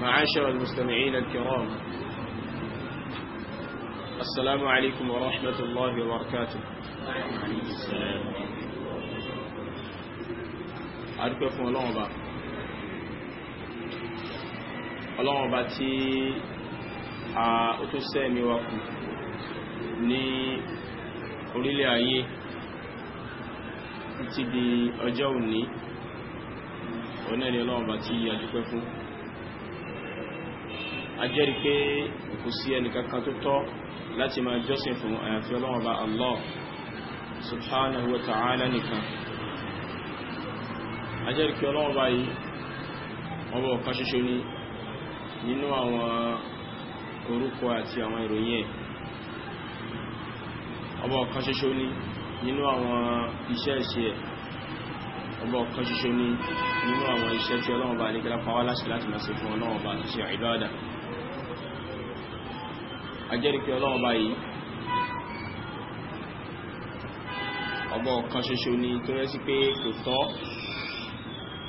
معاشر المستمعين الكرام السلام عليكم ورحمة الله وبركاته أرجو فون الله با الله با تي أتوسمي وكم ni orílẹ̀ ayé títí di ọjọ́ òní onẹ́ni ọlọ́run bá ti yà dúpẹ́ fún a jẹ́rì pé kò sí ẹnìkankan tó tọ́ láti máa jọ́sìn fún àyàfi Ọlọ́run Ọba Allah subhanahu wa ta'ala nìkan a jẹ́rì pé Ọlọ́run Ọba yìí ọba ọ̀kan ṣoṣo ni nínú àwọn orúkọ àti àwọn ìròyìn ẹ̀ ọba ọ̀kan ṣoṣo ni nínú àwọn iṣẹ́ ìṣẹ́ ọba ọ̀kan ṣoṣo ni nínú àwọn iṣẹ́ tí Ọlọ́run Ọba ní wá láṣẹ láti máa ṣe fún Ọlọ́run Ọba ṣe ìbádà ajẹ́rìkẹ́ ọlọ́run báyìí ọba ọ̀kan ṣoṣo ni tó rẹ́ sí pé kò tọ́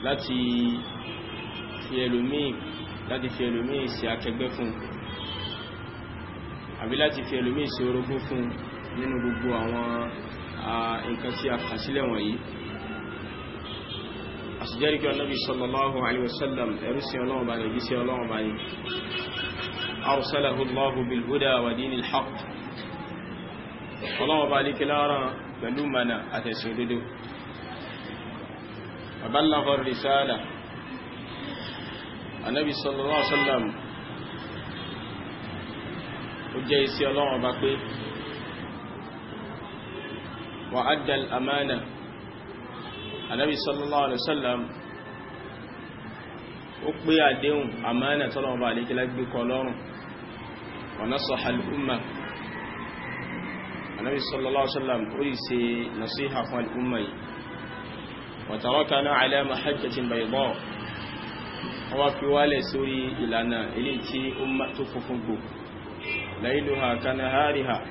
láti fi ẹlòmíì láti fi ẹlòmíì sí akẹgbẹ́ fún àbí láti fi ẹlòmíì sí orogún fún nínú gbogbo àwọn nǹkan tí a kà sílẹ̀ wọ̀nyí àṣìjẹ́rìkẹ́ ọlọ́bí sallallahu alaihi wasallam ẹrú sí ọlọ́run báyìí أرسله الله بالهدى ودين الحق الله بارك لارا بلومنا أتسوددو فبلغ الرسالة النبي صلى الله عليه وسلم وجيسي الله بقي وأدى الأمانة النبي صلى الله عليه وسلم ó pé àdéhùn àmánà tọ́lọ́wọ́ bá àlékẹ́lá gbé lọ́rùn ونصح الأمة النبي صلى الله عليه وسلم أيسي نصيحة عن الأمة وتركنا على محجة بيضاء وفوال سوري إلنا إليتي أمة تففنبو ليلها كنهارها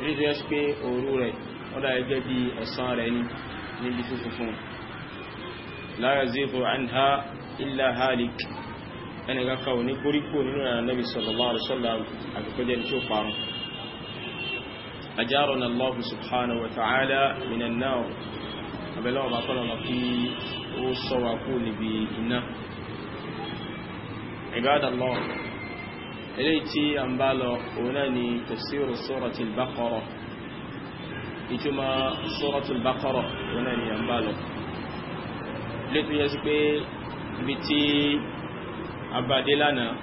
ريدو يسبي أوروري ولا يجدي أصارين نبي تففن لا يزيغ عنها إلا هالك ẹnìkan kan ò ní koríko nínú ànábì sallallahu alaihi wasallam àgbẹ̀kọ́jẹ́ ní tí ó parun أجارنا الله سبحانه وتعالى من النار أبلغ ما قال الله في وصوى كل بإنا عباد الله إليتي أنبالو أولاني تفسير سورة البقرة ìtumọ̀ suratul Baqarah wọn ni yàmbá lọ lẹ́tọ́ yẹ́ sí pé ibi tí abadé lana,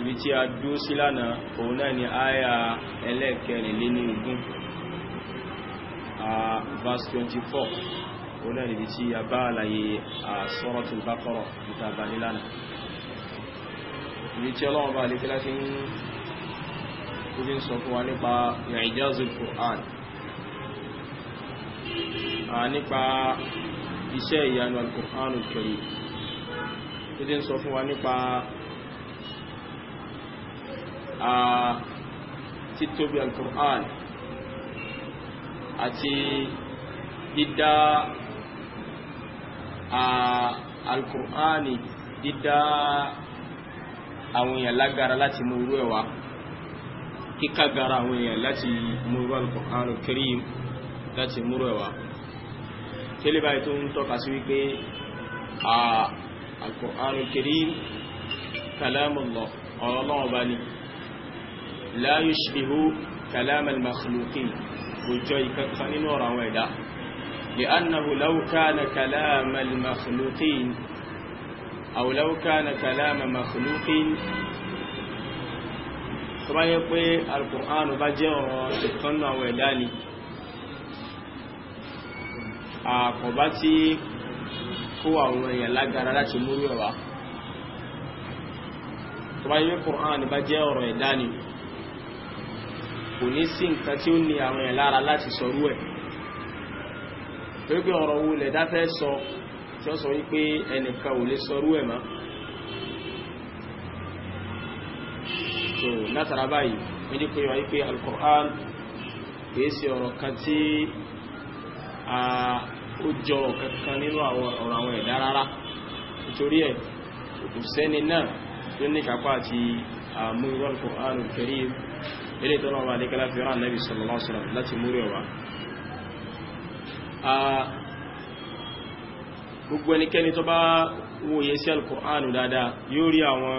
ibi tí a dúró sí lánàá òun náà ni àyà ẹlẹ́ẹ̀kẹrin lé ní ogún verse 24 òun náà níbi tí a bá àlàyé Suratul Baqara níta abadé lánàá ibi tí ọlọ́run bá lè fi láti ń ó fi ń sọ fún wa nípa ìrìnjáàzùl Qur'an nípa iṣẹ́ ìyanu al-Qur'anul Karim tó dé ń sọ fún wa nípa títóbi al-Qur'an àti dídá al-Qur'ani dídá àwọn èèyàn lágara láti mú irú ẹ̀wà kíkàgara àwọn èèyàn láti mú irú al-Qur'an al láti mú irú ẹ̀wà tẹ́lẹ̀ báyìí tó ń tọ́ka sí wípé القرآن الكريم كلام الله قال الله بني لا يشبه كلام المخلوقين وجاي كان نورا لأنه لو كان كلام المخلوقين أو لو كان كلام مخلوق tọ́bá yẹ القرآن alkùnránù bá jẹ́ ọ̀rọ̀ kó àwọn èèyàn lágara láti mú yàn wá tó bá yẹ Qur'an bá jẹ́ ọ̀rọ̀ ẹ̀dá ni kò ní sí nǹkan tí ó ní àwọn èèyàn lára láti sọrú ẹ̀ pépé ọ̀rọ̀ wo lẹ̀dá fẹ́ sọ tí ó sọ wípé ẹnìkan ò lè sọrú ẹ̀ mọ́ so látara báyìí méjì pé wáyé pé al kìí sí ọ̀rọ̀ kan tí ó jọ kankan nínú ọ̀rọ̀ àwọn ẹ̀dá rárá nítorí ẹ̀ kò sẹ́ni náà tó ní kápá àti àmú kẹrí ilé Nabi sallallahu alaihi wasallam láti múrí ọ̀wà gbogbo ẹnikẹ́ni tó bá wòye sí Al-Qur'anu dáadáa yóò rí àwọn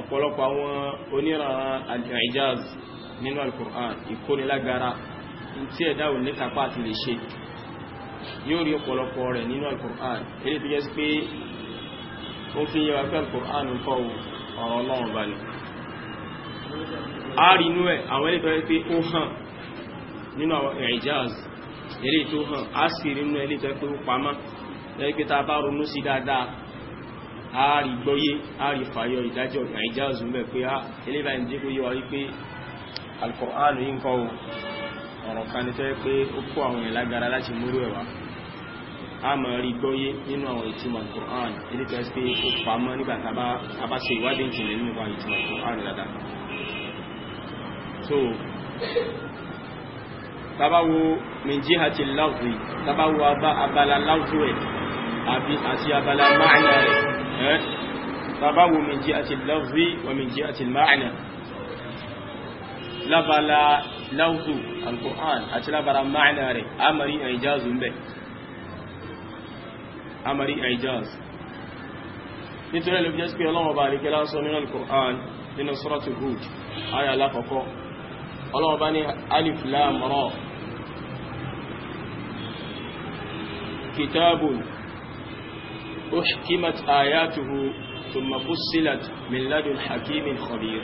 ọ̀pọ̀lọpọ̀ àwọn oníran al-i'jaz nínú Al-Qur'an ìkónilágara tí ẹ̀dá ò ní kápá àti lè ṣe yóò rí ọ̀pọ̀lọpọ̀ rẹ̀ nínú Al-Qur'an èyí tó jẹ́ sí pé ó fi yẹ wáfẹ́ Al-Qur'an kọ́ ọ̀rọ̀ Ọlọ́run bá ní àárínú ẹ̀ àwọn ẹlẹ́tọ́ ẹ pé ó hàn nínú àwọn I'jaz eré tó hàn á sì rí nínú ẹlẹ́tọ́ pé ó pamọ́ lẹ́yìn pé tá a bá ronú sí dáadáa àárí gbọ́yé àárí fàyọ ìdájọ́ I'jaz ń bẹ̀ pé ah, á ọ̀rọ̀ kan ní tẹ́ pé ó kó àwọn èèyàn lágara láti múrú ẹ̀wà a mọ̀ rí gbọ́yé nínú àwọn ìtumọ̀ Qur'an ilé tẹ́ pé ó pamọ́ nígbà tá a bá ṣe ìwádìí ìjìnlẹ̀ nínú àwọn ìtumọ̀ Qur'an dáadáa so tabawo min jihati lafzi tabawo abala lafzi ẹ̀ àbí àti abala ma'na ẹ̀ tabawo min jihati lafzi wa min jihati ma'na labala láwùsù alkùnrán àti lábára máàna rẹ̀ amari àìjáàzù ń bẹ̀ amari àìjáàzù nítorí ẹlẹ́bí jẹ́ sí pé ọlọ́wọ́ bá rí kẹlá sọ nínú alkùnrán nínú sọ́rọ̀tù hud ayà alákọ̀ọ́kọ́ ọlọ́wọ́ bá ní alif lam ra kitabun uhkimat ayatuhu thumma fussilat min ladun hakimin khabir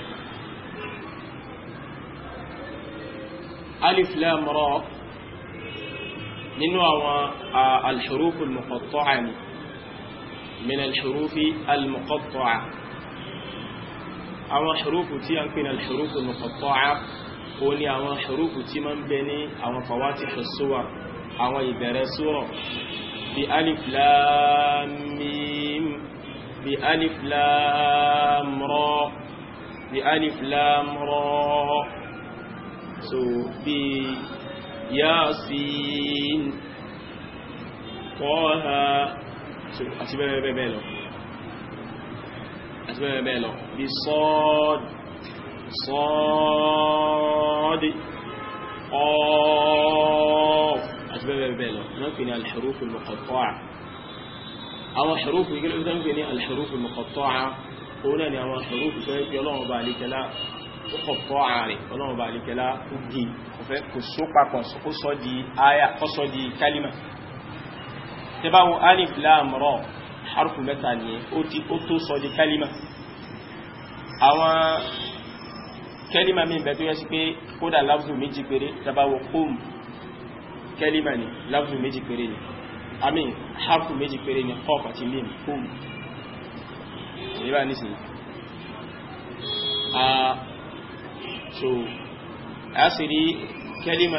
alif lam ra nínú àwọn alṣurufu al-muqatta'a ni min alṣurufi al-muqatta'a àwọn ṣurufu tí a ń pè ní alṣurufu al-muqatta'a ó ní àwọn ṣurufu tí ma ń bẹ ní àwọn fawatihu as àwọn ìbẹ̀rẹ̀ sura bí alif lam mim bí alif lam ra so bí yasin kọ́ha so àti bẹ́ẹ̀bẹ́ẹ̀ lọ àti bẹ́ẹ̀bẹ́ẹ̀ lọ bí sọ́ọ̀dì sọ́ọ̀dì ọ̀ọ̀ àti bẹ́ẹ̀bẹ́ẹ̀ lọ náà fi ní alhuruful muqatta'a àwọn alhurufu ìgbẹ́lẹ̀ ìgbẹ́lẹ̀ alhurufu muqatta'a ko na ni àwọn ba tó yẹ ọ̀tọ́ ààrẹ ọlọ́run bá alikẹ́lá ó di kò só papọ̀ kó sọ di aya kó sọ di kálímà tẹ́báwọn alif lam ra harfu mẹ́ta nìyẹn ó ti ó tó sọ di kálímà àwọn kẹ́límà mi bẹ̀ tó yẹ sí pé kódà láfùsù méjì péré tẹ́báwọn qum kẹ́límà ni láfùsù méjì péré ni àmín harfu méjì péré ni qaf àti mim qum so a sì rí kẹlima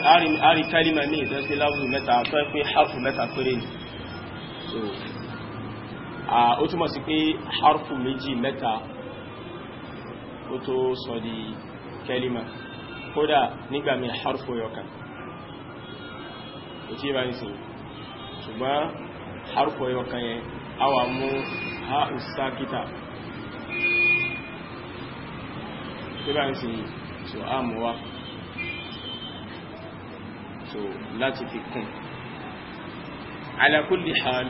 ari kẹlima ní ìtọ́sí láwùjọ mẹ́ta tó ẹ pé harfu mẹ́ta péré ni so ó túmọ̀ sí pé harfu méjì mẹ́ta ó tó sọ di kẹlima kódà nígbà mi harfu yọkan kò tí ì bá ṣùgbọ́n harfu yọkan yẹn a mú ha ìsákítà tí bá so a mú wá so láti fi kún ala kulli hal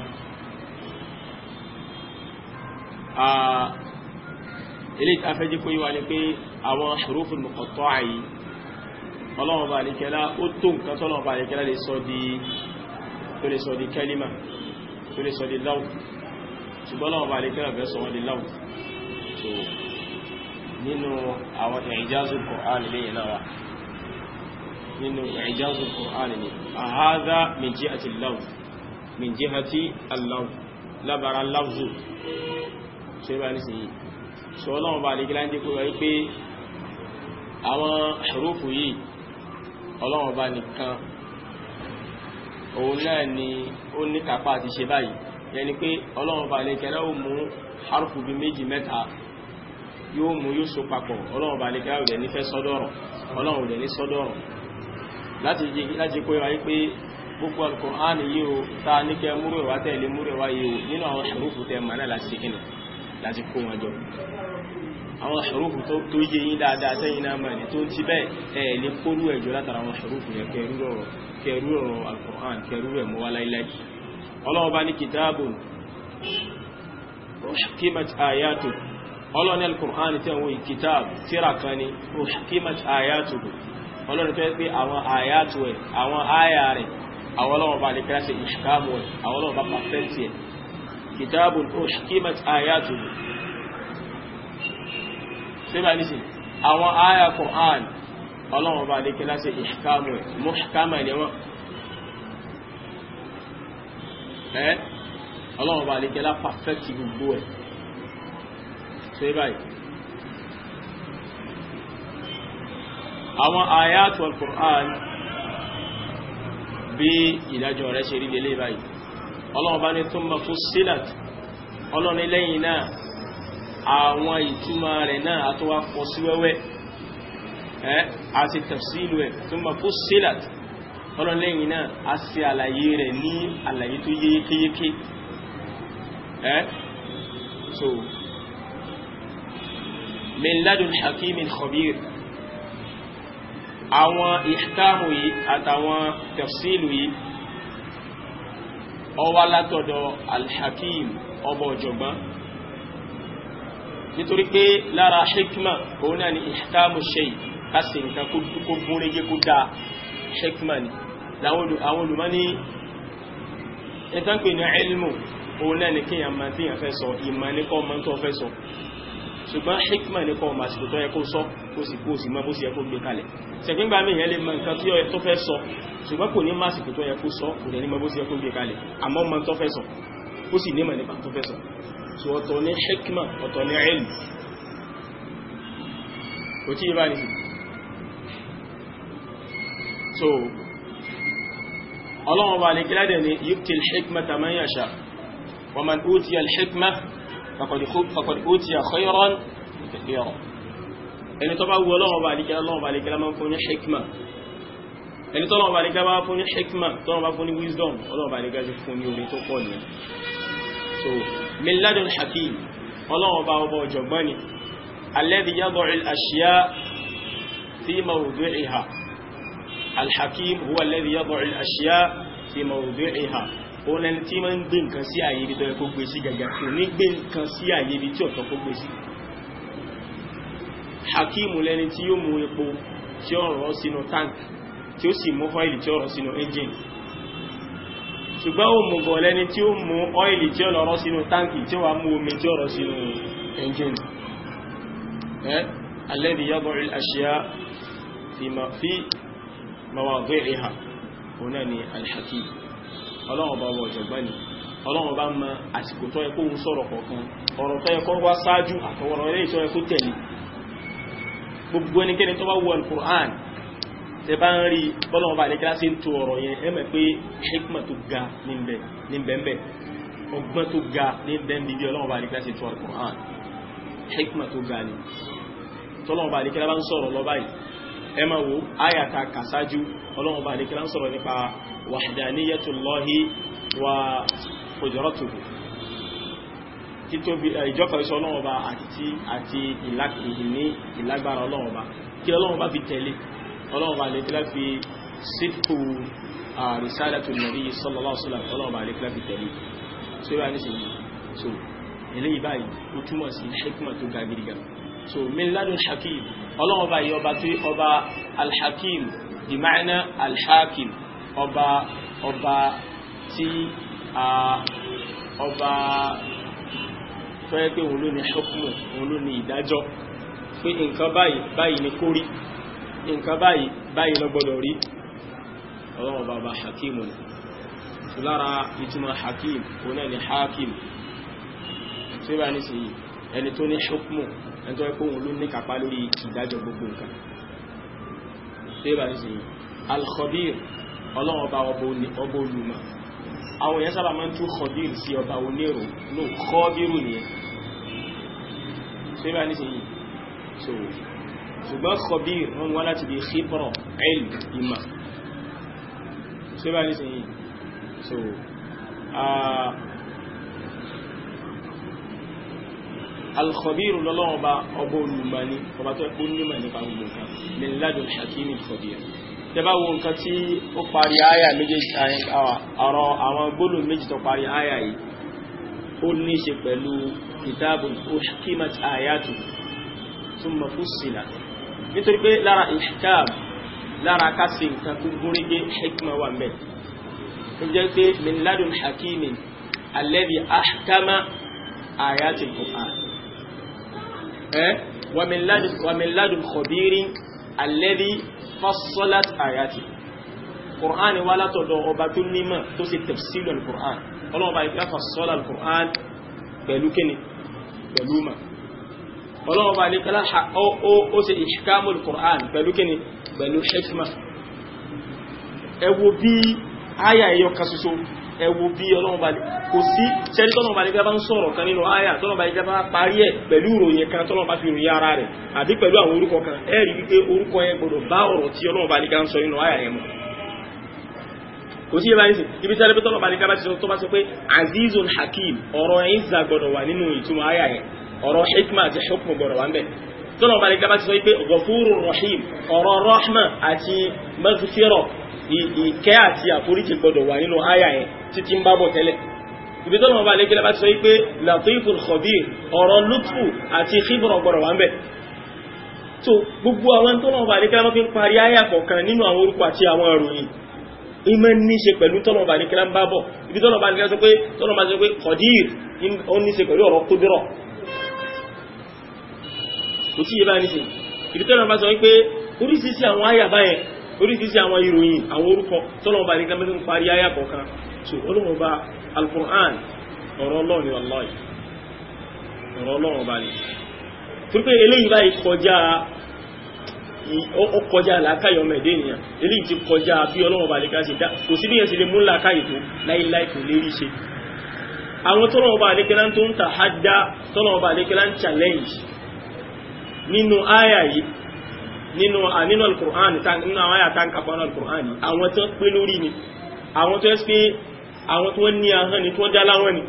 ilé afẹ́jẹ́ kó yíwa ni pé àwọn huruful muqatta'a yìí ọlọ́wọ́ bá àríkẹ́lá ó tó nǹkan tọ́lọ́wọ́ bá àríkẹ́lá lè sọ di tó lè sọ di kẹ́límà tó lè sọ di láwù ṣùgbọ́n ọlọ́wọ́ àríkẹ́lá fẹ́ sọ wọ́n di láwù nínú àwọn ìjázu Kùránì lè náà wà nínú ìjázu Kùránì ni a haza min jihati lawz min jihati allaw labara lawzu ṣe bá ní sí yìí ṣe ọlọ́run bá lè gílá ń díkò rẹ̀ pé àwọn ṣòrófù yìí ọlọ́run bá nìkan òun náà ni ó ní kàpá yóò mú yóò so papọ̀ ọlọ́run bá lè ká ọ̀rẹ́ nífẹ́ sọ́dọ̀rọ̀ ọlọ́run rẹ̀ ní sọ́dọ̀rọ̀ láti jẹ́ kó wáyé pé gbogbo Al-Qur'an yìí o ta ní kẹ múrò wá tẹ̀lé múrò wá yìí o nínú àwọn ṣòrófù tẹ mọ̀ náà láti kíni láti kó wọn jọ àwọn ṣòrófù tó yé yín dáadáa sẹ́yìn náà mọ̀ ní tó ti bẹ́ẹ̀ ẹ̀ lè kórú ẹ̀jọ́ látara àwọn ṣòrófù yẹn kẹrú ọ̀rọ̀ Al-Qur'an kẹrú ẹ̀ mọ́ wá láíláì ọlọ́run bá ní kìtáàbù ó ṣàkíyèmọ̀ àyàtò ọlọ́ni al-Qur'an tí àwọn kitab tíra kan ni uhkimat ayatuhu ọlọ́ni tó yẹ pé àwọn ayatu ẹ̀ àwọn aya rẹ̀ àwọn ọlọ́wọ́ bá lè kí láti ìṣkámù ẹ̀ àwọn ọlọ́wọ́ bá pàfẹ́ntì ẹ̀ kitabun uhkimat ayatuhu síbà nísìn àwọn aya Qur'an ọlọ́wọ́ bá lè kí láti ìṣkámù ẹ̀ muhkama ni wọ́n ọlọ́wọ́ bá lè kí láti ẹ̀ ṣe báyìí àwọn ayat al-Qur'an bí ìdájọ́ rẹ̀ ṣe rí lélé báyìí ọlọ́run bá ní thumma fussilat ọlọ́run lẹ́yìn náà àwọn ìtumọ̀ rẹ̀ náà àtọwà pọ̀ sí wẹ́wẹ́ ẹ́ àti tafsilu ẹ̀ thumma fussilat ọlọ́run lẹ́yìn náà a ṣe àlàyé rẹ̀ ní àlàyé tó yékéyéké min ladun hakimin khabir àwọn ìhkámù yìí àtàwọn tafsilu yìí ó wá látọ̀dọ̀ alhakim ọba ọ̀jọ̀gbọ́n nítorí pé lára hikma òun náà ni ìhkámù ṣe kásì nǹkan kó gúnrégé kó dáa hikma ni àwọn olùmọ́ ní ẹ̀tàn pè ní ilmu òun náà ni kíyàn tíyàn fẹ́ sọ ìmọ̀ nípa ọmọ tó fẹ́ sọ ṣùgbọ́n hikma ní kọ́ ma ṣètò ẹkọ́ sọ kó sì kó sì mọ́ bó sì ẹkọ́ gbé kalẹ̀ ṣẹ̀gbẹ́gbà mi ìyẹn lè mọ nǹkan tí ọ̀yẹ́ tó fẹ́ sọ ṣùgbọ́n kò ní má sì tó ẹkọ́ sọ kò dẹ̀ ní mọ́ bó sì ẹkọ́ gbé kalẹ̀ àmọ́ mọ́ tó fẹ́ sọ kó faqad utiya khayran kathira ẹni tó bá wù ọlọ́wọ́ bá àdíkẹ́ lọ́wọ́ bá àdíkẹ́ lọ́wọ́ fún ní hikma ẹni tó lọ́wọ́ bá àdíkẹ́ bá fún ní hikma tó lọ́wọ́ bá fún ní wisdom ọlọ́wọ́ bá àdíkẹ́ sí fún ní orí tó pọ̀ ní so min ladun hakim ọlọ́wọ́ bá ọba ọ̀jọ̀gbọ́n ni alladhi yad'u al-ashya fi mawdi'iha al-hakim huwa alladhi yad'u al-ashya fi mawdi'iha òun lẹni tí máa ń gbé nǹkan sí àyè ibi tó yẹ kó gbé sí gàgà kò ní gbé nǹkan sí àyè ibi tí ọ̀tọ̀ kó gbé sí hakimu lẹni tí yóò mú epo tí ó rọ̀ sínú tank tí ó sì mú ọ́ìlì tí ó rọ̀ sínú engine ṣùgbọ́n ó mú bọ̀ lẹ́ni tí ó mú ọ́ìlì tí ó lọ sínú táǹkì tí ó mú omi tí ó rọ́ sínú ẹnjìn ẹ́ alẹ́dì yàbọ̀ àṣíyá fi mawadhi'iha òun náà ni alhaki ọlọ́run bá wọ ọ̀jọ̀gbọ́n ni ọlọ́run bá mọ àsìkò tó yẹ kó ń sọ̀rọ̀ kọ̀ọ̀kan ọ̀rọ̀ tó yẹ kó wá ṣáájú àtọwọ́rọ̀ eré tó yẹ kó tẹ̀lé gbogbo ẹnikẹ́ni tó bá wọ alukur'an tẹ bá ń rí bọ́lọ́run bá lẹ́kẹ́lá sí ń to ọ̀rọ̀ yẹn ẹ mọ̀ pé hikma tó ga ní bẹ́ẹ̀ ọgbọ́n tó ga ní bẹ́ẹ̀ bí ọlọ́run bá lẹ́kẹ́lá sí hikma tó ga ni tọ́lọ́run bá lẹ́kẹ́lá bá ń sọ̀rọ̀ lọ báyìí ẹ máa wo ayàtà wahdaniyatullahi wa qudratuhu títóbi eh, ìjọkọ̀ iṣẹ́ ọlọ́run ọba àti àti ìní ìlágbára ọlọ́run ọba kí ọlọ́run ọba fi tẹ̀lé ọlọ́run ọba lẹ́kílá fi sípò risalatu nabi sallallahu alaihi wasallam ọlọ́run ọba lẹ́kílá fi tẹ̀lé ṣé wà nísìnyí so eléyìí báyìí ó túmọ̀ sí hikma tó ga gidi gan so min ladun hakim ọlọ́run ọba alhakim ọba ọba tí a ọba tó yẹ pé òun ló ní ṣọ́kùnmù òun ló ní ìdájọ́ pé nǹkan báyìí báyìí ni kó rí nǹkan báyìí báyìí ló gbọ́dọ̀ rí ọlọ́run bàbá hakim ni lára ìtumọ̀ hakim òun náà ni hakim tí bá ní sí ẹni tó ní ṣọ́kùnmù ẹni tó yẹ òun ló ní kápá lórí ìdájọ́ gbogbo nǹkan tí bá ní sí al ọlọ́run ọba ọba olùmọ̀ àwọn èèyàn sábà máa ń tún kọ̀dír sí ọba onírò ló kọ́ bírù nìyẹn síbẹ̀ nísìnyí so ṣùgbọ́n kọ̀dír wọn wá láti di xibro ẹ̀l ìmọ̀ síbẹ̀ nísìnyí so alkọ̀dír lọ́lọ́run ọba ọba olùmọ̀ ni ọba tó ẹ̀kọ́ tẹ́bá wo nǹkan tí ó parí àyà méjèèjì ọ̀rọ̀ àwọn gbólù méjì tó parí àyà yìí ó ní ṣe pẹ̀lú kitabun uhkimat ayatu thumma fussila nítorí pé lára ihkam lára kásì nǹkan tó gúnrégé hikma wà mẹ́ tó jẹ́ pé min ladun hakimin alladhi ahkama ayati al-Qur'an wa min alẹ́dí fásọ́lát àyàtì Qur'an wá látọ̀dọ̀ ọba tó nímọ̀ tó ṣe tafsilul Qur'an ọlọ́ọ̀bá ìfẹ́ fásọ́lá Qur'an pẹ̀lú kíni pẹ̀lú ma ọlọ́ọ̀bá ìfẹ́ ó ṣe ìṣkámul Qur'an pẹ̀lú kíni pẹ̀lú hikma ẹ bí áyà ẹyọ kan ẹwù bí ọlọ́run bá lè kò sí ṣẹ́rí tọ́lọ́run bá lè gbá ń sọ̀rọ̀ kan nínú àyà tọ́lọ́run bá lè gbá parí ẹ̀ pẹ̀lú ìròyìn kan tọ́lọ́run bá fi ròyìn ara rẹ̀ àbí pẹ̀lú àwọn orúkọ kan ẹ rí wípé orúkọ yẹn gbọdọ̀ bá ọ̀rọ̀ tí ọlọ́run bá lè gbá ń sọ nínú àyà yẹn mu kò sí ìbá nísìn ibi tẹ́lẹ̀ tọ́lọ́run bá lè gbá ti sọ tó bá rahim ọ̀rọ̀ rahma àti maghfirah ìkẹ́ àti àforíjì gbọdọ̀ wà nínú àyà yẹn títí ń bá bọ̀ tẹ́lẹ̀ ibi tó lọ́wọ́ bá lé kílẹ̀ bá sọ wípé latiful khabir ọ̀rọ̀ lutfu àti khibra gbọ́dọ̀ wà ń bẹ̀ so gbogbo àwọn tó lọ́wọ́ bá lé kílẹ̀ fi ń parí ayà kọ̀ọ̀kan nínú àwọn orúkọ àti àwọn ìròyìn ìmọ̀ ní ṣe pẹ̀lú tọ́lọ̀ bá ní kílá ń bá bọ̀ ibi tọ́lọ̀ bá ní kílá sọ pé tọ́lọ̀ bá sọ pé kọ̀dír so olóhùn bá alukur'an ọ̀rọ̀ ọlọ́ọ̀ni ọlọ́ọ̀yì ọ̀rọ̀ ọlọ́ọ̀n bá ní torípé eléyìí báyìí kọjá ó kọjá làákàyè ọmọ ẹ̀dẹ́ ènìyàn eléyìí ti kọjá bí ọlọ́ọ̀n bá lè ká ṣe dá kò sí níyẹn sì lè mú làákàyè tó láíláì kò lérí ṣe àwọn tọ́lọ́wọ́ bá lékelá tó ń ta hajjá nínú àyà yìí nínú àmínú alukur'an àwọn àyà tá ń lórí ni àwọn tó ẹ́ àwọn tí wọ́n ní ahọ́n ni tí wọ́n já láwọn ni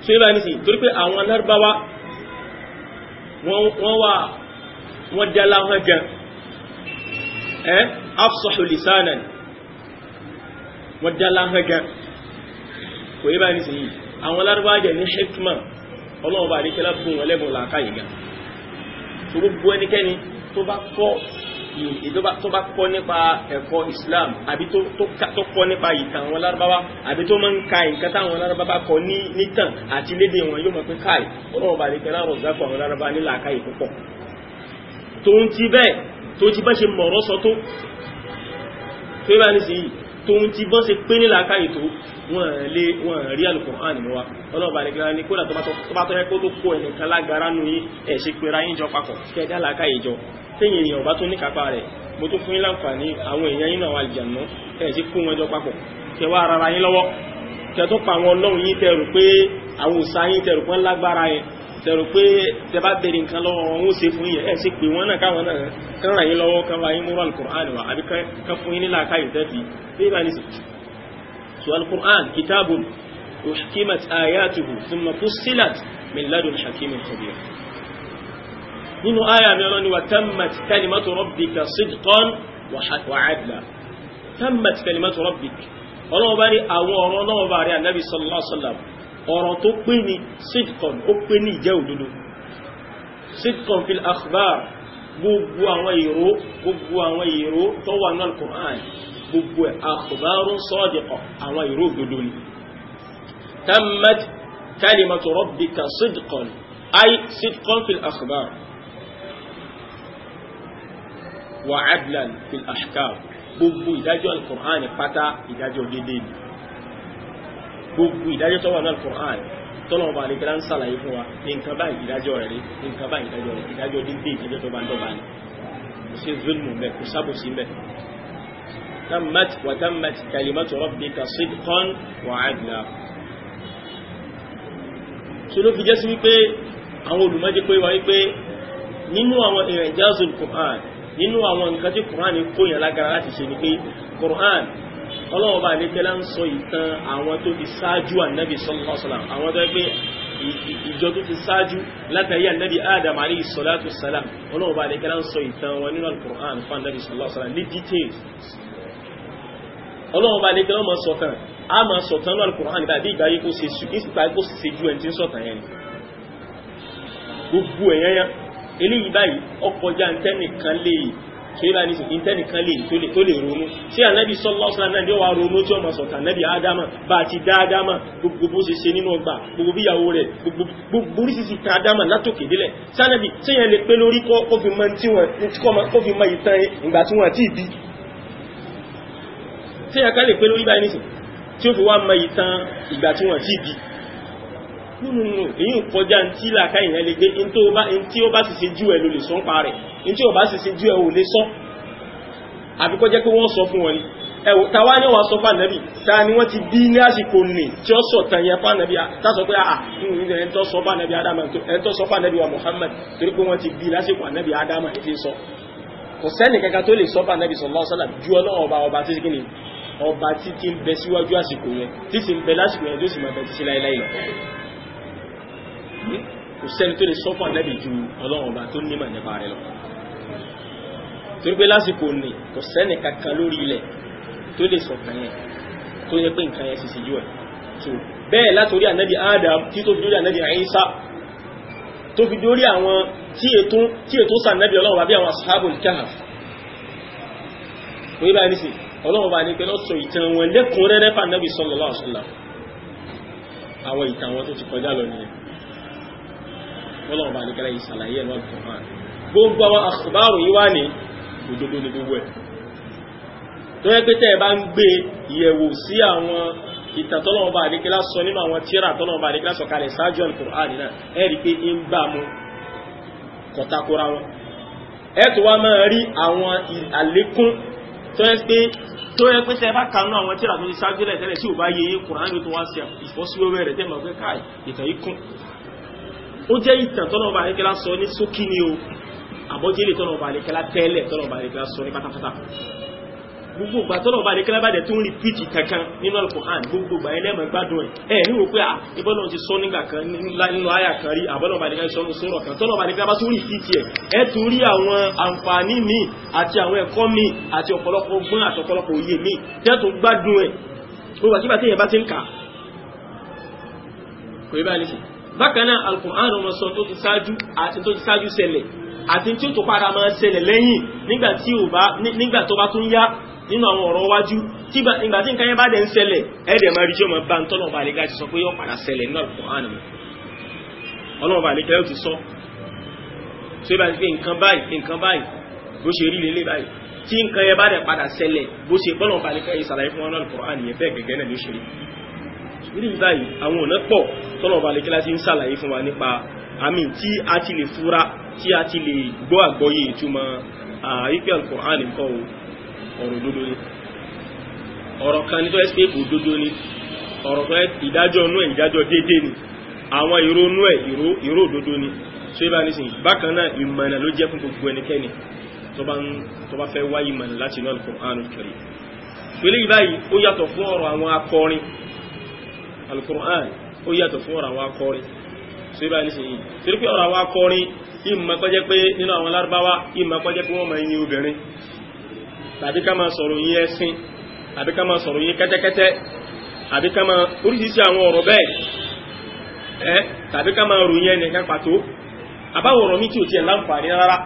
so yíba ní sí torí pé àwọn lárúbáwá wọ́n wà wọ́n já láwọn gan ẹ́ afsahu lisanan wọ́n já láwọn gan kò yíba ní sí yìí àwọn lárúbáwá jẹ́ ní hikma ọlọ́run bá àdékẹ́lá fún wọn lẹ́bùn làákàyè gan tó bá kọ́ nípa ẹ̀kọ́ Islam àbí tó kọ́ nípa ìtàn àwọn lárúbáwá àbí tó máa ń ka nǹkan táwọn lárúbáwá kọ nítàn àti lédè wọn yóò mọ̀ pé káì ọlọ́run bá lè fẹ́ láàrọ̀ zákọ̀ àwọn lárúbáwá nílà àkáyè púpọ̀ tó ń ti bẹ́ẹ̀ tó ti bá ṣe mọ̀rọ́ sọ tó tó bá ní sí tó ń ti bọ́ ṣe pé nílà àkáyè tó wọ́n lé wọ́n rí Al-Qur'an nínú wa ọlọ́run bá lè gbára ní kódà tó bá tọ́ yẹ kó tó kó ẹnìkan lágbára nù tẹ́yìn èèyàn bá tún ní kápá rẹ̀ mo tún fún yín láǹfààní àwọn èèyàn yín àwọn àlìjànú ẹ̀ sí kún wọn jọ papọ̀ kẹ wá ara yín lọ́wọ́ kẹ tó pa àwọn ọlọ́run yín tẹrù pé àwọn òòṣà yín tẹrù pé lágbára yẹn tẹrù pé tẹ bá bèrè nǹkan lọ́wọ́ wọn ó ṣe fún yín ẹ̀ sì pé wọ́n náà káwọn náà kán ràn yín lọ́wọ́ kán wá yín múrò alukur'an wa àbí kán fún yín nílà káyọ̀ tẹ́fì bí bá ní sọ alukur'an kitabun uhkimat ayatuhu thumma min ladun hakimin khabir nínú àyà mi ọlọ́ni wa tammat kalimatu rabbika sidqan wa adla tammat kalimatu rabbika ọlọ́wọ́ bá ní àwọn ọ̀rọ̀ ọlọ́wọ́ bá rí ànábì sallallahu alaihi wasallam ọ̀rọ̀ tó pé ní sidqan ó pé ní ìjẹ́ òdodo sidqan fil akhbar gbogbo àwọn ìró gbogbo àwọn ìró tó wà náà Qur'an gbogbo ẹ̀ akhbarun tammat kalimatu rabbika sidqan ay sidqan fil akhbar wa adlan fil ahkam gbogbo ìdájọ́ alukur'an pátá ìdájọ́ dédé ni gbogbo ìdájọ́ tó wà ní alukur'an tọ́lọ̀ ọba àlejò ń sàlàyé fún wa ní nǹkan báyìí ìdájọ́ rẹ̀ rí ní nǹkan báyìí ìdájọ́ rẹ̀ ìdájọ́ dédé ìdájọ́ tó bá ń dọ́gba ni kò sí zulmù mbẹ kò sábòsí mbẹ. tammat wa tammat kalimatu rabbika sidqan wa adla. tó ló fi jẹ́ sí wípé àwọn olùmọ́jẹ́ pé wá wípé nínú àwọn ìrìnjáàzù alukur'an nínú àwọn nǹkan tí Qur'an kó yàn lágara láti ṣe ni pé Qur'an ọlọ́run bá àdékẹ́lá ń sọ ìtàn àwọn tó ti ṣáájú ànábì sallallahu alaihi wasallam àwọn tó pé ìjọ tó ti ṣáájú látàrí ànábì Adam alayhi salatu wassalam ọlọ́run bá àdékẹ́lá ń sọ ìtàn wọn nínú al-Qur'an fún ànábì sallallahu alaihi wasallam ní details ọlọ́run bá àdékẹ́lá máa sọ̀tàn á máa sọ̀tàn nínú al tàbí ìgbà yìí kó ṣe ju ẹni tí ń sọ̀tàn yẹn gbogbo ẹ̀yẹ́yẹ́ eléyìí báyìí ọkọjá ntẹ́nìkan lè kéèrà ní sìnkí ntẹ́nìkan lè tó lè ronú tí ànábì sallallahu alaihi ronú tí ọmọ sọ̀tà ànábì a ti dá ádámà gbogbo bó ṣe ṣe nínú ọgbà gbogbo bí ìyàwó gbogbo oríṣiríṣi ta ádámà látòkè délẹ̀ sànàbì séyàn lè pé lórí kó fi mọ tí wọn kó fi mọ ìtàn ìgbà tí wọn àti ìdí ká lè pé lórí báyìí nínú èyí kọjá tí làkà ìyẹn lè gbé tí ó bá sì ṣe jú ẹ ló lè sọ ń pa rẹ̀ tí ó bá sì ṣe jú ẹ ò lè sọ àbíkọ́ jẹ́ pé wọ́n sọ fún wọn ni ẹ̀wọ̀ tàwa ní wọ́n sọ fánàbí ta ni wọ́n ti bí ní àsìkò nì tí ó sọ tàn yẹ fánàbí tásọ pé àà ah, ah, ẹ̀ntọ́ sọ fánàbí adama ẹ̀ntọ́ sọ fánàbí wa Muhammad torí pé wọ́n ti bí lásìkò ànàbí adama ètí sọ kò sẹ́ni kankan tó lè sọ fánàbí sallallahu alaihi wasallam ju ọlọ́run ọba ọba títí kìíní ọba títí ń bẹ síwájú àsìkò yẹn títí ń bẹ lásìkò yẹn tó sì máa bẹ títí láéláé kò sẹ́ni tó lè sọ fún ànábì ju ọlọ́run ọba tó nímọ̀ nípa rẹ̀ lọ torí pé lásìkò ní kò sẹ́ni kankan lórí ilẹ̀ tó lè sọ kan yẹn tó yẹ pé nǹkan yẹn sì sí ju ẹ̀ tó bẹ́ẹ̀ látòrí ànábì Adam tí tó fi dórí ànábì Isa tó fi dórí àwọn tí ètò sànábì ọlọ́run àbí àwọn ashabul kahf wọ́n bá nísì ọlọ́run bá ní pé lọ́sọ ìtàn wọn lẹ́kùnrẹ́rẹ́ fún ànábì sallallahu alaihi wasallam àwọn ìtàn wọn tó ti kọjá lọ nìyẹn ọlọ́run bá nìkẹ́lẹ́ yìí ṣàlàyé ẹ̀rọ al-Qur'an gbogbo àwọn àkùbárò yìí wà ní òdodo ní gbogbo ẹ̀ tó yẹ pé tẹ́ ẹ bá ń gbé ìyẹ̀wò sí àwọn ìtàn tọ́lọ́run bá nìkẹ́lá sọ nínú àwọn tíra tọ́lọ́run bá nìkẹ́lá sọ kalẹ̀ ṣáájú al-Qur'an tó yẹ pé tó kanú àwọn tíra tó ti ṣáájú rẹ̀ tí ò bá yẹ yín Qur'an tó wá sí ìfọ́síwẹ́wẹ́ rẹ̀ tẹ́ mọ̀ pé káì ìtàn yìí kún ó jẹ́ ìtàn tọ́lọ̀ ọba àríkẹ́lá sọ ní sókí ni o àbọ́jẹ́lẹ̀ tọ́lọ̀ ọba àríkẹ́lá tẹ́lẹ̀ tọ́lọ̀ ọba àríkẹ́lá sọ ní pátápátá gbogbo ìgbà tọ́lọ̀ ọba àríkẹ́lá bá dẹ̀ tó ń rí píìtì kankan nínú Al-Qur'an gbogbo ìgbà ẹlẹ́mọ̀ gbádùn ẹ̀ ẹ̀ ní wòpé à ah, ìbọ́lọ̀ ti sọ nígbà kan nínú àyà kan rí àbọ́lọ̀ ọba àríkẹ́lá sọ sọ̀rọ̀ kan tọ́lọ̀ ọba àríkẹ́lá bá tó rí píìtì ẹ̀ ẹ̀ tó rí àwọn àǹfààní míì àti àwọn ẹ̀kọ́ míì bákan náà alukur'an ọmọ sọ tó ti ṣáájú àti tó ti ṣáájú ṣẹlẹ̀ àti tí ó tó padà máa ṣẹlẹ̀ lẹ́yìn nígbà tó bá tún yá nínú àwọn ọ̀rọ̀ wájú nígbà tí nǹkan yẹn bá dẹ̀ ń ṣẹlẹ̀ ẹ̀ẹ́dẹ̀ máa rí tí ó máa bá ń tọ́nà ọba àlẹ́gá ti sọ pé yóò padà ṣẹlẹ̀ nínú alukur'an mi ọlọ́run yóò ti sọ rí báyìí àwọn ọ̀nà pọ̀ tọ́nà ọba lẹ́kẹ́lá ti ń sàlàyé fún wa nípa àmì tí a ti lè fura tí a ti lè gbọ́ àgbọ́yé ìtumọ̀ àríkẹ́ Al-Qur'an nǹkan ọ̀rọ̀ òdodo ni ọ̀rọ̀ kan ní tó ẹ́sì pé òdodo ni ọ̀rọ̀ kan ìdájọ́ inú ẹ̀ ìdájọ́ dédé ni àwọn ìró inú ẹ̀ ìró òdodo ni tó yẹ ní sìn bákan náà ìmọ̀nà ló jẹ́ fún gbogbo ẹnikẹ́ni tó bá fẹ́ wá ìmọ̀nà láti inú Al-Qur'an pẹ̀lú ìbáyìí ó yàtọ̀ fún ọ̀rọ̀ àwọn akọrin alukur'an ó yàtọ̀ fún ọ̀rọ̀ àwọn akọrin so ibà ní sèyí torí pé ọ̀rọ̀ àwọn akọrin ìmọ̀ kọjẹ́ pé nínú àwọn lárúbáwá ìmọ̀ kọjẹ́ pé wọ́n máa yin obìnrin tàbí ká máa sọ̀rọ̀ yin ẹ̀sìn àbí ká máa sọ̀rọ̀ yin kẹ́tẹ́kẹ́tẹ́ àbí ká máa oríṣiríṣi àwọn ọ̀rọ̀ bẹ́ẹ̀ ẹ́ tàbí ká máa ròyìn ẹnìkan pàtó àbáwọ̀ ọ̀rọ̀ mi tí ò tiẹ̀ láǹfààní rárá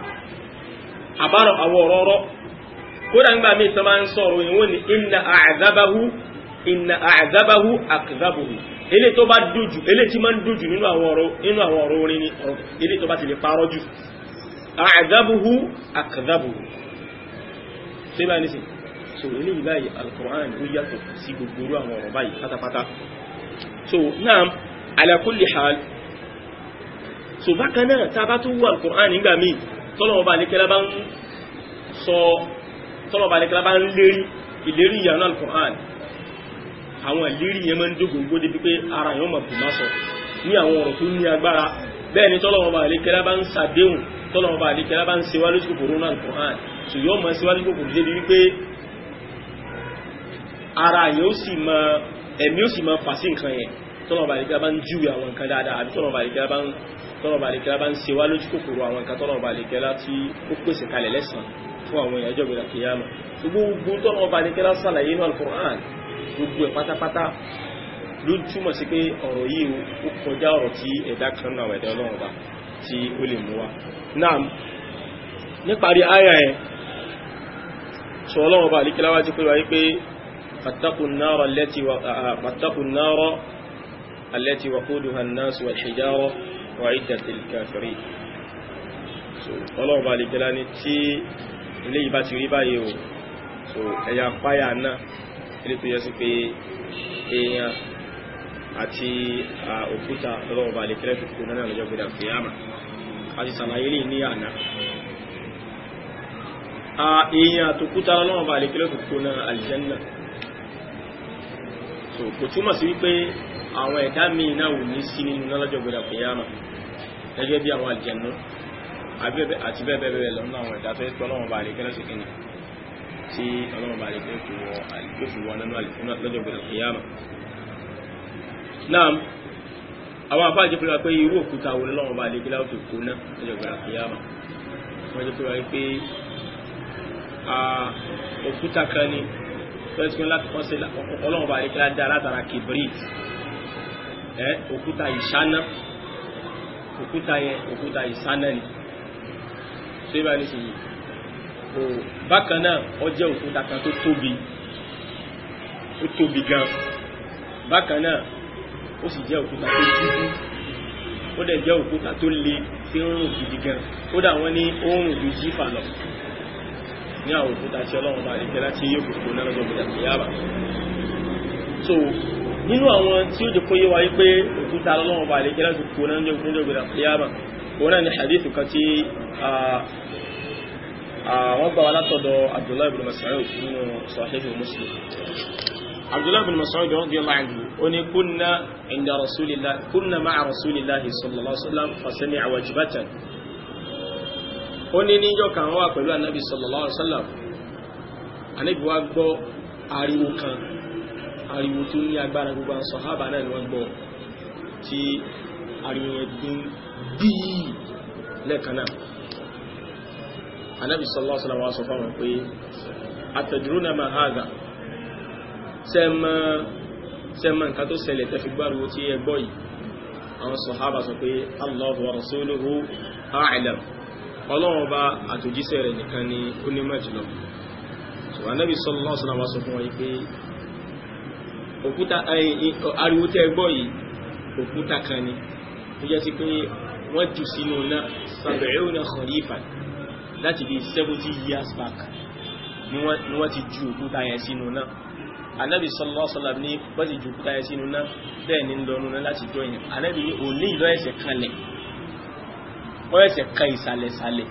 àbárọ̀ àwọn ọ̀rọ̀ ọ̀rọ̀ kódà ńgbà míì tán máa ń sọ̀rọ̀ ìwọ̀n ní inna a'adhabahu inna àgbábáwú àkàbòhù ilé tó bá dùjù ilé tí máa ń dùjù nínú àwọn ọ̀rọ̀ orin ni ilé tó bá ti lè parọ́ jù àgbábòhù àkàbòhù ṣe bá nísìn so ilé ìbáyìí al-Qur'an ó yàtọ̀ sí gbogbo àwọn ọ̀rọ̀ báyìí pátápátá so naam ala kulli hal so bákan náà tá a bá tún wọ al-Qur'an nígbà míì tọ́lọ́wọ́ bá lékẹ́lá bá ń sọ tọ́lọ́wọ́ bá lékẹ́lá bá ń lérí ìlérí ìyànà àwọn ìlérí yẹn máa ń dógóngó débi pé ara yẹn máa bù má sọ ní àwọn ọ̀rọ̀ tó ní agbára bẹ́ẹ̀ ni tọ́lọ́wọ́n bá àlékẹ́lá bá ń sàdéhùn tọ́lọ́wọ́n bá àlékẹ́lá bá ń ṣe wá kòkòrò náà Al-Qur'an sò yọ́ máa ṣe wá lójú kòkòrò débi wípé ara yẹn ó sì máa ẹ̀mí ó sì máa fà sí nǹkan yẹn tọ́lọ́wọ́n bá àlékẹ́lá bá ń júwe àwọn nǹkan dáadáa àbí tọ́lọ́wọ́n bá àlékẹ́lá bá ń tọ́lọ̀bà àlekẹ́lá bá ń ṣe wá kòkòrò àwọn nǹkan tọ́lọ̀bà àlekẹ́lá tí ó pèsè kalẹ̀ lẹ́sàn fún àwọn èèyàn ìjọba ìdàkìyàmà gbogbo tọ́lọ̀bà àlekẹ́lá sàlàyé inú Al-Qur'an gbogbo ẹ̀ pátápátá ló túmọ̀ sí pé ọ̀rọ̀ yìí ó kọjá ọ̀rọ̀ tí ẹ̀dá kan náà ẹ̀dá ọlọ́run bá tí ó lè mú wa náà níparí àyà ẹ̀ sọ ọlọ́run bá àlíkíláwá ti pé wáyé pé fattaqun nara allati waquduha an ilé tó yẹ sí pé èèyàn àti òkúta ọlọ́ọ̀bà lè kẹ́rẹ́ fi kú náà lọ́jọ́ gbẹ̀dà fìyàmà àti sàlàyé lè ní àná èèyàn àtòkúta ọlọ́ọ̀bà lè kẹ́rẹ́ fi náà àlìjẹ́nà so kò túmọ̀ sí wípé àwọn ẹ̀dá míì náà wò ní sí nínú náà lọ́jọ́ gbẹ̀dà fìyàmà gẹ́gẹ́ bí àwọn àlìjẹ̀nú àti bẹ́ẹ̀ bẹ́ẹ̀ lọ́nà àwọn ẹ̀dá tó yẹ kí lè kẹ́rẹ́ fi náà tí ọlọ́run bá lè fẹ́ fi wọ àlùkò fi wọn nínú àlùkò lọ́jọ́ gbọdọ̀ kíyàmà. náà àwọn afá jẹ́ pé irú òkúta wo lọ́run bá lè gbé láwùjọ kó ná lọ́jọ́ gbọdọ̀ kíyàmà. wọ́n jẹ́ pé wáyé pé òkúta kan ni lọ́sìkò láti kọ́ sí ọlọ́run bá lè gbé dá látara kibrit òkúta ìṣáná òkúta yẹn òkúta ìṣáná ni. ṣé báyìí ní sèyí bákan náà ó jẹ́ òkúta kan tó tóbi ó tóbi gan bákan náà ó sì jẹ́ òkúta tó dúdú ó dẹ̀ jẹ́ òkúta tó le tí ń rùn gidi gan kódà wọ́n ní ó ń rùn ju jífà lọ ní àwọn òkúta tí ọlọ́run bá lè jẹ́ láti yóò kòkòrò náà lọ́jọ́ ìgbàlẹ̀ yàrá so nínú àwọn tí ó jẹ́ kó yé wa wípé òkúta ọlọ́run bá lè jẹ́ láti kòkòrò náà lọ́jọ́ ìgbàlẹ̀ yàrá òun náà ni hadith kan tí ah, àwọn ah, gbà wá látọ̀dọ̀ Abdullahi ibn Mas'ud nínú Sahih Muslim Abdullahi ibn Mas'ud radiyallahu anhu ó ní kunna inda Rasulillah kunna ma'a Rasulillahi sallallahu alaihi wasallam fasami'a wajibatan ó ní níjọ́ kan wà pẹ̀lú tó ní agbára gbogbo àwọn sàhábà náà ni wọ́n gbọ́ tí ariwo yẹn dún bíi anábì sallallahu alaihi wasallam sọ fáwọn pé atadruna ma hadha sẹ́mọ̀ nǹkan tó ṣẹlẹ̀ tẹ́fi gbárùwò tí ẹ gbọ́ yìí àwọn sọ̀hábà sọ pé Allahu wa rasuluhu a'lam ọlọ́wọ́n bá àtòjíṣẹ́ rẹ̀ nìkan ni ó ní mẹ́jìlọ anábì sallallahu alaihi wasallam sọ fún wọn pé òkúta ariwo tẹ́ gbọ́ yìí òkúta kan ni ó jẹ́ sí pé wọ́n jù sínú náà sab'una kharifa láti bí seventy years back ni wọ́n ti ju òkúta yẹn sínú náà anábì sallallahu alaihi wasallam ní wọ́n ti ju òkúta yẹn sínú náà bẹ́ẹ̀ ni lọ́nu náà láti jọ yẹn anábì ní òní ìlọ́ ẹ̀sẹ̀ kanlẹ̀ wọ́n ẹ̀sẹ̀ kan ìsàlẹ̀sàlẹ̀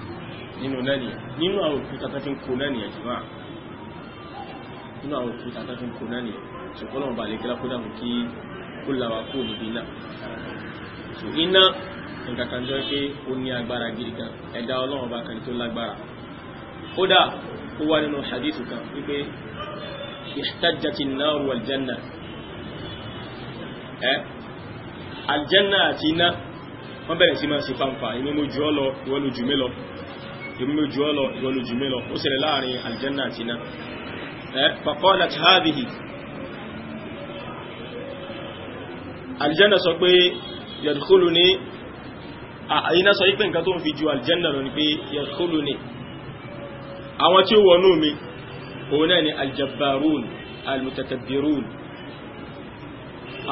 nínú náà nìyẹn nínú àwọn òkúta tó fi ń kó náà nìyẹn jùlọ nínú àwọn òkúta tó fi ń kó náà nìyẹn ṣùgbọ́n ọ̀bàlẹ̀ kílákúdà mú kí nǹkan kan jọ pé ó ní agbára gidi kan ẹ̀dá ọlọ́run ọba kan tó lágbára kódà ó wá nínú hadithu kan wípé ihtajjati an-naru wal janna ẹ́ aljanna àti iná wọ́n bẹ̀rẹ̀ sí máa ṣe fanfa èmi mo jù ọ́ jù mí lọ èmi mo jù ọ́ jù mí lọ ó ṣẹlẹ̀ láàrin aljanna àti iná ẹ́ faqalat hadhihi aljanna sọ pé yadkhuluni iná sọ wípé nǹkan tó ń fi ju aljanna lọ ni pé yẹ̀kúlù ni àwọn tí ó wọnú mi òun náà ni aljabbarun almutakabbirun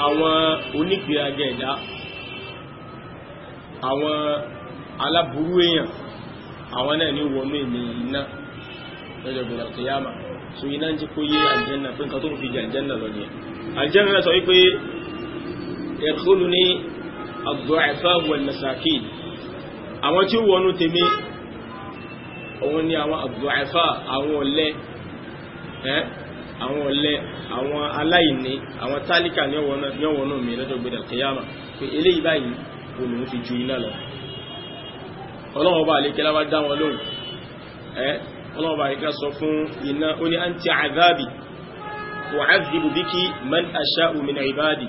àwọn onígbéraga ẹ̀dá àwọn aláburú èèyàn àwọn náà ni wọnú èmi iná lọ́jọ́ gbọ́dọ̀ kìyàmà so iná ń jí kó yé aljanna pé nǹkan tó ń fi ju aljanna lọ ni ad-du'afa wal-masakin àwọn tí ó wọnú tèmi òun ni àwọn ad-du'afa àwọn ọ̀lẹ ẹ́ àwọn ọ̀lẹ àwọn aláìní àwọn tálíkà ní ọ̀wọ̀nà mi lọ́jọ́ gbẹ̀dẹ̀ kìyàmà pé eléyìí báyìí kò lòun fi ju iná lọ ọlọ́wọ́ bá lè kẹ́lá bá dá wọn lóhùn ẹ́ ọlọ́wọ́ bá lè kẹ́lá sọ fún iná ó anti azabi wa azibu biki man asha'u min ibadi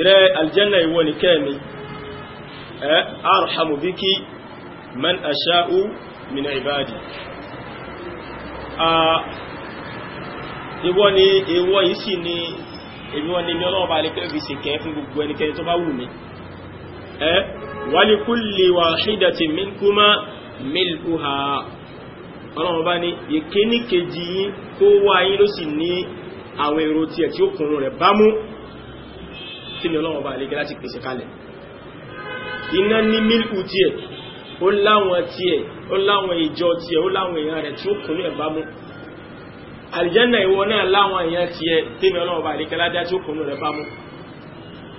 ìrẹ́ aljanna ìwọ ni kẹ́mi ẹ́ eh, arhamu biki man asha'u min ibadi ìwọ ah, ni ìwọ yìí sì ni ìwọ ni mi ọlọ́ọ̀bá alẹ́kẹ́ fi sì kẹ́ fún gbogbo ẹnikẹ́ni tó bá wù mí ẹ́ eh, wali kulli wahidatin minkuma milkuha ọlọ́ọ̀bá ni ìkíní yìí kó wá yín ló sì ní àwọn èrò tiẹ̀ tí ó kùnrin rẹ̀ bámú kí ni ọlọ́run bá àlékẹ́ láti pèsè kalẹ̀ iná ní mílíkù tiẹ̀ ó láwọn tiẹ̀ ó láwọn ìjọ tiẹ̀ ó láwọn èèyàn rẹ̀ tí ó kún ní ẹ̀bá mú àlìjẹ́nà ìwọ náà láwọn èèyàn tiẹ̀ tèmi ọlọ́run bá àlékẹ́ ládá tí ó kún ní ẹ̀bá mú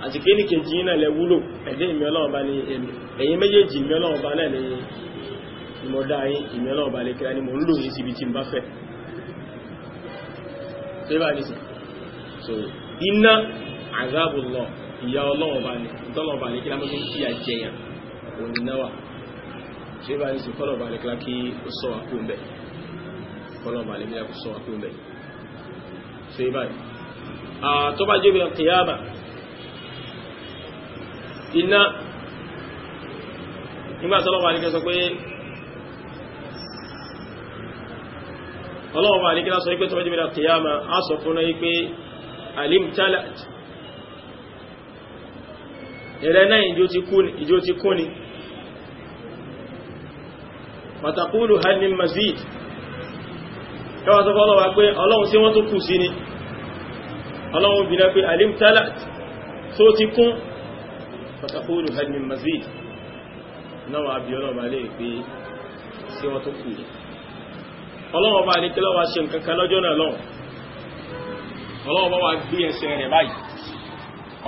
àti kí ní kejì yín lẹ wúlò ẹ̀dẹ́ ìmí ọlọ́run ní èmi ẹ̀yin méjèèjì ìmí ọlọ́run náà ní ìmọ̀dá yín ìmí ọlọ́run bá àlékẹ́ ni mò ń lò yín síbi tí n bá fẹ́ iná àzábùlọ̀ ìyá ọlọ́wọ̀n bá ní tọ́lọ̀ bá ní kí lámọ́ sí àjẹyàn ònínáwà ṣe bá ní sí kọ́lọ̀ bá ní kí lákí ó sọ wà kó mẹ́ kọ́lọ̀ bá ní kí lákí sọ wà kó mẹ́ ṣe bá ní tó bá jẹ́ bí kìyàmà iná nígbà tọ́lọ̀ bá ní kí sọ pé ọlọ́wọ̀n bá ní kí lákí sọ pé tó bá jẹ́ bí kìyàmà á sọ fún náà pé alim ìrẹ́ náà ìjó ti kú ni pàtàkùlù hannun mazid yọ́wà tó fọ́lọ́ wa pé ọlọ́run sí wọ́n tó kù sí ni ọlọ́run bí na pé alim talat tó ti kún pàtàkùlù hannun mazid náà àbí ọlọ́run bá lè pé sí wọ́n tó kù ni ọlọ́run bá ní kílọ́wà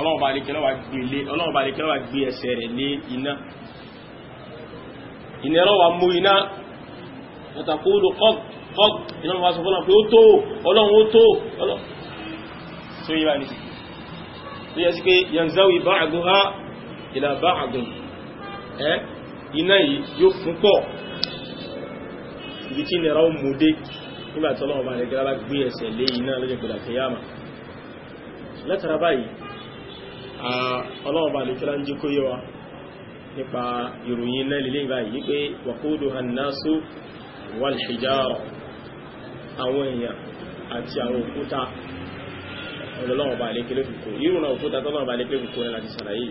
ọlọ́run bá lè kẹ́lọ́ wà gbé ẹsẹ̀ rẹ̀ lé iná ìnẹ́rọ wà mú iná ọ̀tàkóòlò kọ́k iná wà sọ fọ́lọ́n pé ó tó ọlọ́run ó tó tó yíwa ní tó yẹ sí pé yanzawi bá àgó ha ìlà bá àgó ẹ́ iná yìí yóò fún pọ̀ ibi tí ìnẹ́rọ mú dé nígbàtí ọlọ́run bá lè kẹ́lọ́ wà ọlọ́ọ̀bà lè kílá ń jẹ́ kó yé wa nípa ìròyìn náà lè léyìn báyìí wípé wàkóòdò hannasu walhijara àwọn èèyàn àti àwọn òkúta ọlọ́ọ̀bà lè kílé fìkó irú na òkúta tọ́lọ́ọ̀bà lè kílé fìkó láti sàlàyé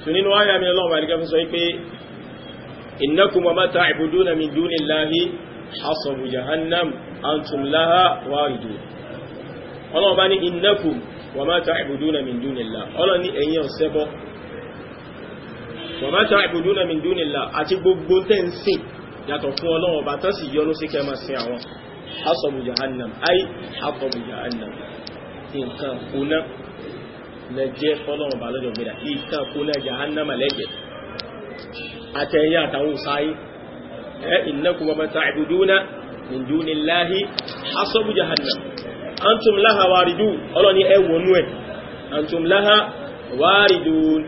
tún nínú ayà mi ọlọ́ọ̀bà lè kílé sọ wa ma ta'buduna min dunillah ọlọ́ ní ẹ̀yin ọ̀sẹ́bọ wa ma ta'buduna min dunillah àti gbogbo tẹ́ǹsìn yàtọ̀ fún ọlọ́run ọba tán sì yọnú sí kẹma sí àwọn hasabu jahannam ay hasabu jahannam nǹkan kúnná lẹ́jẹ́ fọ́lọ́run ọba lọ́jọ́ gbéra nǹkan kúnná jahannam lẹ́jẹ́ àtẹ̀yẹ àtàwọn sáyé ẹ̀ innakum wa ma antum laha waridun ọlọ́ni ẹwọnú ẹ̀ antum laha waridun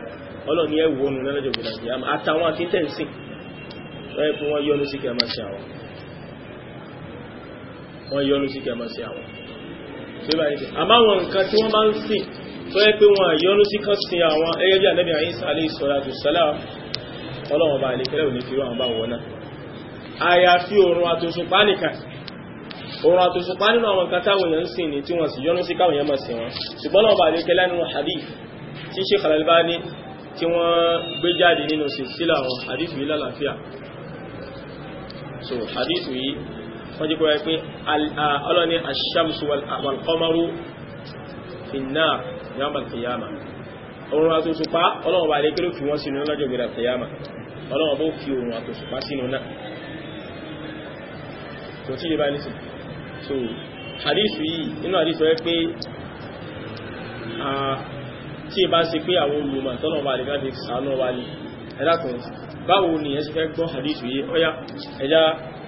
ọlọ́ni ẹwọnú lọ́jọ́ gbìyànjú àtàwọn akíntẹ́ǹsì wọ́n fún wọ́n yọ́nú sí kẹma sí àwọn wọ́n yọ́nú sí kẹma sí àwọn tí ó bá ní sí àmáwọn nǹkan tí wọ́n bá ń sìn tó yẹ pé wọ́n yọ́nú sí kan sí àwọn ẹgbẹ́ bí ànábì àyíṣà alayhi salatu wassalam ọlọ́wọ́n bá ilé kẹrẹ́ òní fi wọ́n bá wọ́n náà àyàfi òrùn àtòsùn pánìkà òun àtòṣùpá nínú àwọn nǹkan táwọn èèyàn ń sìn ní tí wọ́n sì yọ́nú sí káwọn èèyàn máa sìn wọn ṣùgbọ́n náà bàdé kẹlẹ́ nínú hadith tí Sheikh Al-Albani tí wọ́n gbé jáde nínú sílà wọn hadith yìí lálàáfíà so hadith yìí wọ́n jẹ́ kó yẹ pé ọlọ́ni ash-shamsu wal-qamaru fin-nar yawm al-qiyamah òun àtòṣùpá ọlọ́run bàdé kẹlẹ́ fi wọ́n sínú lọ́jọ́ gbèrè al so hadith yìí nínú hadith wẹ́ pé tí ẹ bá ṣe pé àwọn olùmọ̀ tọ́nà wà nígbà tí sàánà wà ní ẹ̀dàkùn báwo ni ẹ ṣe fẹ́ gbọ́ hadith yìí ọya ẹja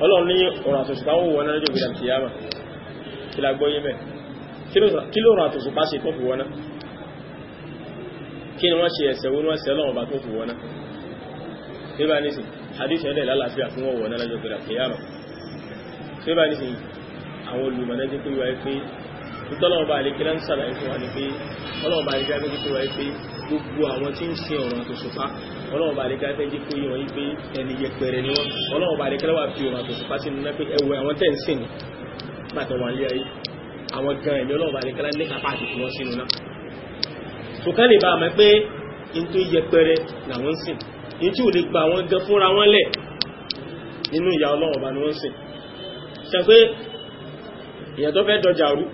ọlọ́run ní ọ̀rọ̀ àtòṣùpá ó wọ́n náà jòbìdà kìyàmà kí la gbọ́ yé mẹ́ kí ló ọ̀rọ̀ àtòṣùpá ṣe tó fi wọ́n náà kí ni wọ́n se ẹ̀ṣẹ̀ wọn wọ́n ṣe lọ́wọ́ bá tó fi wọ́n náà bí bá ní sí hadith ẹ̀dẹ̀ lálàáfíà fún wọ́n wọ́n náà jòbìdà kìyàmà bí bá ní sí àwọn olùmọ̀lẹ́dé pé wáyé pé ìtọ́lọ́wọ́ bá àlékí lẹ́nu sàlàyé fún wa ní pé ọlọ́wọ́ bá àlékí lẹ́nu pé wáyé pé gbogbo àwọn tí ń sin ọ̀ràn tó sopa ọlọ́wọ́ bá àlékí lẹ́nu jẹ́ pé wọ́n yí pé ẹni yẹpẹrẹ ni wọ́n ọlọ́wọ́ bá àlékí lẹ́wà fi ọ̀ràn tó sopa sí nínú pé ẹwẹ́ àwọn tẹ́ ń sìn pàtẹ wà lé ayé àwọn gan ẹ̀mí ọlọ́wọ́ bá àlékí lẹ́nu kápá àti fún wọn sínú náà tó kán lè bá àmọ́ pé in tó yẹpẹrẹ èyàn tó fẹ́ dọjà òru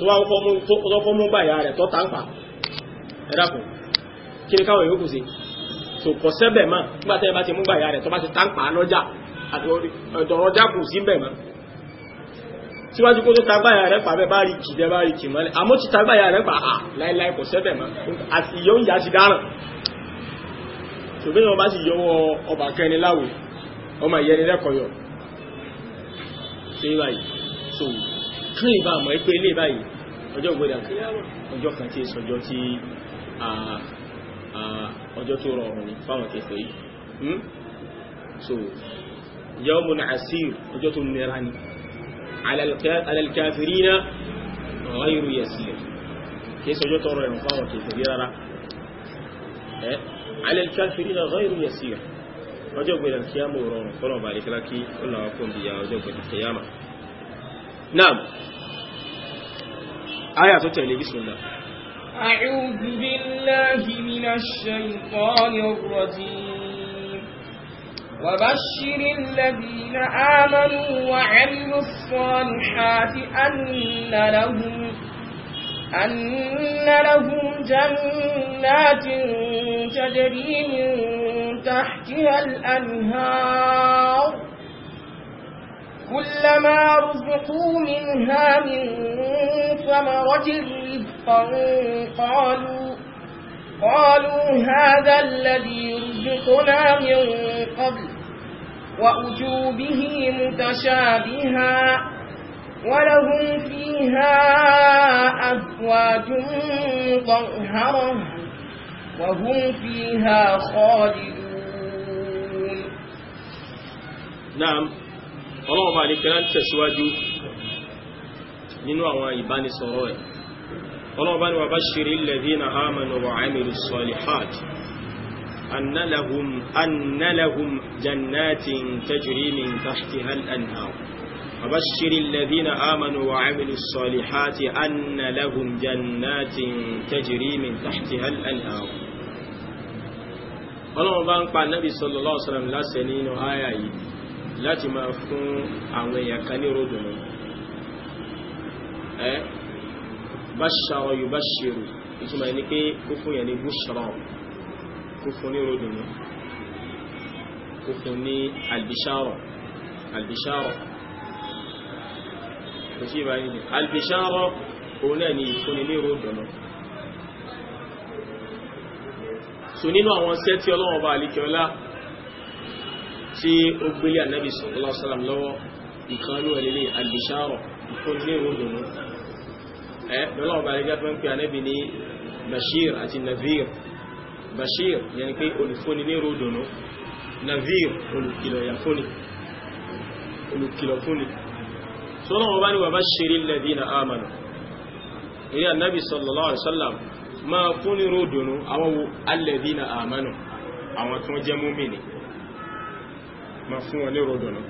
tó wá kọ́kọ́ mú gbàyà rẹ̀ tó tàǹpà ẹ̀dàkùn kí ni káwọn yòókù sí tò kọ́ sẹ́bẹ̀ mọ́ nígbà tẹ́ bá ti mú gbàyà rẹ̀ tó bá ti tàǹpà lọ́jà àtọ̀rọ̀jà kù sí bẹ̀ mọ́ síwájú kó tó tagbáyà rẹ̀ pàbẹ́ bá rí kìdẹ́ bá rí kìmọ́lẹ̀ àmọ́ ti tagbáyà rẹ̀ pà á láìláì kò sẹ́bẹ̀ mọ́ àti ìyọ́ ń yà dáràn ṣùgbọ́n bá sì yọwọ́ ọba kẹni ọmọ ìyẹni lẹ́kọ̀ọ́yọ̀ ṣe báyìí so clean bá mọ̀ pé ilé báyìí ọjọ́ ìgbọ́dà ọjọ́ kan tí èso ọjọ́ tí ọjọ́ tó rọrùn ní fáwọn kẹfẹ́ yìí hmm? so yawmun asir ọjọ́ tó nira ni ala al-kafirina ghayru yasir kìí sọjọ́ tọrọ ẹ̀rùn fáwọn kẹfẹ́ yìí rárá ala al-kafirina ghayru yasir ọjọ́ ìgbọ́dà kíyàmù rọrùn fọ́nà نعم آية تتعلي بسم الله أعوذ بالله من الشيطان الرجيم وبشر الذين آمنوا وعملوا الصالحات أن لهم أن لهم جنات تجري من تحتها الأنهار كلما رزقوا منها من ثمرة رزقا قالوا قالوا هذا الذي رزقنا من قبل وأتوا به متشابها ولهم فيها أزواج مطهرة وهم فيها خالدون نعم ọlọ́run bá nífẹ́ láti tẹ̀síwájú nínú àwọn ìbánisọ̀rọ̀ ẹ̀ ọlọ́run bá ní wa bashiri alladhina amanu wa amilu salihati anna lahum anna lahum jannatin tajri min tahtiha al-anhar وبشر الذين آمنوا وعملوا الصالحات أن لهم جنات تجري من تحتها الأنهار ọlọ́run bá ń pa nábi sallallahu alaihi wasallam láṣẹ nínú àyà láti máa fún àwọn èèyàn kan ní ròdùnú ẹ́ bashara yubashiru ìtumọ̀ ní pé kó fún yẹn ní bushra kó fún ní ròdùnú kó fún ní albishara albishara kò sí ìbáyé ní albishara òun náà ni ìfúnni ní ròdùnú so nínú àwọn sẹ́tí ọlọ́wọ́ bá àlíkẹ́ ọlá tí ó gbélé ànábì sallallahu alaihi wasallam lọ́wọ́ ìkanú ẹ̀lẹ́lẹ́ àlùbíṣàrọ̀ ìkóńlé ìròdùnú ẹ lọ́lọ́ ọba rẹ̀ gẹ́gẹ́ pé ànábì ní bashir àti navir bashir yẹn ni pé olùfóni ní ìròdùnú navir olùkìlọ̀ yàfóni olùkìlọ̀ fúnni sọ́lọ́ ọba ni wàbá ṣeré lẹ́dínà àmàlà èyí ànábì sallallahu alaihi wasallam máa fún ní ìròdùnú àwọn alẹ́dínà àmàlà àwọn tó jẹ́ múmi ni ma fún wọn ní rọ̀dọ̀nà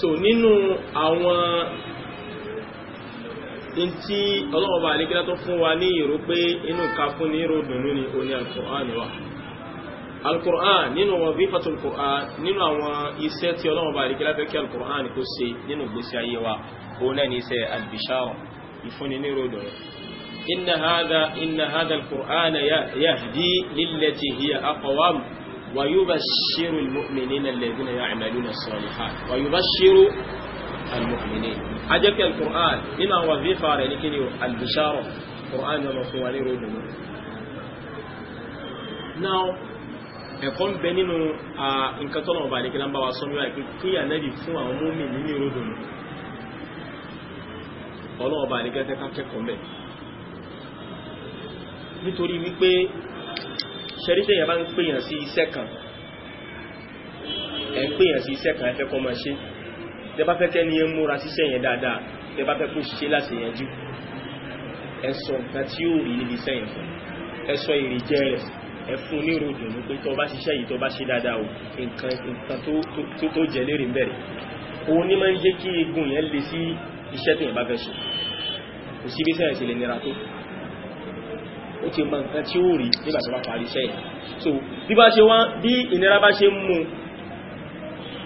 so nínú àwọn in tí ọlọ́ọ̀bà àríkílá tó fún wa ní ìró pé inú ka fún ní rọ̀dọ̀nà ni o ní al-Qur'an wa al-Qur'an nínú wọn bí fatul Qur'an nínú àwọn iṣẹ́ tí ọlọ́ọ̀bà àríkílá fẹ́ kí al kó ṣe nínú gbèsè ayé wa o náà ní iṣẹ́ al ìfúnni ní rọ̀dọ̀nà إن هذا إن هذا القرآن يهدي للتي هي أقوام ويبشر المؤمنين الذين يعملون الصالحات ويبشر المؤمنين عجبك القرآن إما وظيفة لكني البشارة القرآن ومصواني رجل now ẹ̀kọ́ ń bẹ nínú nǹkan tọ́lọ̀ ọba àdékẹ́lá ń bá wa sọ níwá ìpín kí ànábì fún àwọn mómìn nínú ìròdùnú ọlọ́ọba àdékẹ́lá tẹ́ká kẹ́kọ̀ọ́ mẹ́ nítorí wípé ṣẹ́rí tẹ́yìn bá ń pèyàn sí iṣẹ́ kan ẹ̀ ń pèyàn sí iṣẹ́ kan ẹ fẹ́ kó máa ṣe tẹ́ bá fẹ́ kẹ́ ní múra síṣẹ́ yẹn dáadáa tẹ́ bá fẹ́ kó ṣe láti yanjú ẹ sọ nǹkan tí ó rí níbi iṣẹ́ yẹn fún ẹ sọ ìrìjẹ rẹ̀ ẹ fún ní ròdù ní pé tó bá ṣiṣẹ́ yìí tó bá ṣe dáadáa o nǹkan tó tó jẹ lérè ń bẹ̀rẹ̀ òun ní máa ń jẹ́ kí egun yẹn le sí iṣẹ́ tẹ́yìn bá fẹ́ ṣe kò sí bí iṣẹ́ yẹn nira tó ó ti mọ nǹkan tí ó rí nígbà tó bá parí iṣẹ́ yẹn so bí bá ṣe wọ́n bí ìnira bá ṣe ń mú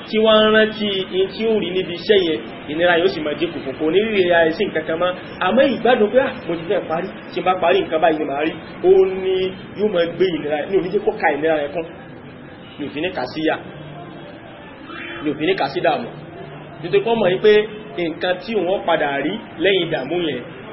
tí wọ́n rántí in tí ó rí níbi iṣẹ́ yẹn ìnira yóò sì máa dínkù kòkó ní rírì ara ẹ̀sìn mọ́ àmọ́ ìgbádùn pé ah, mo ti fẹ́ parí tí bá parí nǹkan báyìí ni màá ó ní yóò máa gbé ìnira ní òní kó ka ìnira rẹ̀ kún ní òfin ní kàsíyà ní òfin ní kàsídàmù nítorí pé mọ̀ yí pé nǹkan tí wọ́n padà rí lẹ́yìn ìdààmú yẹn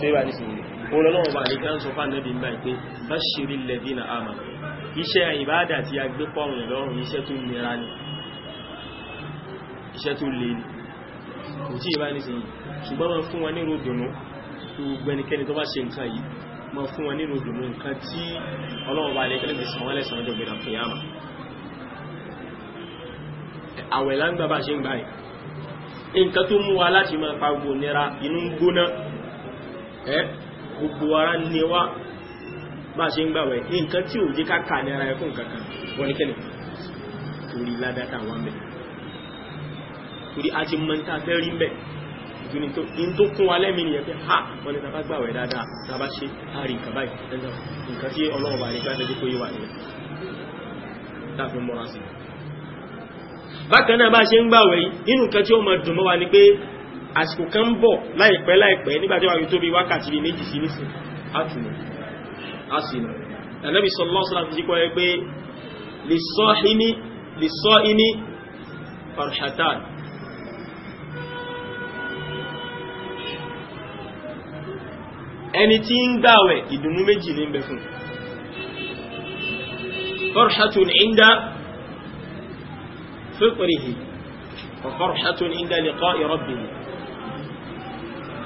ṣe wà nísìnyí olólọ́wọ́ bá lè kán sọ fún ànábì nígbà pé bá na àmà iṣẹ́ ìbáàdà tí a gbé pọ́rùn rẹ̀ lọ́rùn iṣẹ́ tó nira ni iṣẹ́ tó le ni kò tí ìbá nísìnyí ṣùgbọ́n máa fún wọn ní ròdùnú gbogbo ẹnikẹ́ni tó bá ṣe nǹkan yìí máa fún wọn ní ròdùnú nǹkan tí ọlọ́wọ́ bá lè kán sọ wọn fún yàmà àwẹ̀ láńgbà bá ṣe ń gbà nǹkan tó mú wa láti máa pa gbòmìnira inú gbóná ẹ́ gbogbo ara ní wá bá ṣe ń gbàwẹ̀ nǹkan tí ò jẹ́ káàkà ní ara ẹkùn kankan wọ́n ní kẹ́lẹ̀ torí ládátà wọn bẹ̀ torí a ti mọ́ níta fẹ́ rí bẹ̀ in tó kún wa lẹ́mìí nìyẹn pé ha wọ́n ní tàbá gbàwẹ̀ dáadáa tàbá ṣe àrí nǹkan báyìí nǹkan tí ọlọ́run bá ní gbá tẹ́jú kó yé wà nìyẹn láàfin mọ́ra sí bákan náà bá ṣe ń gbàwẹ̀ yìí nínú nǹkan tí ó mọ̀ dùn mọ́ wa ni pé àsìkò kan bọ̀ láìpẹ́ láìpẹ́ nígbàtí wà tó bí wákàtí bí méjì sí nísìn àtùnú àsìnà ẹ̀lẹ́bí sọlọ́sọ́lá ti jíkọ́ ẹ pé lè sọ iní farshatan ẹni tí ń gbàwẹ̀ ìdùnnú méjì ní bẹ fún farhatun inda fitrihi wa farhatun inda liqa'i rabbihi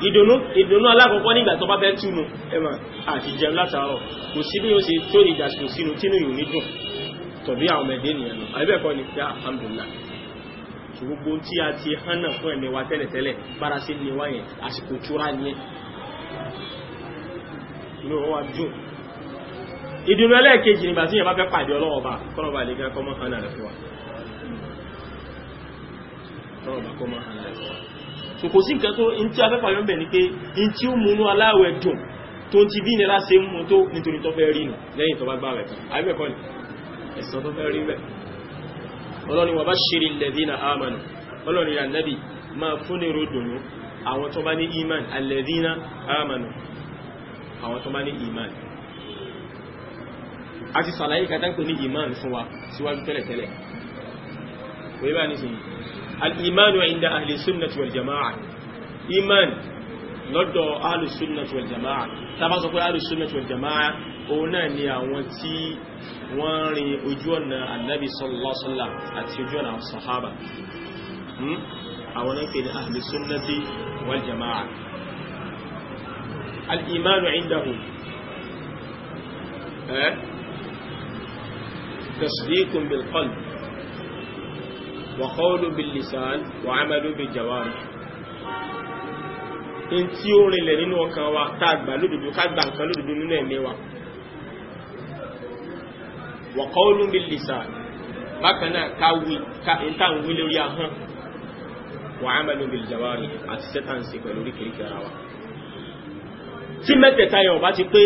ìdùnnú ìdùnnú alákọ̀ọ́kọ́ nígbà tó bá fẹ́ túnu ẹ̀mà àti jẹun látàárọ̀ kò sí bí ó ṣe tó ìgbà kò sínú tínú yòó ní dùn tọ̀bí àwọn ọmọ ẹ̀dẹ́ nìyẹn náà àbẹ́ẹ̀kọ́ ni pé ah, alhamdulillah gbogbo tí a ti hánà fún ẹ̀mí wa tẹ́lẹ̀tẹ́lẹ̀ bára sí ni wá yẹn àsìkò túra nìyẹn inú wọn wá dùn ìdùnnú ẹlẹ́ẹ̀kejì nígbà tí yẹn bá fẹ́ pàdé ọlọ́wọ́ bá kọ́nà bá lè gẹ́ kọ́mọ́ hánà rẹ̀ fún wa kọ́nà bá kọ́mọ́ hánà rẹ̀ fún wa so kò sí nǹkan tó in tí afẹ́fà yọ́ ń bẹ̀ ni pé in tí ó múnú aláwẹ̀ dùn tó ti bí nira ṣe ń mú tó nítorí tó fẹ́ rí nù lẹ́yìn tó bá gbà rẹ̀ kan àbẹ̀ kọ́ ni ẹ̀sán tó fẹ́ rí bẹ̀ nabi máa fún ní ròdùnú àwọn tó iman alladhina amanu àwọn tó bá iman a ti sàlàyé kàtàkùn ní iman fún wa síwájú tẹ́lẹ̀tẹ́lẹ̀ ويبان اسم الإيمان عند أهل السنة والجماعة إيمان لدى أهل السنة والجماعة تبا سقول أهل السنة والجماعة هنا نيوانتي واري أجوان النبي صلى الله عليه وسلم أتجوان الصحابة أولا في أهل السنة والجماعة الإيمان عندهم تصديق بالقلب وقول باللسان وعمل بالجوارح in tí ó rinlẹ̀ nínú ọkàn wa tàgbà lódòdó kágbà nǹkan lódòdó nínú ẹ̀mí wa wa qawlun bil lisan bákan náà káwí káìntà ń wí lórí ahọ́n wa amalun bil jawarih àti sẹ́tàǹsì pẹ̀lú oríkèríkè wa tí mẹ́tẹ̀ẹ̀ta yẹn bá ti pé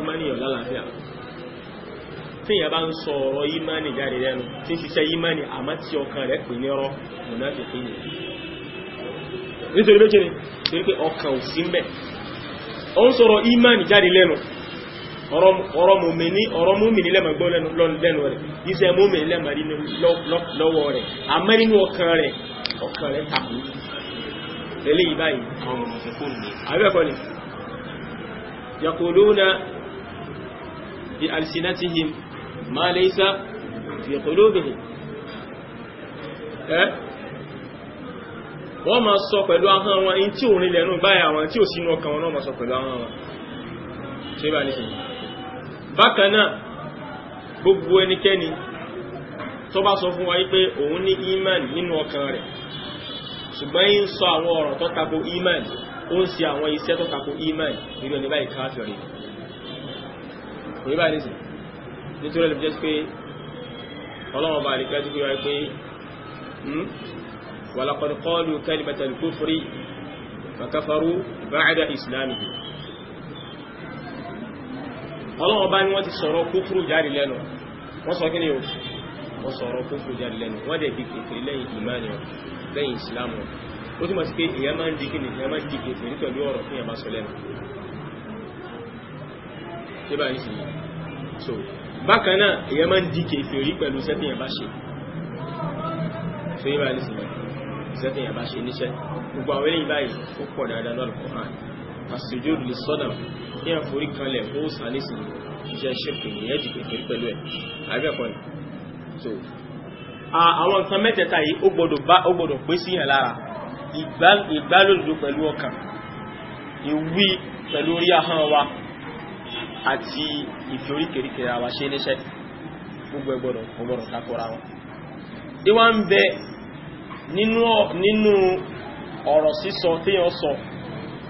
ìmánìyàn lálàáfíà tí ìyẹn bá ń sọ ọ̀rọ̀ ìmánì jáde lẹ́nu tí ń ṣiṣẹ́ ìmánì àmọ́ tí ọkàn rẹ̀ pè ní ọ̀rọ̀ mùnáfíkí ni nítorí méjì ni torí pé ọkàn ò sí mbẹ̀ ó ń sọ̀rọ̀ ìmánì jáde lẹ́nu ọ̀rọ̀ mùmìnì ọ̀rọ̀ mùmìnì lẹ́mọ̀gbọ́ lẹ́nu rẹ̀ iṣẹ́ mùmìnì lẹ́mọ̀rí lọ́wọ́ rẹ̀ àmọ́ nínú ọkàn rẹ̀ ọkàn rẹ̀ tàbí tẹ́lẹ̀ yìí báyìí àwọn mùsùlùmí ni àbẹ́ẹ̀kọ́ ni yaquluna bi alsinatihim ما ليس في قلوبهم ẹ́ wọ́n máa sọ pẹ̀lú ahọ́n wọn in tí ò rí lẹ́nu báyà wọn tí ò sínú ọkàn wọn náà máa sọ pẹ̀lú ahọ́n wọn ṣe bá ní ṣe bákan náà gbogbo ẹnikẹ́ni tó bá sọ fún wa wípé òun ní imani nínú ọkàn rẹ̀ ṣùgbọ́n yí ń sọ àwọn ọ̀rọ̀ tó tako imani ó ń ṣe àwọn iṣẹ́ tó tako imani nínú ẹni báyìí káfíọ̀rì nítorí ẹ̀lẹ́bí jẹ́ sí pé ọlọ́wọ́ bá rí kájú wíwá pé hmm? wa laqad qalu kalimatal kufri fakafaru ba'da islamihim ọlọ́wọ́ bá ní wọ́n ti sọ̀rọ̀ kúfúrú jáde lẹ́nu wọ́n sọ kí ni o wọ́n sọ̀rọ̀ kúfúrú jáde lẹ́nu wọ́n dẹ̀ di kèfèrí lẹ́yìn ìmáni ọ̀ lẹ́yìn ìsìlámù ó bákan náà èyàn máa ń di kèfèrí pẹ̀lú sẹ́tìyàn bá ṣe tó yí báyìí sí sẹ́tìyàn bá ṣe níṣẹ́ gbogbo àwọn eléyìí báyìí ó pọ̀ dáadáa lọ́rọ̀ kọ́ hàn àṣìjó lè sọ́nà kí ẹ̀ forí kanlẹ̀ ó sàlẹ̀sì iṣẹ́ ṣèpè ìyẹn di kèfèrí pẹ̀lú ẹ̀ àbẹ́ẹ̀kọ́ ni so àwọn nǹkan mẹ́tẹ̀ẹ̀ta yìí ó gbọ́dọ̀ pé àti ìfi oríkèríkè àwà ṣe níṣẹ́ gbogbo ẹgbọ́dọ̀ ọgbọ́dọ̀ takora wọn ìwà ń bẹ nínú ọ̀rọ̀ sísọ téèyàn sọ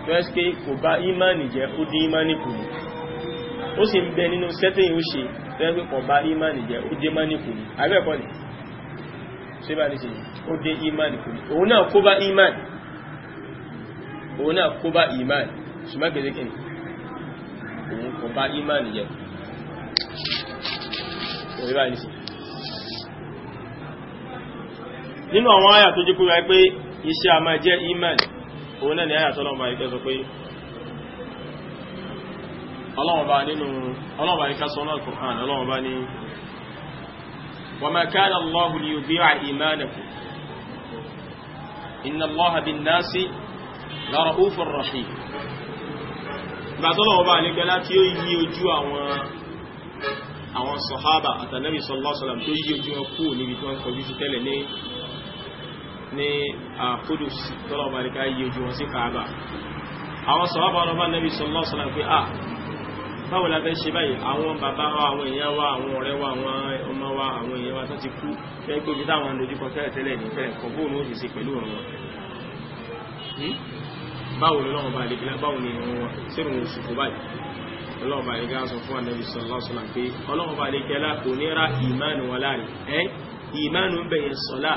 tó kò bá ìmánì jẹ́ ó dé ìmánì kù ní ó sì ń bẹ nínú sẹ́tẹ̀yìn ó ṣe tó kò bá ìmánì jẹ́ ó dé ìmánì kù ní òun kò bá ìmánì yẹ nínú àwọn àyà tó jẹ́ kúrò pé iṣẹ́ a máa jẹ́ ìmánì òun náà ni àyà tọ́lọ́ bá ikẹ́ sọ pé ọlọ́wọ̀bá nínú ọlọ́wọ̀bá ikẹ́ sọ náà Kùránì ọlọ́wọ̀bá ní wa ma inna Allaha ìgbàtọ́lọ́wọ́ bá nígbẹ́lá tí ó yí ojú àwọn àwọn sọ̀hábà àtànẹ́bì sọ́lọ́sọ̀lọ́m tó yí ojú wọn kú níbi tí wọ́n kọjú sí tẹ́lẹ̀ ní ní Kudus tọ́lọ́wọ́ bá nígbà yí ojú wọn sí Kaaba àwọn sọ̀hábà ọlọ́bà nẹ́bì sọ́lọ́sọ̀lọ́m pé à báwo la fẹ́ ṣe báyìí àwọn bàbá wa àwọn èèyàn wa àwọn ọ̀rẹ́ wa àwọn ọmọ wa àwọn èèyàn wa tó ti kú fẹ́ báwo ni lọ́wọ́ bá lè gbìlá báwo ni ìrìn wọn sírùn oṣù kò báyìí ọlọ́wọ́ bá lè gbìlá sọ fún ànábì sallallahu alaihi wasallam pé ọlọ́wọ́ bá lè gbìlá kò ní ra ìmánu wọn láàrin ẹ́ ìmánu ń bẹ̀yẹn sọ́lá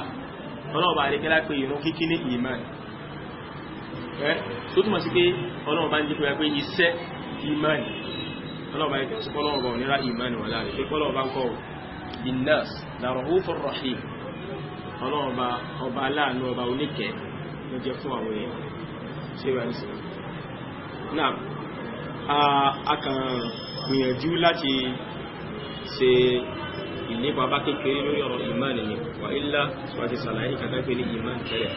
ọlọ́wọ́ bá lè pé ìrún kíkí ní ìmánu ẹ́ tó túmọ̀ sí pé ọlọ́wọ́ bá ń dípò pé iṣẹ́ ìmánu ọlọ́wọ́ bá lè ọlọ́wọ́ bá ò ìmánu wọn láàrin pé kọ́ ṣe wà ní sinmi náà a kàn gbìyànjú láti ṣe ìnípa bá kékeré lórí ọ̀rọ̀ ìmáàni ni wà ilá wà ti sàlàyé kàtà pé ní ìmáàni tẹ́lẹ̀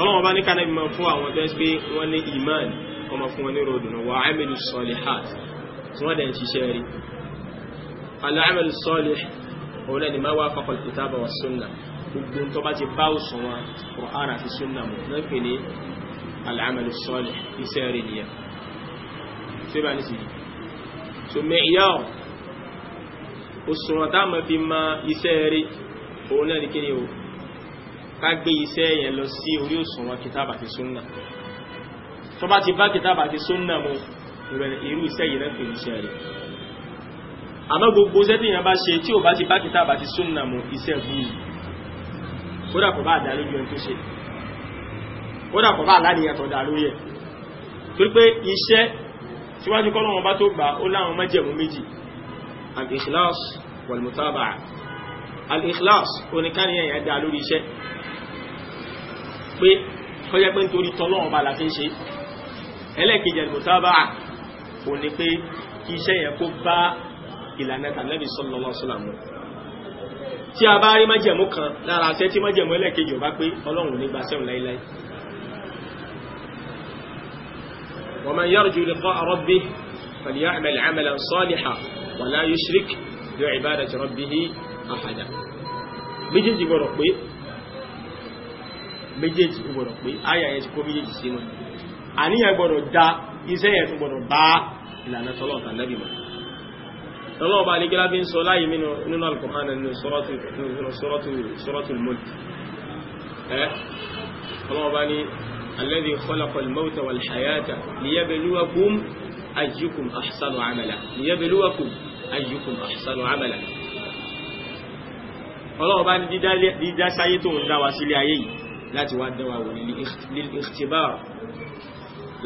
ọlọ́wọ́n bá ní kànáà bí máa fún àwọn tó pé wọ́n ní ìmáàni ọmọ fún wọn ní ròdùn wà ámìlú salihat tí wọ́n dẹ̀ ń ṣiṣẹ́ rí al-amal salih òun máa wá fakọ̀ kitaba wa sunna gbogbo tó bá ti bá òsùn wa Qur'an àti sunna mu náà pè ní al'amalu salih iṣẹ́ rẹ̀ nìyẹn ṣe bá ní sí so mẹ́yàw òṣùwọ̀n tá ma fi ma iṣẹ́ rẹ̀ òun náà ní kí ni o ká gbé iṣẹ́ yẹn lọ sí orí òṣùwọ̀n kìtàbà ti súnnà tó bá ti bá kìtàbà ti súnnà mu irú iṣẹ́ yìí náà fi iṣẹ́ rẹ̀ àmọ́ gbogbo iṣẹ́ tí èèyàn bá ṣe tí ò bá ti bá kìtàbà ti súnnà mu iṣẹ́ bú kódà kò bá àdá lójú ẹni tó ṣe kódà kọ̀ bá aláàníyàn tọ̀dà lórí ẹ̀ torí pé iṣẹ́ síwájú kọ́lọ́wọ́n bá tó gbà ó láwọn májẹ̀mú méjì al-ikhlas wal-mutaba'a al-ikhlas oníkàníyàn yẹn dá lórí iṣẹ́ pé kọjá pé nítorí tọ́lọ́wọ́n bá la fi ń ṣe ẹlẹ́ẹ̀kejì al-mutaba'a ò ní pé kí iṣẹ́ yẹn kó bá ìlànà tàbí sallallahu alaihi wasallam tí a bá rí májẹ̀mú kan lára àṣẹ tí májẹ̀mú ẹlẹ́ẹ̀kejì ò pé ọlọ́run ò ní gbà ومن يرجو لقاء ربه فليعمل عملا صالحا ولا يشرك بعبادة ربه أحدا méjèèjì gbọ́dọ̀ pé méjèèjì gbọ́dọ̀ pé ayà yẹn ti kó méjèèjì sínú àníyàn gbọ́dọ̀ dá iṣẹ́ yẹn tún gbọ́dọ̀ bá ìlànà tọ́lọ̀ta lẹ́bì mọ̀ tọ́lọ̀ọba alẹ́gẹ́lá bí ń sọ láyé nínú Al-Qur'an nínú suratul Mulk الذي خلق الموت والحياة ليبلوكم أيكم أحسن عملا ليبلوكم أيكم أحسن عملا ọlọ́wọ́ bá ní dídá sáyé tó ń dáwà sílé ayé yìí láti wá dáwà wò ní lil-ikhtibar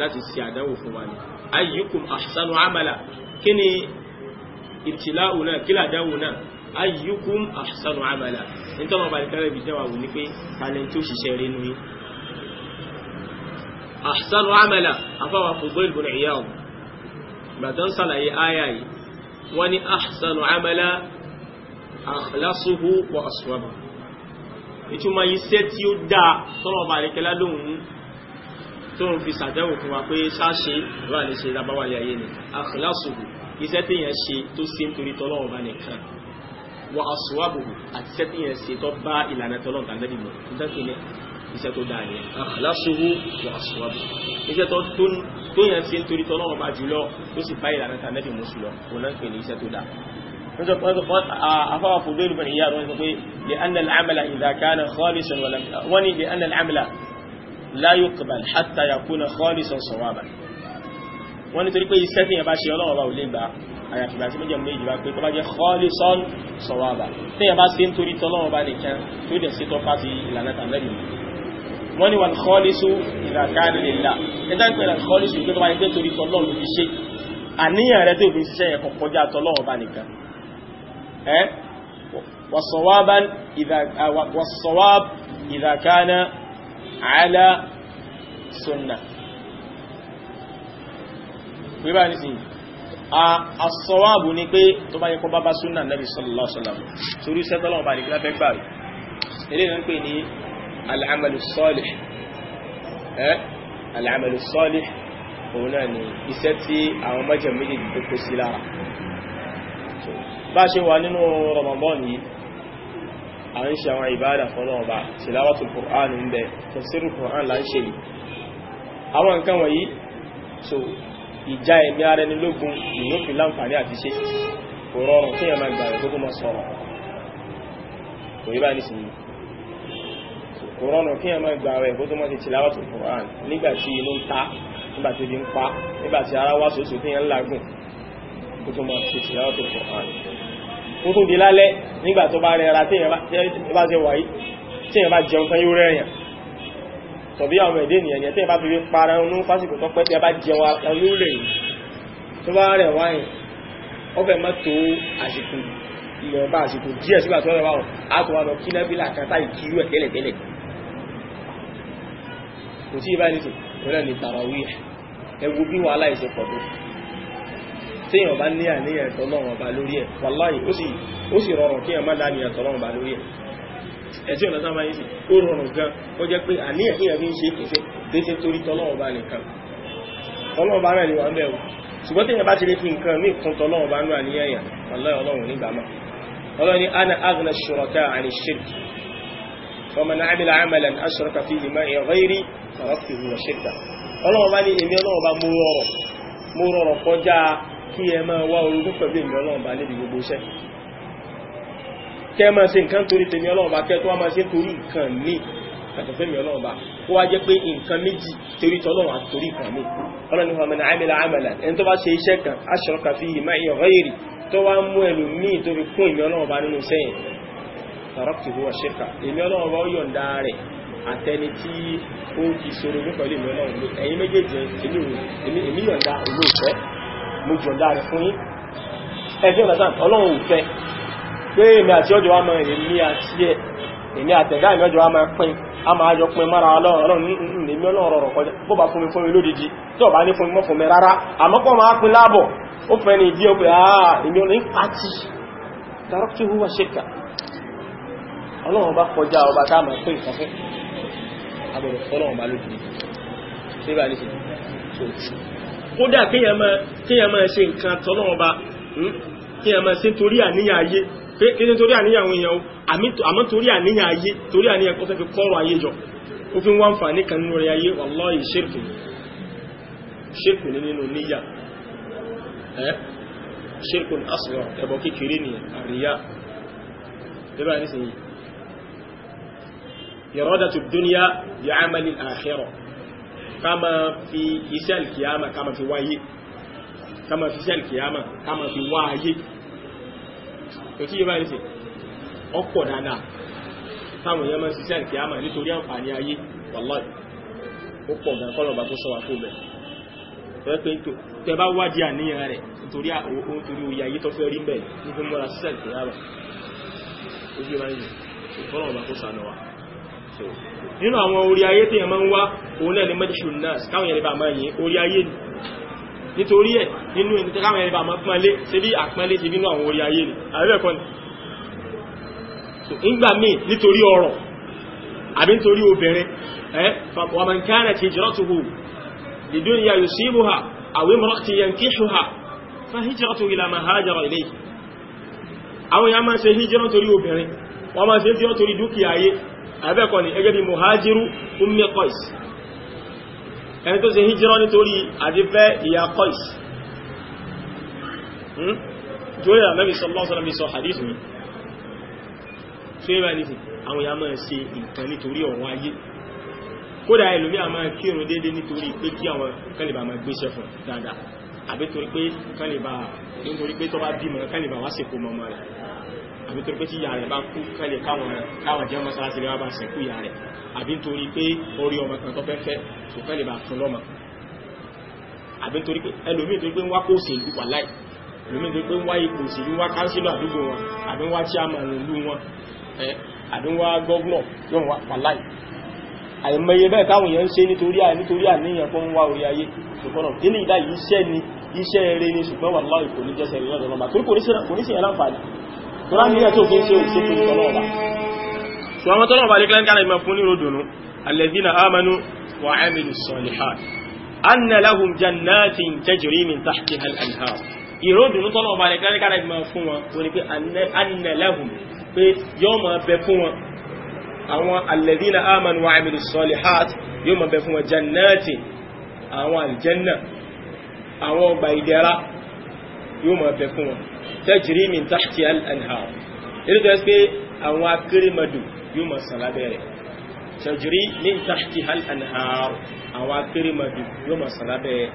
láti sí àdáwò fún wa ní ayyukum ahsanu amala kí ni ìtìláwò náà kí làdáwò náà ayyukum ahsanu amala ní tọ́lọ̀ bá ní kárẹ̀ bí dáwà wò ní pé talent tó ṣiṣẹ́ rí nú أحسن عملا afáwà فضيل ibn Iyad gbàtàn sàlàyé àyà yìí wọ́n ní ahsanu amala akhlasuhu wa aswabu ìtumọ̀ iṣẹ́ tí ó dáa tọ́rọ ọba àríkẹ́lá lóhun tó ń fi sàdẹ́wò fún wa pé sáṣe wà ní ṣe lábáwàlẹ̀ ayé ni akhlasuhu iṣẹ́ tí yẹn ṣe tó sí nítorí tọ́lọ́ ọba nìkan wa aswabuhu àti iṣẹ́ tí yẹn ṣe tó bá ìlànà tọ́lọ́ iṣẹ́ tó dáa ni akhlasuhu wa aswabu iṣẹ́ tó tó yàn sí nítorí tọ́lọ́run bá jùlọ tó sì bá ìlànà tà nẹ́bì mú jùlọ kò náà pè ní iṣẹ́ tó dáa afáwà fòdó ìlú bẹ̀rẹ̀ ìyá rẹ̀ pé lè anna al'amala idha kana khalisan wani lè anna al'amala la yuqbal hatta yakuna khalisan sawaban wani torí pé iṣẹ́ tí yẹn bá ṣe ọlọ́wọ́ àyàfi bá tí méjì méjì bá pé tó bá jẹ́ khalisan sawaban tí yẹn bá ń torí tọ́lọ́wọ́ bá nìkan tó dẹ̀ sí tọ́pá ti ìlànà tàbí wọ́n ní wal khalisu idha kana lillah ẹ̀dá ìpè wal khalisu ìpè tó bá yẹ pé torí tọ́lọ́ ló fi ṣe àníyàn rẹ tó fi ṣiṣẹ́ yẹ kọjá tọ́lọ́ ọba nìkan ẹ́ wasawaban wasawab idha kana ala sunna wíbá ní sí asọ́wàbù ní pé tó bá yẹ kó bábá súnà Nabi sallallahu alaihi torí sẹ́tọ́lọ́wọ́ bá ní kí gbà rí eré ìrìn pè ní al'amalu salih eh al'amalu salih òun náà ni iṣẹ́ tí àwọn mẹ́jẹ̀ méjì tó kó sí lára bá ṣe wà nínú Ramadan yìí a ń ṣe àwọn ìbádà fọ́nà ọba tilawatul Qur'an ń bẹ tafsirul Qur'an là ń ṣe yìí àwọn nǹkan wọ̀nyí so ìjà ẹ̀mí ara ẹni lógun ìyó fi láǹfààní àti ṣe kò rọrùn kí ẹ̀ máa gbà rẹ̀ tó tó máa sọ̀rọ̀ kò yí bá ní sí yìí kò rọrùn kí ẹmọ ìgbà rẹ̀ kó tó mọ́ ti tìláwà tó Qur'an nígbàtí inú ń ta nígbàtí ibi ń pa nígbàtí ara wá sóso tí yẹn lágùn kó tó mọ́ ti tìláwà tó Qur'an kó tó di lálẹ́ nígbà tó bá rẹra tí yẹn bá jẹ wáyé tí yẹn bá jẹun tán yóò rẹ̀yàn tọ̀bí àwọn ẹ̀dẹ́ nìyẹn tí yẹn bá fi para ọnú fásitì tó pẹ́ tí yẹn bá jẹun yóò rẹ̀ yìí tó bá rẹ̀ wáyìn ó fẹ́ tó àsìkò ilẹ̀ ọba àsìkò díẹ̀ sígbà tó rẹ̀ wáwọ̀ á kí nábìlà kan táì kí ẹ̀ tẹ́lẹ̀tẹ́lẹ̀ kò tí ìbá nìtì òun ní tàràwí ẹgbù bí wàhálà ìṣe téèyàn bá ní àníyàn ẹ̀tọ́ náà wọn bá lórí ẹ̀ wàláyé ó sì rọrùn kí ẹ̀má láníyàn ẹ̀tọ́ náà bá lórí ẹ̀ ẹ̀tí ọ̀nà sáwọn yìí ó rọrùn gan ó jẹ́ pé ń ṣe déṣe torí bá nìkan ومن عمل عملا أشرك فيه معي غيري تركته وشركه ọlọ́run bá ní èmi ọlọ́run bá mú rọrọ̀ mú rọrọ̀ kọjá kí ẹ máa wá orogún pẹ̀lú èmi ọlọ́run bá níbi gbogbo iṣẹ́ kẹ́ máa ṣe nǹkan torí tèmi ọlọ́run bá kẹ́ tó wá máa ṣe torí nǹkan ní yàtọ̀ fẹ́mi ọlọ́run bá kó wá jẹ́ pé nǹkan méjì torí tọ́lọ́run àti torí nǹkan ní ọlọ́run ní tàràpùtù huwa ṣíkà èmi ọlọ́run bá yọ̀ǹda rẹ̀ àtẹni tí ó fi ṣòro ní pẹ̀lú èmi ọlọ́run ló ẹ̀yin méjèèjì ìlú ìfẹ́ mo fún yín ọlọ́run ò fẹ́ pé èmi àti ọjọ́ wa máa èmi àti ẹ̀ èmi àtẹ̀dá èmi ọjọ́ wa máa a máa ọlọ́run ọlọ́run tí ní fún ọlọ́run bá kọjá ọba tá a máa pé nǹkan fún agbọ̀dọ̀ fọlọ́run bá lójú ṣé bá ní ṣe kódà kéèyàn máa ṣe nǹkan tọ́lọ́run bá hmm? kéèyàn máa ṣe torí àníyàn ayé kí ni torí àníyàn àwọn èèyàn àmọ́ torí àníyàn ayé torí àníyàn kọ́ fẹ́ fi kọ́rọ̀ ayé jọ ó fi wọ́n fà ní kan nínú rẹ̀ ayé wallahi ṣírkù ṣírkù ní nínú níyà ṣírkù asghar ẹbọ kékeré ni àríyá bẹ́bà nísìnyí ìrọ́dàtù dúníà bí àmàlì àkhírà ká ma fi iṣẹ́ alkiyama ká ma fi wáyé ká ma fi iṣẹ́ alkiyama ká ma fi wáyé tó tí yí bá ní sí ọ̀pọ̀ dáadáa táwọn yẹn ma ń ṣiṣẹ́ alkiyama nítorí àǹfààní ayé wallahi ó pọ̀ gan kọ́lọ̀ bá kó sọ wà fún bẹ̀ tọ́ pé tẹ bá wádìí àníyàn rẹ̀ nítorí òun torí oyè ayé tó fẹ́ rí bẹ̀ nítorí mọ́ra ṣiṣẹ́ alkiyama ó gbé bá ní sí ìfọ́lọ̀ bá kó sànù wa nínú àwọn orí ayé tí yẹn máa ń wá òun náà ni mẹ́tíṣù náà káwọn yẹn lè bá máa yìn orí ayé ni nítorí ẹ̀ nínú ẹni káwọn yẹn lè bá máa pọ́nlé ṣe bí àpọ́nlé ti nínú àwọn orí ayé ni àbẹ́bẹ̀kọ́ ni ìgbà míì nítorí ọ̀rọ̀ àbí nítorí obìnrin ẹ́ wọ́n máa ṣe hijira abẹ́kọ̀ ni ẹgẹ́ bí muhajiru ummi Qais ẹni tó ṣe hijira nítorí àdífẹ́ ìyá Qais hmm? jùlọ ìrànlẹ́bí sọ́lọ́sọ́lọ́bí sọ hadith mi tí ó bá ní sí àwọn ya máa ṣe nǹkan nítorí ọ̀wọ́ ayé kódà ẹlòmí a máa kírun dédé nítorí pé kí àwọn kálíbà máa gbéṣẹ́ fún dáadáa àbí torí pé kálíbà nítorí pé tó bá bímọ kálíbà wá sí kó mọ́mọ́ rẹ̀ àbí torí pé tí ìyá rẹ̀ bá kú kẹ́lẹ̀ káwọn jẹ́ mọ́sálásí rẹ̀ wá bá sẹ̀kú ìyá rẹ̀ àbí nítorí pé orí ọmọ kan tó fẹ́ fẹ́ kò kẹ́lẹ̀ bá fún lọ́mọ àbí nítorí pé ẹlòmíì tó gbé ń wá kó òṣèlú wà láì ẹlòmíì tó gbé ń wá ipò òṣèlú wá kánsílọ̀ àdúgbò wọn àbí ń wá chairman ìlú wọn àbí ń wá gọ́vnọ̀ yóò wà láì àìmọye bẹ́ẹ̀ káwọn èèyàn ń ṣe nítorí nítorí àníyàn fún wá orí ayé ṣùgbọ́n kíní ìdá yìí iṣẹ́ ni iṣẹ́ eré ni ṣùgbọ́n wà láì kò ní jẹ́sẹ̀ ìrìnàjò lọ́mà torí kò ní sí ẹ̀láǹfààní tó láti níyà tí ò kí ń ṣe òṣèkú ìtọ́lọ́ọ̀bà tó àwọn tọ́lọ́ọ̀bà lè kílẹ̀ kára ìmọ̀ fún nírò dùnú alladhina amanu wa amilu salihat anna lahum jannatin tajri min tahtiha al-anhar ìró dùnú tọ́lọ́ọ̀bà lè kílẹ̀ kára ìmọ̀ fún wọn wọ́n ni pé anna lahum pé yóò máa bẹ fún wọn alladhina amanu wa amilu salihat yóò máa bẹ fún jannatin àwọn aljanna àwọn ọgbà ìdẹ̀ra yóò máa bẹ fún wọn tajri min tahtiha al-anhar èyí tó yẹ pé àwọn akérèmọdò yóò máa sàn lábẹ́ rẹ̀ tajri min tahtiha al-anhar àwọn akérèmọdò yóò máa sàn lábẹ́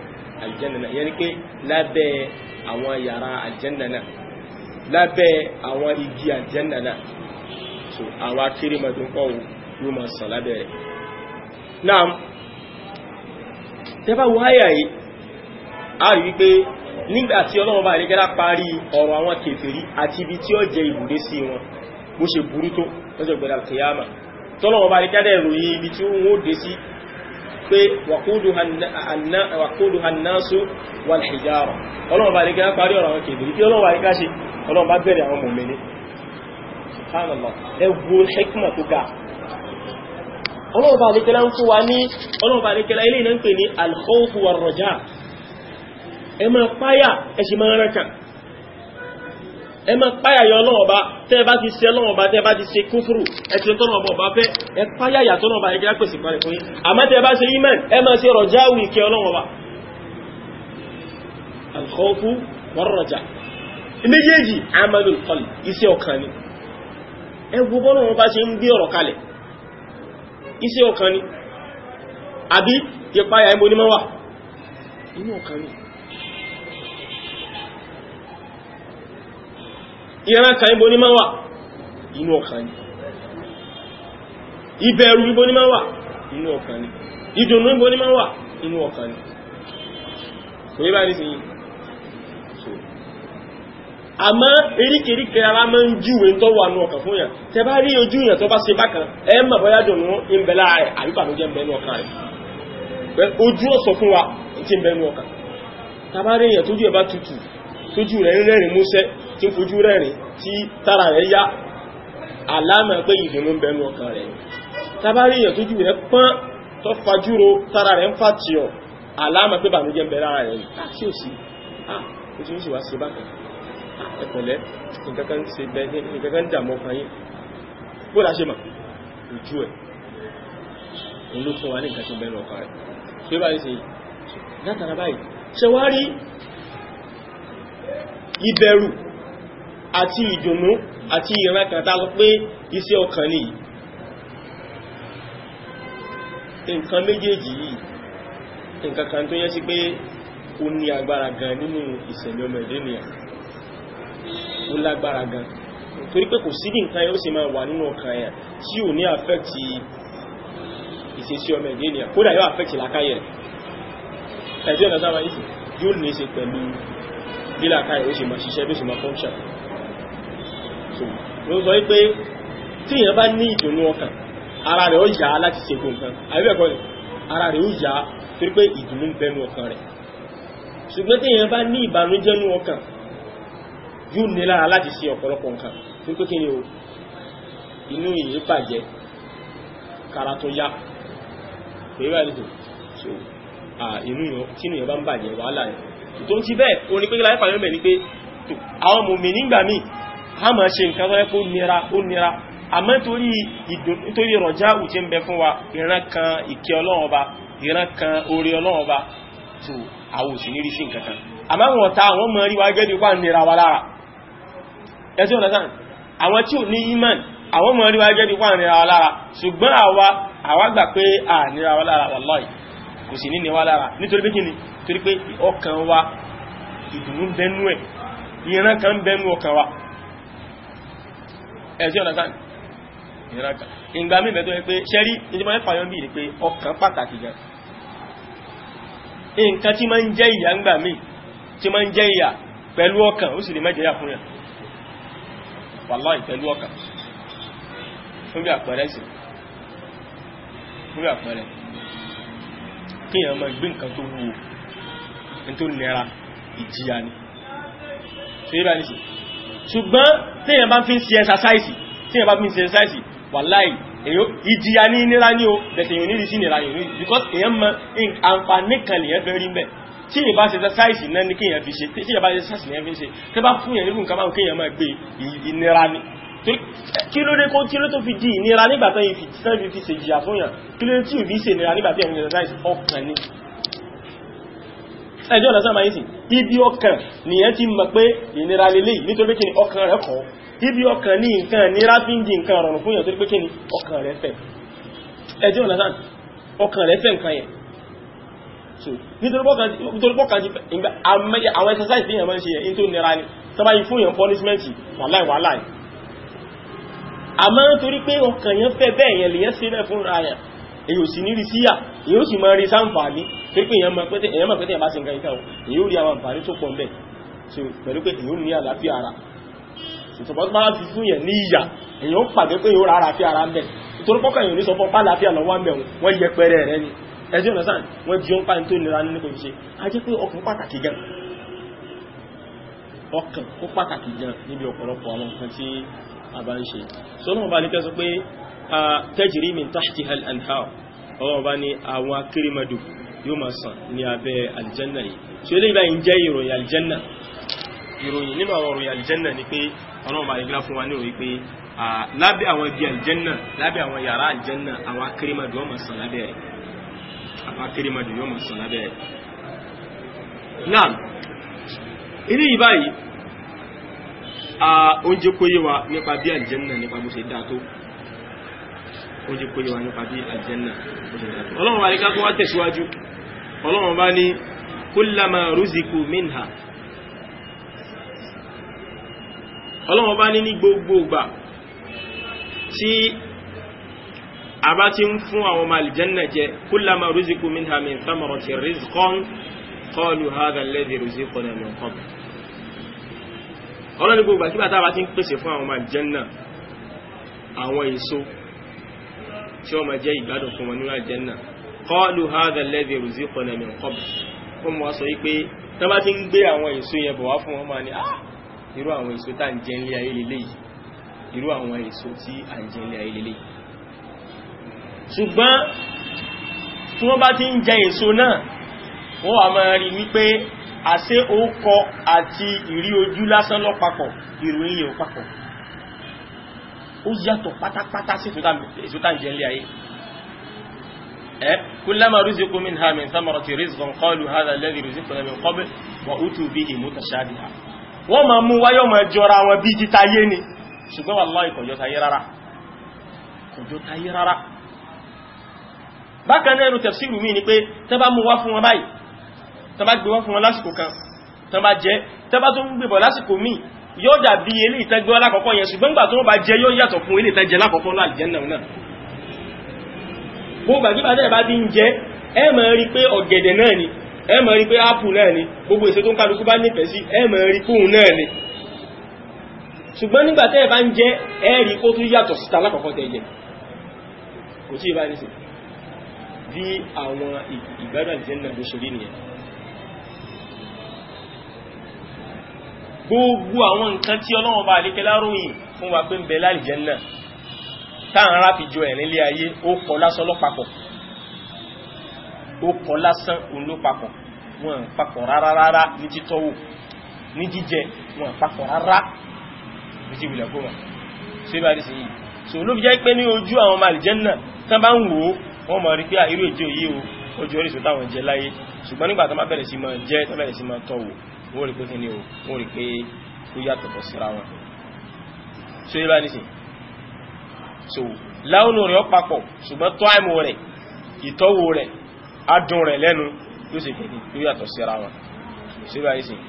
aljanna náà yẹn ni pé lábẹ́ àwọn yàrá aljanna náà lábẹ́ àwọn igi aljanna so àwọn akérèmọdò kọ́ yóò máa sàn lábẹ́ náà tẹ́fà wáyà yìí a rí wípé nígbàtí ọlọ́run bá àríkẹ́lá parí ọ̀rọ̀ àwọn kèfèrí àti ibi tí ó jẹ ìbùdé sí wọn bó ṣe burú tó lọ́jọ́ gbẹ̀rẹ̀ alkiyama tọ́lọ́run bá àríkẹ́lá ìròyìn ibi tí wọ́n dé sí pé wàkúdù hannásu wàlhìjára ọlọ́run bá àríkẹ́lá parí ọ̀rọ̀ àwọn kèfèrí kí ọlọ́run bá àríkẹ́lá ṣe ọlọ́run bá ẹ máa páyà ẹ sì máa rẹ̀kà ẹ máa páyà yọ Ọlọ́run Ọba tẹ́ ẹ bá ti ṣe Ọlọ́run Ọba tẹ́ ẹ bá ti ṣe kúfúrù ẹ ti tọ́nà ọba ọba fẹ́ ẹ páyà yà tọ́nà ọba ẹ jẹ́ pèsè parẹ́ fún yín àmọ́ tẹ́ ẹ bá ṣe iman ẹ máa ṣe rọ̀jáwù ìkẹ́ Ọlọ́run Ọba alkhawfu iṣẹ́ ọkàn ni àbí ìpayà ẹmọ onímọ̀ wà inú ọkàn ni ìran kan ibo ní máa wà inú ọkàn ni ìbẹ̀rù ibo ní máa wà inú ọkàn ni ìdùnnú ibo ní máa wà inú ọkàn ni kò yí bá ní sìn àmọ́ eríkèríkè ara máa ń júwe tó wà ní ọkàn fún yàn tẹ bá rí ojú yàn tó bá bákan ẹ mọ̀ dùn ní tí ń fojú rẹ́rìn tí tára rẹ̀ yá àlámà pé ìdùnnú ń bẹnu ọkàn rẹ̀ tabari èèyàn tójú rẹ̀ pọ́n tó fajúro tára rẹ̀ ń fàtìyàn àlámà pé bàmíjẹ́ ń bẹ lára rẹ̀ sí òsì ojú ń sì wá sí bákan ẹ̀pẹ̀lẹ́ nǹkan ṣe bẹ bó la ṣe mà ojú ẹ̀ ló fún wa ní nǹkan tó bẹnu ọkàn rẹ̀ pé báyìí sì látara báyìí ṣe wá rí ìbẹ̀rù àti ìdùnnú àti ìran kan tá a sọ pé iṣẹ́ ọkàn ni nǹkan méjèèjì yìí nǹkan kan tó yẹ sí pé ó ní agbára gan nínú ìṣẹ̀lẹ̀ ọmọ ẹ̀dẹ́ nìyà ó lágbára gan torí pé kò sí bí nǹkan yóò sì máa wà nínú ọkàn yẹn tí ò ní àfẹ́kì ìṣesí ọmọ ẹ̀dẹ́ nìyà kódà yóò àfẹ́kì làákàyè ẹ̀dẹ́ ọ̀nà sábà yóò ní ṣe pẹ̀lú bí làákàyè ó sì máa ṣiṣẹ́ bí ó sì máa fọ́nṣà so ló sọ wípé tí èèyàn bá ní ìdùnnú ọkàn ara rẹ̀ ó yá láti ṣe gbogbo nǹkan àbíbẹ̀kọ́ ni ara rẹ̀ ó yá torí pé ìdùnnú ń bẹnu ọkàn rẹ̀ ṣùgbọ́n tí èèyàn bá ní ìbànújẹ́ nú ọkàn yóò ní lára láti ṣe ọ̀pọ̀lọpọ̀ nǹkan fún pé kí ni o inú ìyẹn bàjẹ́ kára tó yá pẹ̀lú àìlèkò so inú yàn tí inú bá ń bàjẹ́ wàhálà yẹn tó ti bẹ́ẹ̀ orin pé láyé pàdé mẹ́rin pé àwọn mòmí nígbà míì ha ma ṣe nǹkan lọ́yẹ́ kó nira ó nira àmọ́ nítorí rọ̀já ù ń bẹ fún wa ìran kan ìkẹ́ ọba ìran kan orí ọba tó àwọn òsì ní rí nǹkan kan àmọ́ àwọn ọ̀tá àwọn mọ̀ rí wa nira wa lára ẹjọ́ àwọn tí ò ní iman àwọn mọ̀ rí wa nira wa lára ṣùgbọ́n àwa àwa gbà pé à ẹ̀sí ọ̀nà sáà ìrìnàjò ìgbà mímẹ̀ tó yẹ pé ṣẹ́rí ìjọba ẹ̀fà yọ́n bí i pé ọkàn pàtàkì gan nǹkan tí máa ń jẹ́ ìyà ń gbà mí tí máa ń jẹ́ ìyà pẹ̀lú ọkàn ó sì lè mẹ́jẹ̀ yà fún yàn wàláì pẹ̀lú ọkàn fún bí àpẹẹrẹ sí fún bí àpẹẹrẹ kí èèyàn máa gbé nǹkan tó wúwo ní tó nira ìjìyà ni ṣe é bá ní sí ṣùgbọ́n téèyàn bá fi ń ṣe ẹ̀sàsáìsì téèyàn bá fi ń ṣe ẹ̀sàsáìsì wàláì èyó ìjìyà ní nira ní o bẹ̀sẹ̀ èyàn nílì sí nira yìí ní because èyàn mọ àǹfààní kan lèyàn fẹ́ rí mbẹ̀ tí ìbá ṣe ẹ̀sàsáìsì náà ní kéèyàn fi ṣe tí ìbá ṣe ẹ̀sàsáìsì náà fi ṣe tẹ́ bá fún yẹn nírú nǹkan báwọn kéèyàn máa gbé ìnira ni kí ló dé kó kí ló tó fi di ìnira nígbà tó yìí fi ṣèjìyà ẹjọ́ ọ̀nà sáàmà ìsìn ibi ọkàn nìyẹn ti mọ̀ pé ìnira lélẹ̀ nítorí pé kí ni ọkàn rẹ̀ kọ́ ibi ọkàn ní nǹkan nira fi ń di nǹkan rọrùn fún yàn pé kí ni ọkàn rẹ̀ fẹ́ ẹjọ́ ọ̀nà sáàmà ọkàn rẹ̀ fẹ́ nǹkan yẹn nítorí exercise tí yàn máa ń ṣe ni tọ́ba yìí fún yàn punishment wàláì wàláì àmọ́ nítorí pé ọkàn yẹn fẹ́ bẹ́ẹ̀ yẹn lè yẹn sílẹ̀ fún ra èyí ò sì ní rí síyà èyí ó sì máa rí sáǹfààní pé pé èyàn mọ̀ pé èyàn bá ṣe nǹkan ìkàwọ̀ èyí ó rí àwọn àǹfààní tó pọ̀ ń bẹ̀ pẹ̀lú pé èyí ó ní àlàáfíà ara ìtọ̀pọ̀ tó bá fi fún yẹn ní ìyà èyí ó pàdé pé yóò rárá àfíà ara ń bẹ̀ ìtorí pọ́kàn yóò ní sọ fún pálàáfíà lọ́wọ́ ń bẹ̀ wọ́n yẹ pẹ́rẹ́ rẹ ni ẹjọ́ ọ̀nà sáà wọ́n jí ó ń a jẹ́ pé ọkàn pàtàkì gan ọkàn ó pàtàkì gan níbi ọ̀pọ̀lọpọ̀ àwọn nǹkan tí a bá ń ṣe sọ́nà ọba ní tajri min tahtiha al-anhar ọwọ́ bá ní àwọn akérèmọdò yóò máa sàn ní abẹ́ aljanna yìí tí ó lè bá ń jẹ́ ìròyìn aljanna ìròyìn nínú àwọn ìròyìn aljanna ni pé ọlọ́run bá yẹgbẹ́ fún wa ní òwe pé lábẹ́ àwọn ibi aljanna lábẹ́ àwọn yàrá aljanna àwọn akérèmọdò yóò máa sàn lábẹ́ rẹ̀ àwọn akérèmọdò yóò máa sàn lábẹ́ rẹ̀ náà ilé yìí oúnjẹ kóyé wa nípa bí aljanna nípa bó ṣe dáa tó ó jẹ́ kó yẹ wà nípa bí aljanna ó ṣe yàtọ̀ ọlọ́run bá ní ká tó wá tẹ̀síwájú ọlọ́run bá ní kullama ruziku minha ọlọ́run bá ní ní gbogbo ìgbà tí a bá ti ń fún àwọn ọmọ aljanna jẹ kullama ruziku minha min thamaratin rizqan qalu hadha alladhi ruziqna min qabl ọlọ́run gbogbo kí bàtà bá ti ń pèsè fún àwọn ọmọ àwọn èso tí ó ma jẹ́ ìgbádùn fún wọn nínú àjẹ́nà qalu hadha alladhi ruziqna min qabl fún wọn sọ wípé tó bá ti ń gbé àwọn èso yẹn bọ̀ wá fún wọn máa ní ah irú àwọn èso tá à ń jẹ nílé ayé lélẹ́yìí irú àwọn èso tí à ń jẹ nílé ayé lélẹ́yìí ṣùgbọ́n tí wọ́n bá ti ń jẹ èso náà wọ́n wà máa rí wípé àṣé ó àti ìrí ojú lásán lọ́papọ̀ ìròyìn yẹn ó yàtọ̀ pátápátá sí èso tá à ń jẹ ilé ayé ẹ kullama ruziqu minha min thamarati rizqan qalu hadha alladhi ruziqna min qabl wa utu bihi mutashabiha wọ́n máa mú wáyọ́ máa jọra wọn bí títa yé ni ṣùgbọ́n wallahi kò jọ tayé rárá kò jọ tayé rárá bákan náà ẹnu tafsiru mi ni pé tẹ́ bá mú wá fún wọn báyìí tẹ́ bá gbé wá fún wọn lásìkò kan tẹ́ bá jẹ́ tẹ́ bá tó gbébọ̀ lásìkò míì yóò dàbí ilé ìtẹ́gbẹ́ alákọ̀ọ́kọ́ yẹn ṣùgbọ́n gbà tó wọ́n bá jẹ yóò yàtọ̀ fún ilé ìtẹ́jẹ alákọ̀ọ́kọ́ náà jẹ́ náà náà gbogbo àgbígbà tẹ́ẹ̀ bá ti ń jẹ ẹ máa rí pé ọ̀gẹ̀dẹ̀ náà ni ẹ máa rí pé ápù náà ni gbogbo èso tó ń kálukú bá nífẹ̀ẹ́ sí ẹ máa rí kóhun náà ni ṣùgbọ́n nígbà tẹ́ẹ̀ bá ń jẹ ẹ rí kó tún yàtọ̀ síta alákọ̀ọ́kọ́ tẹ́ jẹ kò tí ì bá ní sí bí àwọn ìgbádùn àjẹ́ náà ló ṣe rí nìyẹn gbogbo àwọn nǹkan tí ọlọ́wọ́n bá àlékẹ́ láròyìn fún wa pé ń bẹ lálìjẹ́nnà táà ń ráfi jọ ẹ̀rin lé ayé ó kọ lásán lọ́papọ̀ ó kọ lásán olópapọ̀ wọn papọ̀ rárára ní títọ́wò ní jíjẹ wọn papọ̀ rárá ní ti wùlẹ̀ gómà ṣé bá rí sí yìí so ló fi jẹ́ pé ní ojú àwọn ọmọ àlìjẹ́nnà tán bá ń wò ó wọ́n mọ̀ rí pé irú èjì òyí o ojú orísun táwọn jẹ láyé ṣùgbọ́n nígbà tán bá bẹ̀rẹ̀ sí máa jẹ tán bẹ̀rẹ̀ sí máa tọ́wò wọ́n rí pé kí ni o wọ́n rí pé ó yàtọ̀ bọ̀ síra wọn so yíba nísìn so láwọnù rẹ̀ papọ̀ ṣùgbọ́n tó àìmọ̀ rẹ̀ ìtọ́wò rẹ̀ adùn rẹ̀ lẹ́nu yóò sì kìí yóò yàtọ̀ síra wọn so yíba nísìn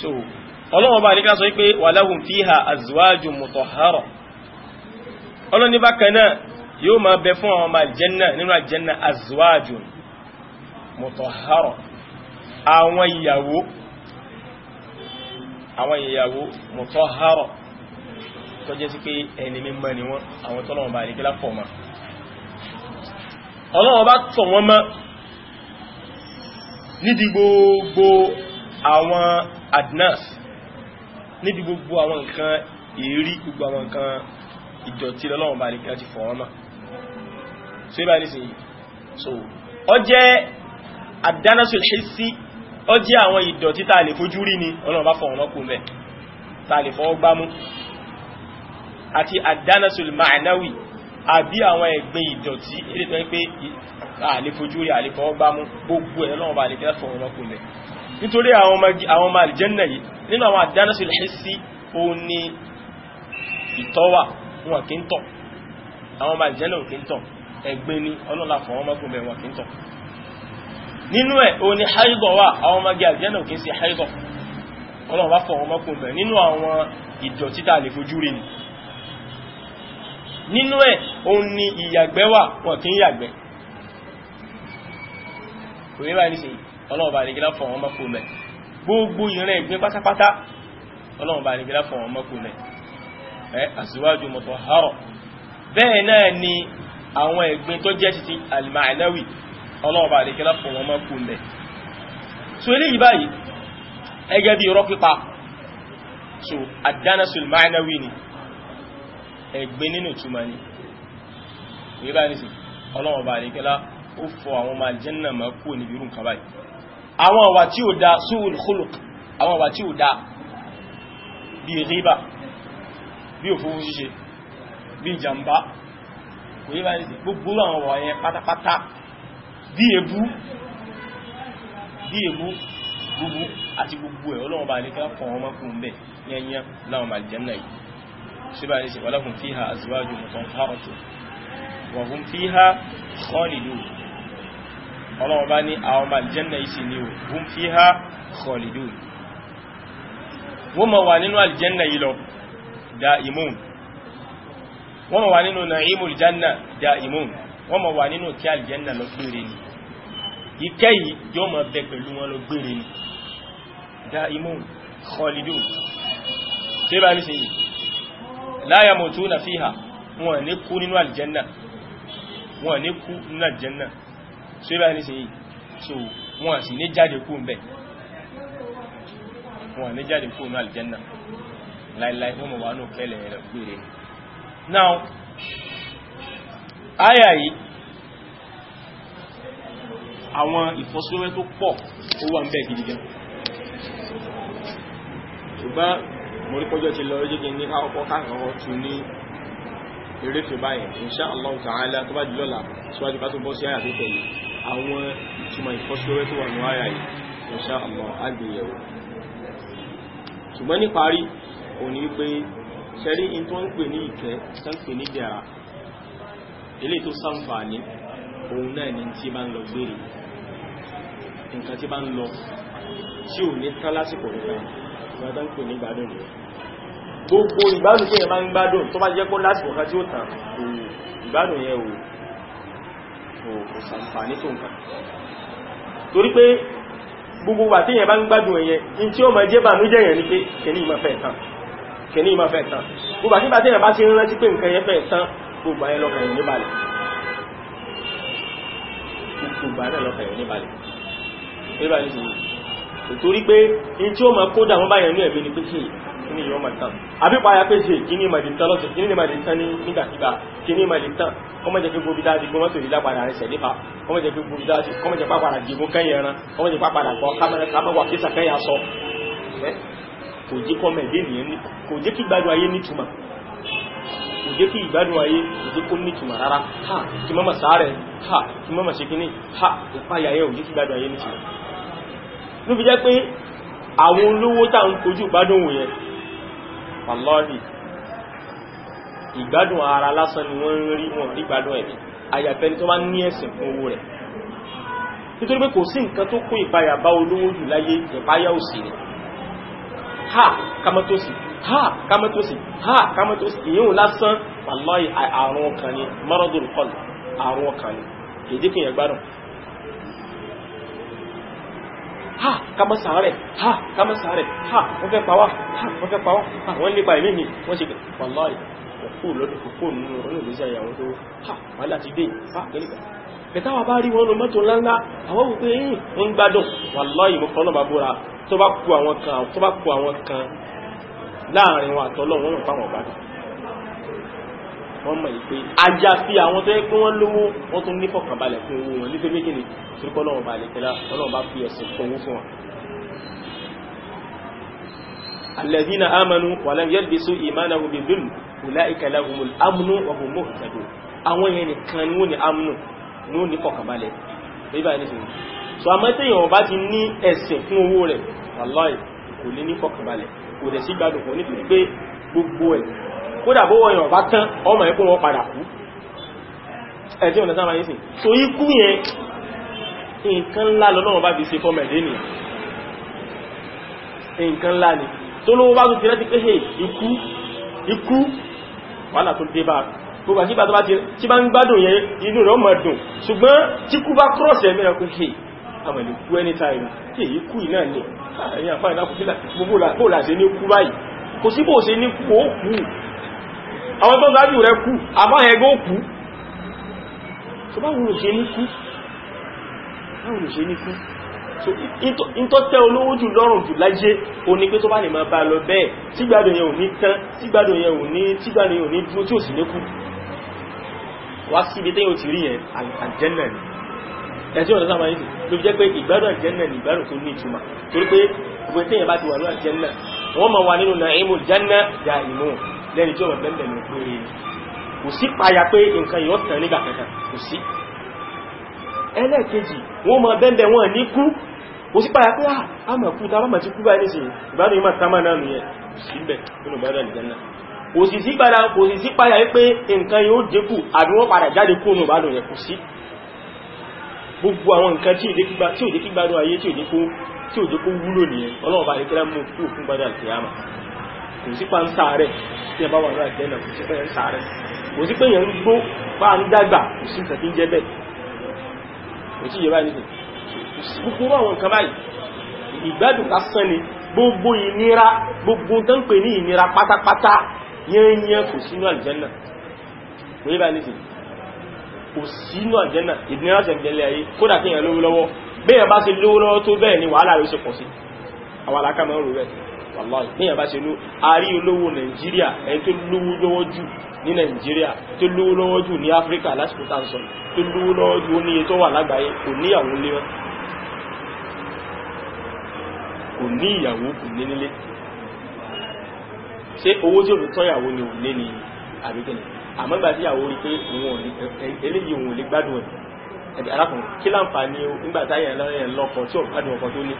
so ọlọ́wọ́ bá nígbà sọ pé walahum fiha azwajun mutahhara ọlọ́ni bákan náà yóò máa bẹ fún àwọn ọmọ aljanna nínú aljanna azwajun mutahhara àwọn ìyàwó àwọn ìyàwó mutahhara tó jẹ́ sí pé ẹni mímọ́ ni wọ́n àwọn tọ́lọ̀wọ̀n bá àríkílá fọ̀ ma ọlọ́wọ̀n bá tọ̀ wọ́n mọ́ níbi gbogbo àwọn adnas níbi gbogbo àwọn nǹkan èrí gbogbo àwọn nǹkan ìdọ̀tí lọ́wọ́n bá àríkílá ti fọ̀ wọ́n mọ́ so ibà nísìnyí so ó jẹ́ àwọn ìdọ̀tí tá a lè fojú rí ni ọlọ́run bá fọ̀wọ́n lọ́kùn mẹ́ tá a lè fọwọ́ gbámú àti àdánasul ma'anawi àbí àwọn ẹ̀gbin ìdọ̀tí eré tó ń pé a lè fojú rí a lè fọwọ́ gbámú gbogbo ẹ̀ ọlọ́run bá lè kẹ́ fọ̀wọ́n lọ́kùn mẹ́ nítorí àwọn ọmọ àlìjẹ́nà yìí nínú àwọn àdánasul hissi òun ni ìtọ́wà wọn kì ń tọ̀ àwọn ọmọ àlìjẹ́nà ò kì ń tọ̀ ẹ̀gbin ni ọlọ́run nínú ẹ̀ o ní haidọ̀ wà àwọn ọmọge àjẹ́nà kìí sí haidọ̀ ọlọ́run bá fọ̀wọ́n mọ́kùn bẹ̀ nínú àwọn ìdọ̀tí tá lè fojú rí ni nínú ẹ̀ o ní ìyàgbẹ́ wà wọn kìí yàgbẹ́ òye bá ní sí ọlọ́run bá nìgbẹ́lá fọ̀wọ́n mọ́kùn bẹ̀ gbogbo ìrìn ẹ̀gbin bẹ́ẹ̀ náà ni àwọn ẹ̀gbin tó jẹ́ títí al ọlọ́ọ̀bà àdékẹ́lá fún wọn mọ́ kún bẹ̀ so eléyìí báyìí ẹgẹ́ bí irọ́ pípa so àdánasul ma'nawi ni ẹgbẹ́ nínú túmọ̀ ni wí bá ní sí ọlọ́ọ̀bà àdékẹ́lá ó fọ àwọn ọmọ àjẹ́nà mọ́ kú níbi irú nǹkan báyìí àwọn àwà tí ó da su'ul ní sí gbogbo àwọn ọ̀wọ̀ pátápátá bí ebú bí ebú gbogbo àti gbogbo ẹ̀ ọlọ́wọ́ bá nípa fún ọmọ kún bẹ̀ yẹnyẹn láwọn aljanna yìí síbà ní sèwọ́lá fún fíhà azwaju mutahharatu wa hum fíhà khalidun ọlọ́wọ́ bá ní àwọn aljanna yìí sì ní o hum fíhà khalidun wọ́n ma wà nínú aljanna yìí lọ da'imun wọ́n ma wà nínú wọ́n mọ̀ wà nínú kí àlìjẹ́nà lọ gbére ni ìkẹ́ yìí yóò mọ̀ bẹ pẹ̀lú wọn lọ gbére ni dá imú khalidun tí bá ní sí yìí la yamutuna fiha wọn ní kú nínú àlìjẹ́nà wọn ní kú nínú àlìjẹ́nà tí bá ní sí yìí so wọn sì ní jáde kú mbẹ wọn ní jáde kú nínú àlìjẹ́nà láìláì wọ́n mọ̀ wà nù kẹ́lẹ̀ gbére ni now àyà yìí àwọn ìfọ́síwẹ́wẹ́ tó pọ̀ ó wà ń bẹ gidi gan ṣùgbọ́n mo rí pọ́jọ́ ti lọ rí jẹ́ ní káàkọ́ káàkọ́ tún ní eré tó báyìí insha Allah ta'ala tó bá jù lọ́la síwájú ká tó bọ́ sí àyà tó tẹ̀lé àwọn ìtumọ̀ ìfọ́síwẹ́wẹ́ tó wà ní àyà yìí insha Allah àgbéyẹ̀wò ṣùgbọ́n níparí òní wípé ṣẹ́rí in tó ń pè ní ìkẹ́ tó ń pè ní ìdẹ̀ra ilé tó sàǹfààní òun náà ni tí bá ń lọ gbére nǹkan tí bá ń lọ tí ò ní tán lásìkò nìkan ìgbàdá ń pè ní gbádùn rẹ̀ gbogbo ìgbádùn tí yẹn máa ń gbádùn tó bá jẹ́ pọ́ lásìkò kan tí ó tàn ìgbádùn yẹn ò kò sàǹfààní tó nǹkan torí pé gbogbo wà tí yẹn bá ń gbádùn ẹ̀yẹn in tí ó mọ̀ jẹ́ bànújẹ́ yẹn ni pé kẹ́ni ìmọ̀ fẹ́ tán kẹ́ni ìmọ̀ fẹ́ tán gbogbo àti bá yẹn bá ti rántí pé nǹkan yẹn fẹ́ tán gbogbo ìgbà yẹn lọ́kàn yẹn níbalẹ̀ gbogbo ìgbà náà lọ́kàn yẹn níbalẹ̀ nígbà yẹn sìn nítorí pé ní tí ó máa kó dààmú báyẹn ní ẹ̀mí ni pé kí kíní yìí wọ́n máa tán àbí pààyà pé ṣe ni ìmọ̀dé tán lọ́sẹ̀ kíní ìmọ̀dé tán nígbàkígbà kíní ìmọ̀dé tán kọ́mọ̀ jẹ́ pé gbogbo dáadé gbọ́n mọ́tò ìlà padà rẹ̀ nípa kọ́mọ̀ jẹ́ pé gbogbo dáadé kọ́mọ̀ jẹ́ pàpàdà jẹ̀gún kẹ́yìn ẹran kọ́mọ̀ jẹ́ pàpàdà gbọ́ kámẹ́wà kíṣà kẹ́yà sọ kò jẹ́ kọ́mọ̀ ẹ̀dẹ́ nìyẹn kò jẹ́ kí kò jẹ́ kí ìgbádùn ayé kò jẹ́ kó ní ìtumọ̀ rárá ha kí mọ́mọ̀ sàárẹ̀ ha kí mọ́mọ̀ ṣe kíní ha ìpáyà yẹn ò jẹ́ kí ìgbádùn ayé ní ìtumọ̀ ló fi jẹ́ pé àwọn olówó tá ń kojú ìgbádùn wò yẹn wàlọ́ọ̀dì ìgbádùn ara lásán ni wọ́n ń rí wọn ìgbádùn ẹ̀mí àyàfẹ́ ni tó bá ní ẹ̀sìn fún owó rẹ̀ nítorí pé kò sí nǹkan tó kó ìpáyà bá olówó jù láyé ìpáyà òsì ni ha kamọ́tòsì ha kámẹ́tòsì ha kámẹ́tòsì ìyóhùn lásán wàláyé àrùn ọkàn ni maradul qalb àrùn ọkàn ni èdè kìnyẹn gbádùn ha kama sàárẹ̀ ha kama sàárẹ̀ ha wọ́n fẹ́ pàwá ha wọ́n fẹ́ pàwá ha wọ́n nípa ìmí mi wọ́n ṣe pẹ̀ wàláyé òkú lọ́dún òkú nínú ọ̀rọ̀ ìgbésí àyàwó tó ha wọ́n láti dé ha gẹ́lẹ́gbẹ̀ pẹ̀táwà bá rí wọn lọ mọ́tò ńláńlá àwọn òkú yìí hmm, ń gbádùn wàláyé mọ́kànlọ́bàbúra tó bá kú àwọn kan láàrin wọn àtọ́lọ́ wọn mọ̀ fáwọn ọ̀bá wọ́n mọ̀ ìpé ajá sí àwọn tó yẹ pé wọ́n lówó wọ́n tún ní fọkànbalẹ̀ fún owó wọn nítorí méjì ni torípọ́ lọ́wọ́ bá lè tẹ́lá ọlọ́wọ́ bá fi ẹ̀sìn kọ owó fún wọn. alladhina amanu wa lam yalbisu imanahum bidhulm ulaika lahumul amnu wa hum muhtadun àwọn yẹn nìkan ni wọ́n ní amnu ni wọ́n ní fọkànbalẹ̀ bíbá ní sìn kò dẹ̀ sí gbádùn fún nítorí pé gbogbo ẹ̀ kódà bó wọ́n yàn bá tán ọmọ ẹ̀kọ́ wọn padà kú ẹ̀tí ọ̀nà sáwọn yìí so ikú yẹn nǹkan ńlá lọ́nà bá fi ṣe fọ́mọ̀ ẹ̀dẹ́ nìyàn nǹkan ńlá ni tó lówó bá tún anytime tí èyí kú ì náà nìyàn ẹ̀yìn àfáà ìdákùnfílà gbogbo làṣẹ ní kú báyìí kò sí bò ṣe ní kú ó kú àwọn tó dájú rẹ kú àfáà ẹgbẹ́ ó kú so báwo ló ṣe ní kú báwo ló ṣe ní kú so ìntọ́ tẹ́ olówó jù lọ́rùn jù láyé o ní pé tó bá lè máa bá lọ bẹ́ẹ̀ tígbàdùn yẹn ò ní tán tígbàdùn yẹn ò ní tígbàdùn yẹn ò ní dúró tí ò sì ní kú wá sí tẹ́yìn ò ti rí yẹn àjẹ́nà ni ẹ̀sí ọ̀dọ́ sábà yìí ló jẹ́ pé ìgbádùn àjẹ́nà ní ìgbádùn tó ní ìtumà torí pé gbogbo tí èèyàn bá ti wà ní àjẹ́nà wọ́n máa wà nínú nàímù jẹ́nà dà ìmú lẹ́ni tí ọmọ bẹ́ẹ̀ bẹ̀rẹ̀ pé kò sí payà pé nǹkan yóò tàn nígbà kankan kò sí ẹlẹ́ẹ̀kejì wọ́n máa bẹ́ẹ̀ wọ́n ní kú kò sí payà pé ah, a máa kú tá a máa ti kú báyìí nísìnyí ìgbádùn yìí máa tá máa náà nìyẹn kò gbogbo àwọn nǹkan tí ò jẹ́ kí gbádùn ayé tí ò jẹ́ kó wúlò nìyẹn ọlọ́ọ̀bá àríkẹ́lá mú kú òfin gbádùn àti àmà kò sí pa ń sáàrẹ̀ tí ẹ bá wà náà jẹ́nà kò sí pé ń sáàrẹ̀ kò sí pé yẹn ń gbó bá ń dàgbà kò sí nǹkan tí ń jẹ́ bẹ́ẹ̀ kò sí yẹba nìkan gbogbo àwọn nǹkan báyìí ìgbádùn lásán ni gbogbo ìnira gbogbo tó ń pè ní ìnira pátápátá yẹn yẹn kò sínú àlùjànnà kò yẹba nìkan kò sínú àjẹ́nà ìdínlẹ̀ àjẹ́gbẹ̀lẹ̀ ayé kódà kí èèyàn lówó lọ́wọ́ bẹ́ẹ̀ bá ṣe lówó lọ́wọ́ tó bẹ́ẹ̀ ni wàhálà rẹ̀ ṣe pọ̀ sí àwọn aláka máa ń rò rẹ̀ wàláì bẹ́ẹ̀ bá ṣe ló àárí olówó nàìjíríà ẹni tó lówó lọ́wọ́ jù ní nàìjíríà tó lówó lọ́wọ́ jù ní áfíríkà lásìkò tàǹsọ̀ tó lówó lọ́wọ́ jù ó níye tó wà lágbàáyé kò níyàwó lé wọn kò ní kò ní nílé ṣé owó tí ò fi ni ò lé ni àbíkẹ́ni àmọ́ ìgbà tí ìyàwó rí pé eléyìí òun ò lè gbádùn ẹ̀ alákùnrin kí láǹfààní o nígbà táyà ẹ̀yàn lọ́kọ tí ò gbádùn ọkọ tó ní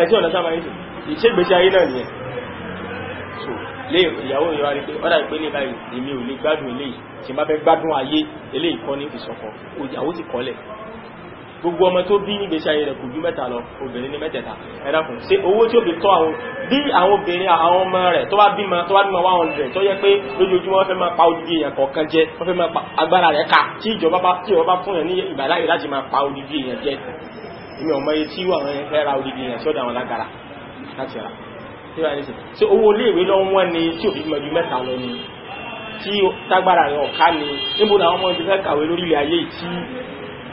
ẹ̀sìn ọ̀nà sábà yìí ìṣègbèsí ayé náà nìyẹn so lé ìyàwó yẹn wá rí pé ọ̀dà ìpínlẹ̀ báyìí èmi ò lè gbádùn eléyìí tí n bá fẹ́ gbádùn ayé eléyìí kọ́ ní ìsọ̀kan ìyàwó ti kọ́lẹ̀ gbogbo ọmọ tó bí nígbèsí ayé rẹ̀ kò ju mẹ́ta lọ obìnrin ní mẹ́tẹ̀ẹ̀ta ẹ̀dàkùn ṣe owó tí ó fi tọ́ àwọn bí àwọn obìnrin àwọn ọmọ rẹ̀ tó bá bímọ tó bá bímọ wáhùn rẹ̀ tó yẹ pé lójoojúmọ́ wọ́n fẹ́ máa pa odidi èèyàn kọ̀ọ̀kan jẹ wọ́n fẹ́ máa pa agbára rẹ̀ ká tí ìjọba bá tí ìjọba fún yẹn ní ìgbàláyè láti máa pa odidi èèyàn jẹ èmi ọmọ yìí tí àwọn ẹ̀fẹ́ ra odidi èèyàn sọ́dọ̀ àwọn lágara láti rà tí wọ́n ṣe ṣe owó iléèwé lọ wọ́n ni tí òbí mọ̀ ju mẹ́ta lọ ni tí tágbára rẹ̀ ọ̀ká ni níbo làwọn ọmọ ibi fẹ́ kàwé lórílẹ̀ ayé yìí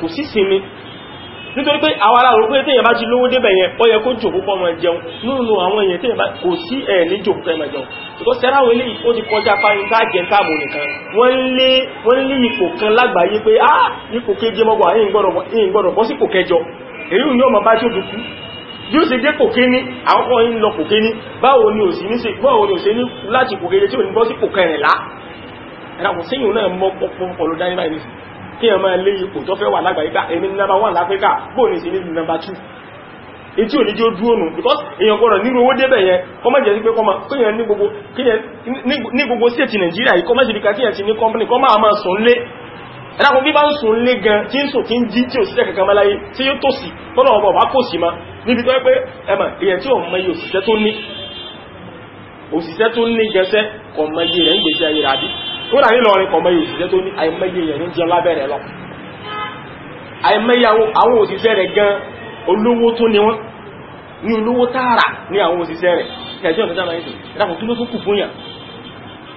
kò sí sinmi nítorí pé àwọn aláàrùn pé téèyàn bá ti lówó débẹ̀ yẹn ó yẹ kó jòkó pọ̀ mọ̀ jẹun nínú àwọn èèyàn téèyàn bá kò sí ẹ̀ ní jòkó pẹ̀ mọ̀ jẹun tó sẹ́rà àwọn eléyìí ó ti kọjá fáyín tá jẹ táàmù nìkan wọ́n lé wọ́n lé ipò kan lágbàáyé pé á ipò keje mọ́gbà yìí gbọ́dọ̀ bọ́ sí kò kẹjọ èyí ni ọmọ bá tí ó dùkú bí ó ṣe jẹ́ kò kéní àwọn ọkọ̀ yìí lọ kò kéní báwo láti kò kéje tí ò ní bọ́ sí kò kẹrìnlá ẹ̀rọ kò séyìn náà mọ́ pọ̀pọ̀ lọ dání báyìí kí ẹ máa lé ipò tó fẹ́ wà lágbàáyé ká èmi ní nàbà wà láfíríkà bóò ní sí ní nàbà tù etí òní jó dúró nù because èèyàn gbọ́dọ̀ nínú owó débẹ̀ yẹn kọ́ mọ̀ jẹ́ sí pé kọ́ mọ̀ kíyàn ní gbogbo state Nigeria yìí kọ́ mọ̀ sí bí kákíyàn ti ní company kọ́ máa máa sùn lé ẹ̀dàkùn bí bá ń sùn lé gan tí ń sùn kí ń jí tí ò sí ẹ̀kẹ̀kẹ́ máláyé tí yóò tó sí tọ́nà ọmọ ọba kò sí ma níbi tó pé ẹmà èyàn tí ò mọ iye òṣìṣẹ́ tó ní òṣìṣẹ́ tó ní gẹ̀ẹ́sẹ́ kọ̀ mọ iye rẹ̀ ń gbèsè ayé rẹ̀ àbí kódà ní lọrin kọ̀ mẹ́yẹ òṣìṣẹ́ tó ní àìmẹ́yẹ èèyàn ní jẹun lábẹ́rẹ̀ lọ àìmẹ́yẹ àwọn òṣìṣẹ́ rẹ̀ gan olówó tó ní wọ́n ní olówó tààrà ní àwọn òṣìṣẹ́ rẹ̀ ẹjọ́ ìtọ́jà máa ń sìn ìdáhùn tó ló tún kù fún yàn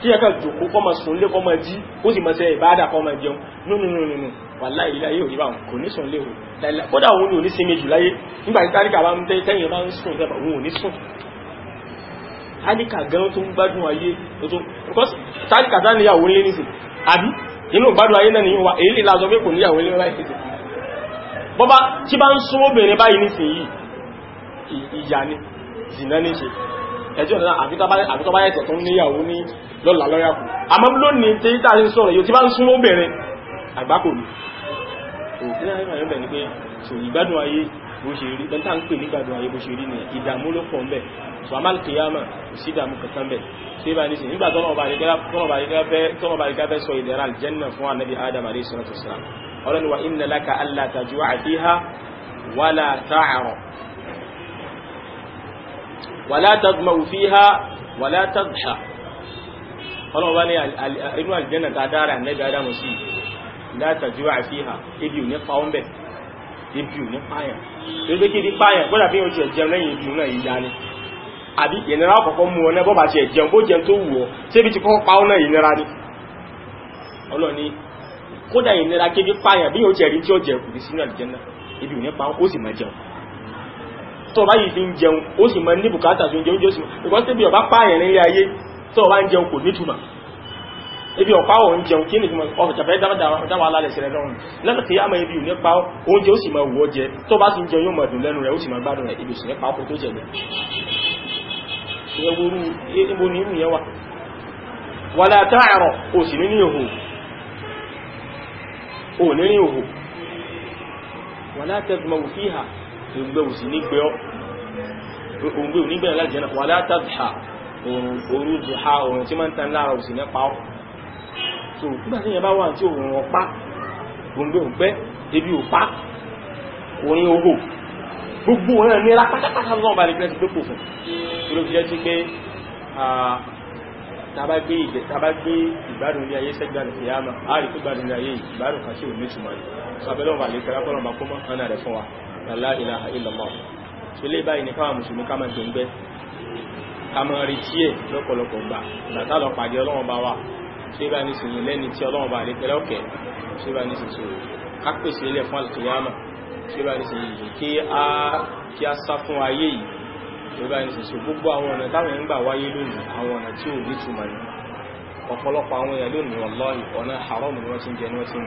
tí ẹ̀ka jòkó kọ́ máa sùn lé kọ́ máa jí ó sì máa ṣe ìbáadà kọ́ máa jẹun nínú wàláhì iláyé òní báwọn kò ní sùn lé òun kódà òun ni ò ní sinmi jù láyé nígbà tí táríkà bá ń tẹ́yìn bá ń sùn tẹ́bà òun ò ní sùn tálíkà gan tó ń gbádùn ayé tó tálíkà dá níyàwó lé nìsìn àbí inú gbádùn ayé náà nìyàn wa èyí lè lásọ pé kò níyàwó lé láì nìsìn bọ́bá tí bá ń sún obìnrin báyìí nìsìn yìí ìyà ni zìnà ní ṣe ẹjọ́ náà àbítọ́bá ẹ̀tẹ̀ tó ń níyàwó ní lọ́la lọ́yà kù àmọ́ lónìí tí tá a ń sọ̀rọ̀ yóò tí bá ń sún obìnrin àgbákò ni òfin àyẹ̀mọ̀ ẹ̀yọ́ bẹ̀ ni pé ìgbádùn ayé bó ṣe rí lọ́n tá ń pè nígbàdùn ayé bó ṣe rí nìyẹn ìdààmú ló pọ̀ ńbẹ̀ sọ̀mọ́lì kìyàmà kò sí ìdààmú kankan bẹ̀ ṣé bá nísìnyí nígbà tọ́lọ́mọba àríkà fẹ́ sọ ìdẹ̀ra àlìjẹ́nà fún anabi adam alayhi salatu wasalam ọlọ́ni wa inna laka alla tajua fiha wala ta'ra wala tadma'u fiha wala tadha ọlọ́mọba ní inú àlìjẹ́nà tá a dára ebi ò ní pa ọ́n ibi ò ní pààyàn torí kí ibi pààyàn gbọ́dà bí wọ́n ti ẹ̀jẹun lẹ́yìn ibi náà ìyá ni àbí ìnira ọ̀kọ̀ọ̀kọ́ mú ọ lẹ́bọ́ bá ti ẹ̀jẹun bó jẹun tó wù ọ sébi ti kọ́kọ́ pa ọ́ náà ìnira ni ọlọ́ni kódà ìnira kí ibi pààyàn bí wọ́n ti ẹ̀rí tí ó jẹun ní sínú àlùjànnà ibi ò ní pa ó sì máa jẹun tó bá yìí fi ń jẹun ó sì máa ní bùkátà tó ń jẹun jẹ́ sì máa ebi ọ̀pá òun jẹun kí ní ọ̀fẹ̀jẹ̀fẹ́ dáwà alálẹ̀ṣẹ̀ rẹ̀ lọ́rùn lẹ́nà kí a mọ̀ ibi òní oúnjẹ ó sì mọ̀ wọ́ jẹ tó bá ti jẹ yóò mọ̀ dùn lẹ́nu rẹ̀ ó sì mọ̀ gbádùn rẹ̀ ibi òsì nípa ọkọ̀ tó jẹ òun gbé ònígbẹ̀rẹ̀ láti jẹ́ náà wala tadha òun orú duha òun tí máa ń tan lára òsì nípa ọ́ so nígbà tí èèyàn bá wà tí òun ọ̀pá gbòǹgbò òǹgbẹ́ ebi òpá orin owó gbogbo òun náà nira pátápátá lọ́wọ́ bá lè fẹ́ ti dókò fún ìlú fi jẹ́ sí pé tàbá gbé ìgbẹ̀ tàbá gbé ìgbádùn ilé ayé sẹ́gbàdùn ìyá àmà àárí tó gbádùn ilé ayé ìgbádùn kan sí òun ní túnmọ̀ sàbẹ́lọ́wọ́ bá lè fẹ́ra fọ́nà bá kó mọ́ hánà rẹ̀ fún wa lálá ìlàhà ìlọ́mọ́ ṣẹlẹ̀ báyìí ní káwọn mùsùlùmí ká máa gbẹ̀ngbẹ́ ká máa retí ẹ̀ lọ́pọ̀lọpọ̀ gbà ìgbà tá lọ pàdé ọlọ́wọ́n bá wa ṣe bá ní sòrò lẹ́ni tí ọlọ́run bá lè tẹ́lẹ̀ ọ̀kẹ́ ṣe bá ní sòrò kápèsè ilẹ̀ fún alìkìyàmà ṣe bá ní sòrò kí a kí a sá fún ayé yìí ṣe bá ní sòrò gbogbo àwọn ọ̀nà táwọn ń gbà wáyé lónìí àwọn ọ̀nà tí ò ní túmọ̀ ní ọ̀pọ̀lọpọ̀ àwọn èèyàn lónìí wallahi ọ̀nà haram ni wọ́n ti ń jẹ ní wọ́n ti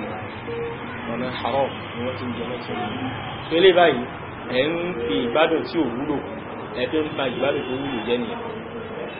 haram ni wọ́n ti ń jẹ ní wọ́n ti ń mu tó lé báyìí ẹ̀ ń fi ìgbádùn tí ò wúlò ẹ̀ fi ń fa ìgbádùn tó wúlò jẹ́ nìyẹn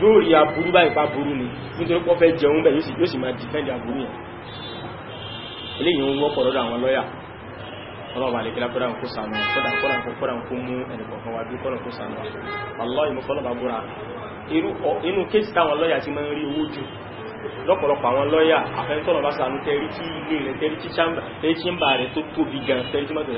yóò rí aburú báyìí pa burú ni nítorí pọ́ fẹ́ jẹun bẹ̀ yóò sì máa dìfẹ́ndì aburú yẹn eléyìí ń wọ́pọ̀ lọ́dọ̀ àwọn lọ́yà ọlọ́ọ̀bà lè kílápẹ́dà ń kó sànú kọ́dà kọ́dà kọ́dà ń kó mú ẹnìkọ̀ọ̀kan wájú kọ́dà kó sànú wàlọ́ọ̀yì mo fọ́lọ́bà búra inú kéèsì táwọn lọ́yà ti máa ń rí owó jù lọ́pọ̀lọpọ̀ àwọn lọ́yà afẹ́ntọ́nà bá sànú tẹ́rí tí ilé rẹ̀ tẹ́rí tí chamber rẹ̀ tó tóbi gan tẹ́rí tí mọ́tò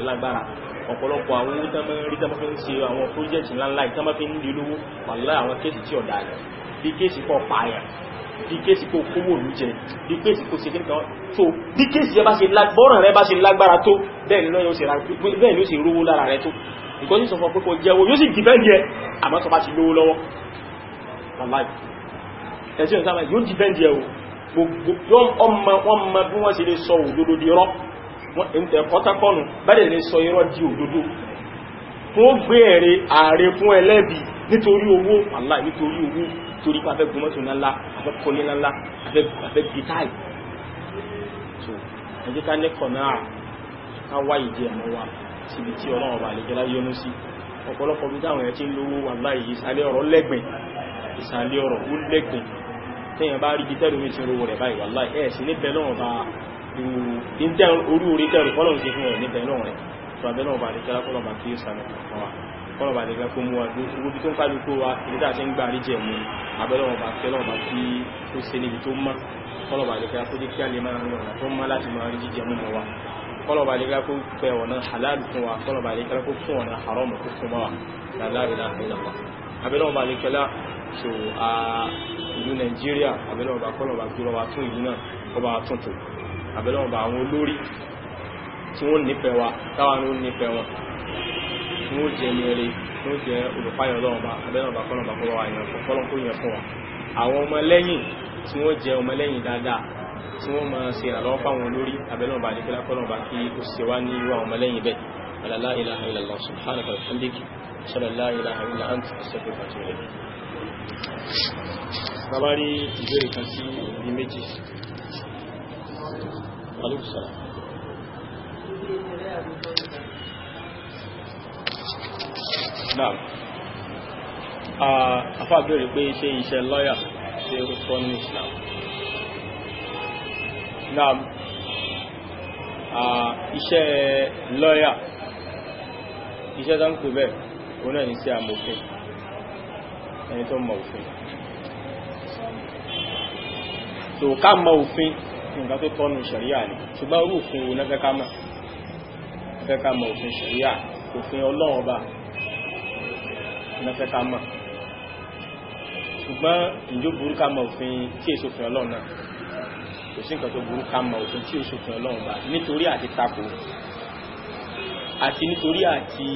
ọ̀pọ̀lọpọ̀ àwọn owó tán mẹ́rin rí tán fi ń ṣe àwọn project ńláńlá ìtàn bá fi ń lè lówó wàlá àwọn kéèsì tí ọ̀dà rẹ̀ bí kéèsì kọ pààyàn bí kéèsì kò kówó òlú jẹ bí kéèsì kò ṣe kí kan tó bí kéèsì rẹ bá ṣe bọ́ràn rẹ bá ṣe lágbára tó bẹ́ẹ̀ ni ó ṣe rówó lára rẹ tó nǹkan ní sọfọ pé kò jẹ́wọ́ yóò sì dìbẹ́ndì ẹ àmọ́ tó bá ti lówó lọ́wọ́ wàláì ẹ̀sìn ìsáàmà yóò dìbẹ́ndì ẹ ọ̀tàkọ́nù bẹ́ẹ̀ ni sọ irọ́ di òdodo fún ó gbé ẹ̀rẹ́ ààrẹ fún ẹlẹ́bì nítorí owó àlá nítorí owó torí pé afẹ́ gbọmọ́tò ńlá afẹ́ kọ́lé ńlá afẹ́ gítáì tó ẹjẹ́ ká nẹ́kọ̀ náà ká wá ìdí ẹ̀mọ́ wa síbi tí ọlọ́run bá lè jẹ́lá yọnu sí ọ̀pọ̀lọpọ̀ bí táwọn ẹ̀ tí ń lówó wà láì ìsàlẹ̀ ọ̀rọ̀ lẹ́gbìn ìsàlẹ̀ ọ̀rọ̀ ó lẹ́gbìn tẹ́yìn bá rí gítẹ́rù mi ti rówó rẹ̀ báyìí wà láì ẹ̀ sí níbẹ̀ lọ́rùn bá orí orí tẹ́rì fọ́lọ̀ sí fún ẹ̀ níbẹ̀ náà rẹ̀ tó abẹ́ náà bà lè kẹ́lá fọ́lọ̀ bà kí ó sàmì fún wa fọ́lọ̀ bà lè kẹ́ fún wa gbogbo bí tó ń kájú kó wa ìdíta ṣe ń gbà rí jẹ a lè máa rìn ọ̀nà tó má láti máa rí jíjẹ mú wa fọ́lọ̀ bà lè halal fún wa fọ́lọ̀ bà lè kẹ́ kó fún ọ̀nà haram kó fún wa lálẹ́ abẹ́ náà bà lè kẹ́lá so a ìlú Nàìjíríà abẹ́ náà bà kọ́lọ̀ tún ìlú náà kọ́ àbẹ̀lọ́wọ̀n bá àwọn olórí tí wọ́n nífẹ̀ẹ́ wa táwọn ló nífẹ̀ẹ́ wọn tí wọ́n jẹ́ ní ẹrẹ tí wọ́n jẹ́ olùpáyọ̀ lọ́wọ́n bá àbẹ̀lọ́wọ̀n bá kọ́lọ̀ bá kọ́lọ̀ wà yẹn kọ́lọ̀ kó yẹn fún wa àwọn ọmọlẹ́yìn tí wọ́n jẹ́ ọmọlẹ́yìn dáadáa tí wọ́n máa ṣe ìrànlọ́wọ́ fáwọn olórí àbẹ̀lọ́wọ̀n bá àdékẹ́lá لا إله إلا الله سبحانك وبحمدك أشهد أن لا إله إلا أنت أستغفرك وأتوب إليك Bàbá rí ìbéèrè kan sí ibi méjì. عليكم السلام نعم afá bèèrè pé ṣe iṣẹ́ lọ́yà ṣe ó tọ́ ní Islam naam iṣẹ́ lọ́yà iṣẹ́ tó ń pè bẹ́ẹ̀ òun náà ní sí amòfin ẹni tó mọ òfin so ká mọ òfin nǹkan tó tọ́nu ṣẹ̀ríà ni ṣùgbọ́n irú òfin wo náà fẹ́ká mọ̀ òfin ṣẹ̀ríà òfin ọlọ́run ọba náà fẹ́ká mọ̀ ṣùgbọ́n ìjó burú ká mọ̀ òfin tí èso òfin ọlọ́run náà kò sí nǹkan tó burú ká mọ̀ òfin tí èso òfin ọlọ́run ọba nítorí àti tako àti nítorí àti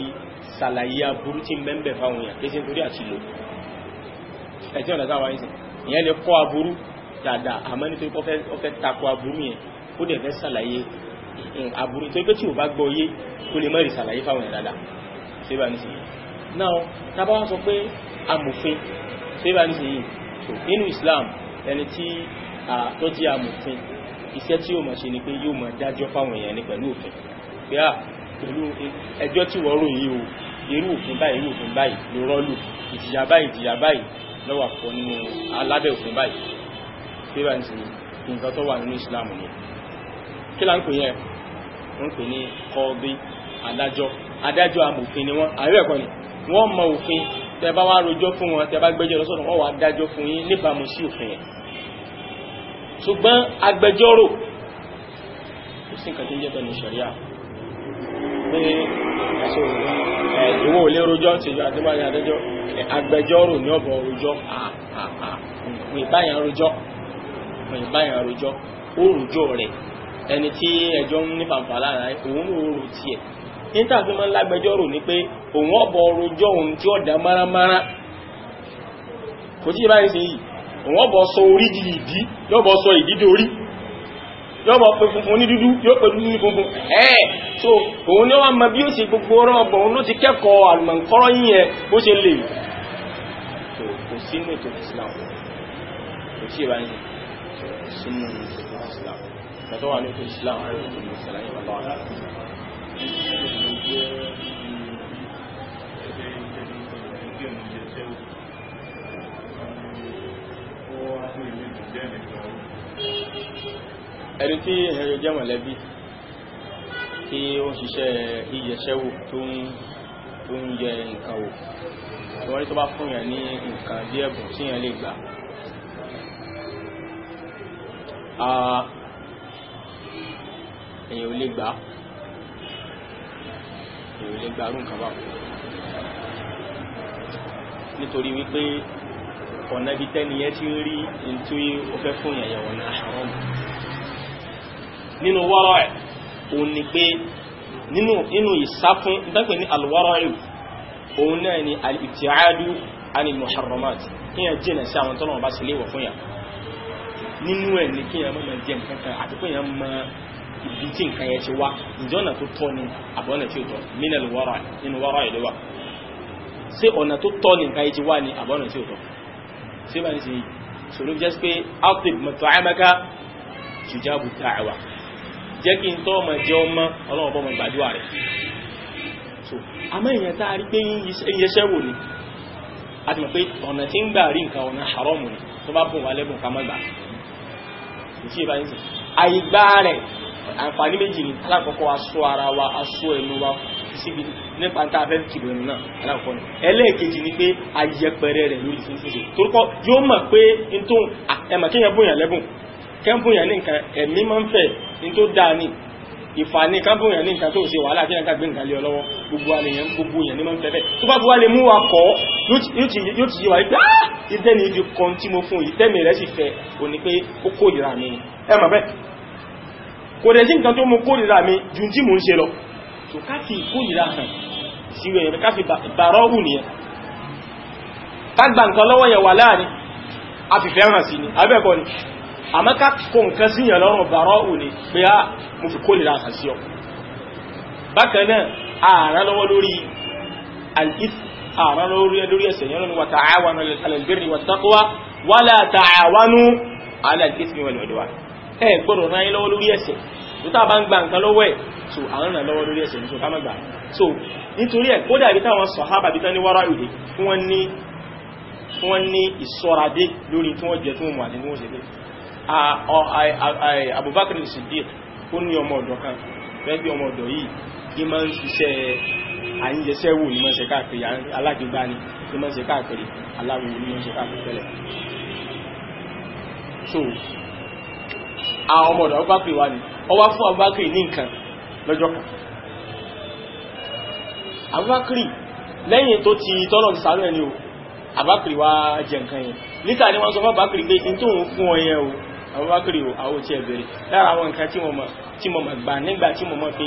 ṣàlàyé aburú tí mẹ́ńbẹ̀ fáwọn èèyàn kí sí nítorí àti lò ẹ̀tí ọ̀nà táwa dáadáa àmọ́ nítorí pé ó fẹ́ takò aburú yẹn ó dẹ̀ fẹ́ ṣàlàyé aburú tó pé tí ò bá gbọ́ yé kó lè má rí ṣàlàyé fáwọn ẹ̀dá ṣé bá nísìnyí náà tábà wá sọ pé amòfin ṣé bá nísìnyí nínú Islam ẹni tí tó jẹ́ amòfin iṣẹ́ tí yóò máa ṣe ni pé yóò máa dájọ́ fáwọn èèyàn ní pẹ̀lú òfin pé à pẹ̀lú ẹjọ́ tí wọ́n ròyìn o irú òfin báyìí irú òfin báyìí ló rọ́lù ìjìyà báyìí ìjìyà báyìí lọ́wọ́ àpọ̀ nínú alábẹ́ òfin báyìí síbà ní sí nǹkan tó wà nínú islam ni kí la ń pè yẹn wọ́n pè ní kọ́ọ̀bí adájọ́ adájọ́ amòfin ni wọ́n àríwẹ̀ ẹ̀kọ́ ni wọ́n mọ òfin tẹ bá wá rojọ́ fún wọn tẹ bá gbẹ́jọ́ lọ wọ́n wá dájọ́ fún yín níbàámu sí òfin yẹn ṣùgbọ́n agbẹjọ́rò kò sí nǹkan tí ń jẹ́ pẹ̀lú ṣẹ̀ríà pé ìwọ ò lè rojọ́ ti ju àdébáyé adájọ́ agbẹjọ́rò ní ọ̀bọ̀ rojọ́ ìbáyà rojọ́ báyìí àròjọ òròjọ rẹ̀ ẹni tí ẹjọ́ ń ní fàǹfà lára òun ò rò tiẹ̀ níta fi máa ń lágbẹjọ́rò ni pé òun ọ̀bọ̀ òròjọ òun tí ó dá márámárá kò tí báyìí sí yìí òun ọ̀bọ̀ sọ orí di ìdí yóò bọ̀ sọ ìdí dorí yóò bọ̀ pé funfun ní dúdú yóò pé dúdú ní funfun ẹ̀ so òun ni wọ́n mọ bí ó ṣe gbogbo ọ̀rọ̀ ọ̀bọ̀ òun ló ti kẹ́kọ̀ọ́ àlùmọ̀ǹkọ́rọ́ yìí yẹn bó ṣe lè kò sínú ètò Islam kò tí ì báyìí súnmù islam ẹ̀tọ́ wà nínú islam ẹ̀rọ tó lè sẹ́lẹ̀ yìí bàbá wà ẹni tí ẹ̀rọ jẹ́ mọ̀lẹ́bí tí ó ń ṣiṣẹ́ ìyẹṣẹ́wò tó ń tó ń yẹ nǹkan wò wọ́n ní tó bá fún yẹn ní nǹkan bí tí yẹn lè gbà èyàn ò lè gbà èyàn ò lè gbà rún kàbà nítorí wípé ọ̀nà ibi tẹ́ni yẹn tí ó rí in tí ó fẹ́ fún ìyẹ̀yẹ̀ wọ̀n náà àwọn nínú wọ́rọ̀ ẹ̀ òun ni pé nínú ìsáfún ìdápẹ̀ ní alwọ́rọ̀ ẹ̀ òun náà ni al-ibtiadu anil nínú ẹ̀ ní kí èèyàn máa jẹ nǹkan kan àti pé èèyàn máa ibi tí nǹkan yẹn ti wá ǹjẹ́ ọ̀nà tó tọ́ ni àbí ọ̀nà tí ò tọ́ mínàlì wọ́rà nínú wọ́rà ìlú wa ṣé ọ̀nà tó tọ́ ni nǹkan yẹn ti wá ni àbí ọ̀nà tí ò tọ́ ṣé bá ní ṣe yìí sòrò jẹ́ pé atib mat'amaka tujabu da'wa jẹ́ kí n tọ́ ọmọ jẹ́ ọmọ ọlọ́run bọ́ ọmọ gbàdúrà rẹ̀ a rí pé iyeṣẹ́ wò ni a ti mọ̀ pé ọ̀nà tí ń kò tí ì àìgbá rẹ̀ àǹfààní méjì ni alákọ̀ọ́kọ́ aṣọ ara wa aṣọ ẹnu wa síbi nípa tá a fẹ́ kìlọ̀ ẹnu náà alákọ̀ọ́ ni ẹlẹ́ẹ̀kejì ni pé ayẹpẹrẹ rẹ̀ lórí fífi ṣe torúkọ yóò mọ̀ pé n tó ẹ̀mọ̀ kéèyàn bóyàn lẹ́bùn kẹ́ ń bóyàn ìfàní kábùn yẹn ní nǹkan tó ṣe wàhálà tí ẹ̀ka gbé nǹkan lé ọlọ́wọ́ gbogbo àlèyàn gbogbo yẹn ní mọ́ ń fẹ́fẹ́ tó bá buwá lè mú wa kọ́ yóò ti yí wa wípé ah! ìdẹ́ ni ìdí kan tí mo fún ìtẹ́mi rẹ̀ sì fẹ́ o ní pé ó kórìíra mi ni ẹ mọ̀ bẹ́ẹ̀ kò dẹ̀ sí nǹkan tó mú kórìíra mi ju tí mò ń ṣe lọ tó káfí ká a fìfẹ́ hàn sí ni àmọ́ ká kó nǹkan sí yàn lọ́rùn bàrọ́ òní pé á ah, mo fi kólè láàkà sí ọ bákan alif ààrán lórí lórí ẹsẹ̀ yẹn lórí wa ta'awanu ala albirri wat taqwa wala ta'awanu ala al-ithmi wal udwan ẹ gbọ́dọ̀ rán yín lọ́wọ́ lórí ẹsẹ̀ tó tá a gba nǹkan lọ́wọ́ ẹ̀ so àwọn náà lọ́wọ́ lórí ẹsẹ̀ nítorí ká má so nítorí ẹ̀ kódà ibi táwọn sàhábà bí tán ní wárá ìdè fún wọn ní ìsọ́radé lórí tí wọ́n jẹ tí wọ́n mú àti tí wọ́n ṣe dé Abubakar Siddiq ó ní ọmọ ọ̀dọ̀ kan lẹ́bí ọmọ ọ̀dọ̀ yìí kí máa ń ṣiṣẹ́ àyíyẹsẹ́ wò ní máa ń ṣe káàkiri alágbègbà ni ní máa ń ṣe káàkiri aláwo ní máa ń ṣe káàkiri tẹ́lẹ̀ so àwọn ọmọ ọ̀dọ̀ Abubakar wà ní ọwá fún Abubakar ní nǹkan lọ́jọ́ kan Abubakar lẹ́yìn tó ti tọ́lọ̀ sáré ẹni o Abubakar wá jẹ nǹkan yẹn níta ni wọ́n sọ fún Abubakar pé n tó ń fún ọ yẹn o Abubakar o àwọn tí ẹ bèrè lára àwọn nǹkan tí mo mọ̀ tí mo mọ̀ gbà nígbà tí mo mọ̀ pé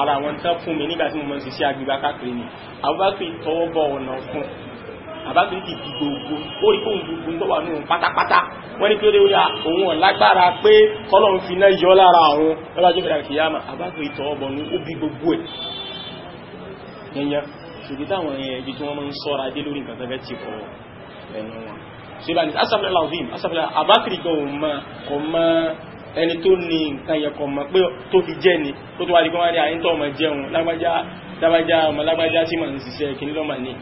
ara àwọn tán fún mi nígbà tí mo mọ̀ ṣiṣẹ́ agbègbè káàkiri ni Abubakar tọwọ́ bọ̀ ọ̀nà fún Abubakar ti di gbogbo ó rí fóun gbogbo tó wà nínú pátápátá wọ́n ní péré wíyà òun ọ̀lágbára pé kọ́lọ́run fi náà yọ lára àwọn ọlọ́jọ́ bẹ̀rẹ̀ kìyàmà Abubakar tọwọ́ bọ̀ ní ó bí gbogbo ẹ̀ yẹnyẹn ṣùgbọ́n táwọn ẹ̀yẹ ibi tí wọ́n máa ń sọ́ra dé lórí nǹkan tó fẹ́ ti kọ̀ ẹnu wọn síbáni asàfilà laudin asàfilà abakiri kò mọ kò mọ ẹni tó ní nǹkan yẹ kò mọ pé tó fi jẹ ni tó tó wá di kó wá ní àyín tó ọmọ jẹun lágbájá lágbájá ọmọ lágbájá tí mà ń ṣiṣẹ́ kìnní lọ́mọ ní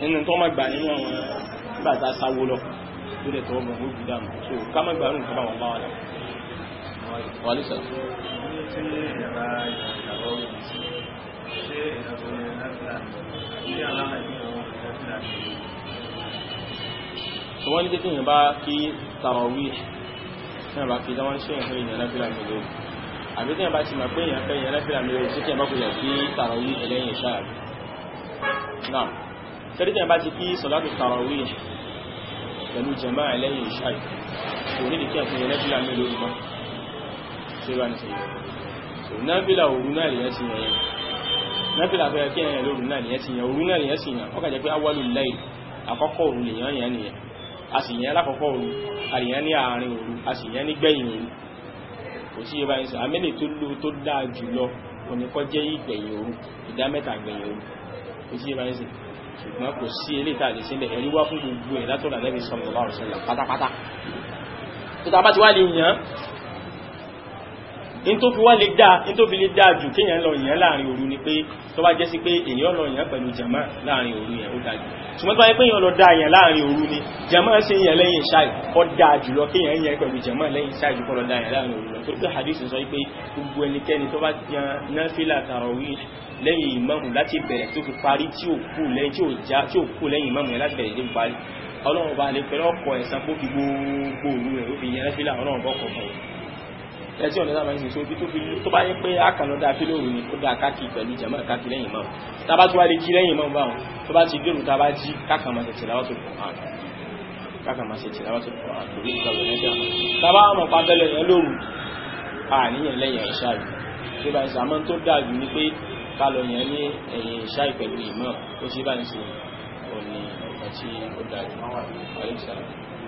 nínú tó má gbà nínú àwọn bàtà sáwó lọ tó dẹ̀ o ọmọ ògùn dànù so ká má gbà nǹkan báwọn bá wà lọ. wàlísà. ṣé ìyàwó so wọ́n ní pé tíyàn bá kí tàràwí tíyàn bá kí dáwọn ṣe ìhàn èèyàn láfíà mẹ́lẹ̀ àbí tíyàn bá ti mọ̀ pé èèyàn fẹ́ èèyàn láfíà mẹ́lẹ̀ sí tíyàn bá kò yà kí tàràwí ẹlẹ́yìn ṣáà náà sẹ́rí tíyàn bá ti kí sọ̀látù tàràwí pẹ̀lú jẹ̀má ẹlẹ́yìn ṣáà kò ní ìdíkẹ́ fún ẹlẹ́fíà mẹ́lẹ̀ mọ́ sí bá ní sẹ́yìn so nábìlà òru náà lè yẹn ti yẹn nábìlà fẹ́ kí ẹ̀yẹn lóru náà lè yẹn ti yẹn òru náà lè yẹn ti yẹn ọkà jẹ́ pé awọ́lù láì àkọ́kọ́ òru lè yẹn yẹn nìyẹn a sì yẹn lákọ̀ọ́kọ́ òru a sì yẹn ní àárín òru a sì yẹn ní gbẹ̀yìn òru kò sí yẹ báyìí sọ àmẹ́lẹ̀ tó lò tó dáa jù lọ kò ní kọ́ jẹ́ ìgbẹ̀yìn òru ìdá mẹ́ta gbẹ̀yìn òru kò sí yẹ báyìí sọ ṣùgbọ́n kò sí eléyìí tá in tó fi wá lè dáa in tó fi lè dáa jù kéèyàn lọ yẹn láàrin òru ni pé tó bá jẹ́ sí pé èèyàn lọ yẹn pẹ̀lú jama láàrin òru yẹn ó dáa jù ṣùgbọ́n tó bá yẹ pé èèyàn lọ dáa yẹn láàrin òru ni jama ṣe yẹn lẹ́yìn ṣáì ó dáa jù lọ kéèyàn yẹn pẹ̀lú jama lẹ́yìn ṣáì jù kọ́ lọ dáa yẹn láàrin òru lọ tó pé hadith sọ pé gbogbo ẹnikẹ́ni tó bá yan náfìlà tarawih lẹ́yìn ìmáàmù láti bẹ̀rẹ̀ tó fi parí tí ò kú lẹ́yìn tí ò kú lẹ́yìn ìmáàmù yẹn láti bẹ̀rẹ̀ tó fi parí ọlọ́run bá lè pẹ̀lú ọkọ̀ ẹ̀sán kó fi gbogbo òru rẹ̀ ó fi yẹn náfìlà ọlọ́run bọ́ kọ̀ọ̀kan ẹtí ọ̀nà náà máa ń tó fi tó bá yẹ pé àkànlọ́ dáa ni ó dáa káàkiri pẹ̀lú jàmọ́ káàkiri lẹ́yìn mọ́ tábà tó wá lè jí lẹ́yìn mọ́ báwọn tó bá ti dèrò tábà jí káàkà máa tètè láwọ́ tó kàn án káàkà máa tètè láwọ́ tó kàn án torí ìgbà wọlé náà tábà àmọ̀ pàbẹ́lẹ̀ yẹn lóru àníyàn lẹ́yìn ẹ̀ṣá tó bá ṣe àmọ́ tó dáa ni pé kálọ̀ yẹn ní ẹ̀yìn ẹ̀ṣá yìí pẹ̀lú ìmọ̀ ó ṣe bá ń ṣe òní ọ̀kan tí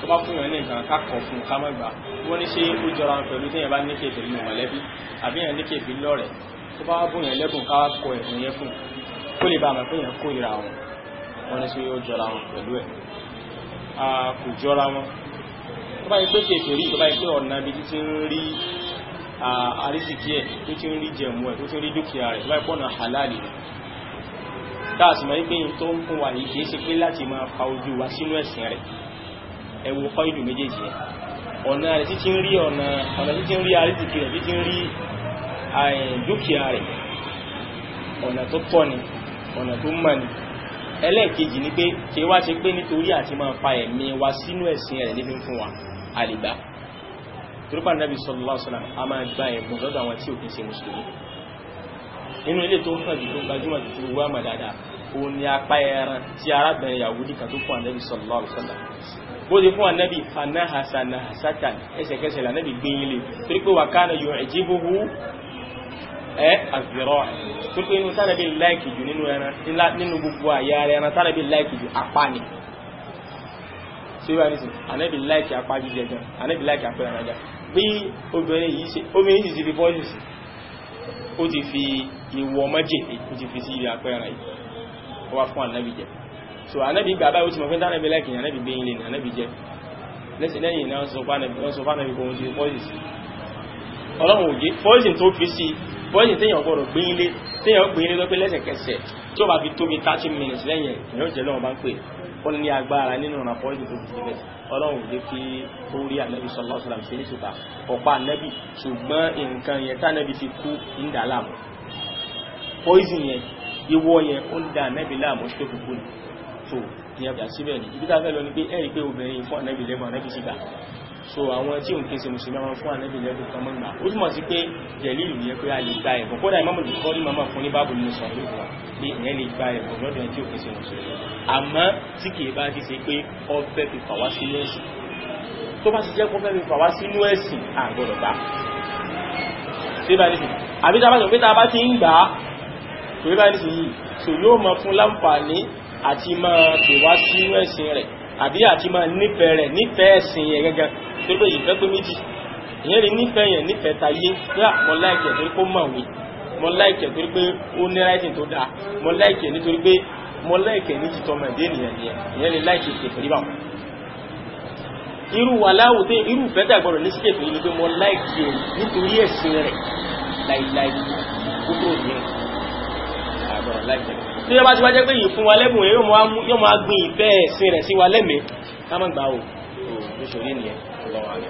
tó bá fún yàn ní nǹkan ká kọ̀ fún ká má gbà wọ́n ní ṣé ó jọra wọn pẹ̀lú téèyàn bá ní kèfèrí nínú mọ̀lẹ́bí àbí yàn ní kèfèrí lọ́rẹ̀ẹ́ tó bá wá bóyàn lẹ́bùn ká wá kọ ẹ̀bùn yẹn fún kó lè bá àmọ́ pé yàn kórìíra wọn wọ́n ní ṣé ó jọra wọn pẹ̀lú ẹ̀ kò jọra wọn tó bá yẹ pé kèfèrí tó bá yẹ pé ọ̀nà ibi títí ń rí àrísìkí ẹ̀ tó ti ń rí jẹ̀mú ẹ̀ tó ti ń rí dúkìá rẹ̀ tó bá yẹ pé ọ̀nà halali táàsì mọ́ wípé tó ń fún wa yìí kìí ṣe pé láti máa fa ojú wa sínú ẹ̀sìn rẹ̀ ẹwọ fọ́ìdù méjèèjì ẹ̀ ọ̀nà rẹ̀ títí ń rí ọ̀nà ọ̀nà títí ń rí àrísìkì rẹ̀ títí ń rí dúkìá rẹ̀ ọ̀nà tó tọ́ ni ọ̀nà tó mọ̀ ni ẹlẹ́ẹ̀kejì ni pé kí wá ṣe pé nítorí àti máa fa ẹ̀mí wa sínú ẹ̀sìn rẹ̀ níbi fún wa àlìgbà torípa nàbí sallallahu alaihi wasallam a máa gba ẹ̀bùn lọ́dọ̀ àwọn tí òkè ṣe mùsùlùmí nínú ilé tó hàn jù tó gbajúmọ̀ jù apá ẹran tí arábìnrin Yahudi kan tó fún ànábì sallallahu alaihi bó ti fún ànábì fanáhà sànáhà sátà ẹsẹ̀kẹsẹ̀ lànábì gbéyìnlẹ̀ torí pé wàkánà yóò ẹ̀jí búhú ẹ àzìrọ̀ torí pé inú tánàbí láìkì jù nínú ẹran nínú gbogbo àyà rẹ̀ ẹran tánàbí láìkì jù apá ni tí ó bá ní sìn ànábì láìkì apá jíjẹ gan ànábì láìkì apá ẹran gan bí obìnrin yìí ṣe obìnrin yìí ti fi bọ́ọ̀lù sí ó ti fi sí ilé apá yìí wá fún ànábì jẹ so anabi gba báyìí ó ti mọ̀ pé tánàbí láìkì ní anabi gbẹ̀yìn lẹ́nu anabi jẹ́ lẹ́sìn lẹ́yìn náà sọ fánàbí kò wọ́n ti pọ́ìsì ọlọ́run òye pọ́ìsì tó fi sí pọ́ìsì téèyàn gbọ́dọ̀ gbẹ̀yìn lé téèyàn gbẹ̀yìn lé lọ́pẹ́ lẹ́sẹ̀kẹsẹ̀ tí ó bá fi tóbi thirty minutes lẹ́yìn èèyàn jẹ́ lọ́wọ́ bá ń pè ó ní agbára nínú ọ̀nà pọ́ìsì tó fi síbẹ̀ ọlọ́run òye kí ó rí anabi sọlá ọ̀sọ̀lá ṣe ní ṣùgbọ́n ọ̀pá anabi ṣùgbọ́n nǹkan yẹn tá anabi ti kú ń dà láàmú pọ́ìsì yẹn ìwọ yẹn ó ń dà anabi láàmú ṣe kúkú ni so ní ẹ̀bà síbẹ̀ ni ibi tá fẹ́ lọ ni pé ẹ̀rí pé obìnrin fún ànẹ́bì lẹ́bùn ànẹ́bì sígbà so àwọn tí òun kí n ṣe mùsùlùmí àwọn fún ànẹ́bì lẹ́bùn kan mọ́gbà ó túmọ̀ sí pé jẹ̀lí ìlú yẹ pé a lè gba ẹ̀bùn kódà ìmọ̀mù lè kọ́ ní màmá fún ní báàbù nínú sọ̀rọ̀ ìlú wa pé ìyẹn lè gba ẹ̀bùn lọ́dọ̀ ẹni tí òun kí n ṣe mùsùlùmí àmọ́ tí kì í bá ti ṣe pé ọ fẹ́ fi fà wá sínú ẹ̀sìn tó bá ti jẹ́ kó fẹ́ fi fà wá sínú ẹ̀sìn àgbọ̀dọ̀ gbà ṣé bá ní sìn àbí tá a bá sọ pé tá a bá ti ń gbà á kò ní bá ní sìn yìí sò yóò mọ fún láǹfààní àti máa pè wá sí ẹ̀sìn rẹ̀ àbí àti máa nífẹ̀ẹ́ rẹ̀ nífẹ̀ẹ́ ẹ̀sìn yẹn gẹ́gẹ́ tó pé ìfẹ́ pé méjì ìyẹn lè nífẹ̀ẹ́ yẹn nífẹ̀ẹ́ tayé pé ah, mo láìkẹ̀ torí pé ó mọ̀wé mo láìkẹ̀ torí pé ó ní ráìtì tó dáa mo láìkẹ̀ nítorí pé mo láìkẹ̀ ní títọ́ ọmọdé nìyẹn nìyẹn ìyẹn lè láìkẹ̀ kẹfìrí báwọn. irú wa láwù tẹ irú ìfẹ́ dàgbọ́rọ̀ ní síkẹ̀fì ni pé mo láìkẹ̀ nítorí ẹ̀sìn tí ó bá ti wá jẹ́ pé yìí fún wa lẹ́bùn yóò máa gbin ìfẹ́ ẹ̀sìn rẹ̀ sí wa lẹ́mìí ká má gbà ó lóṣòrí nìyẹn lọ́wọ́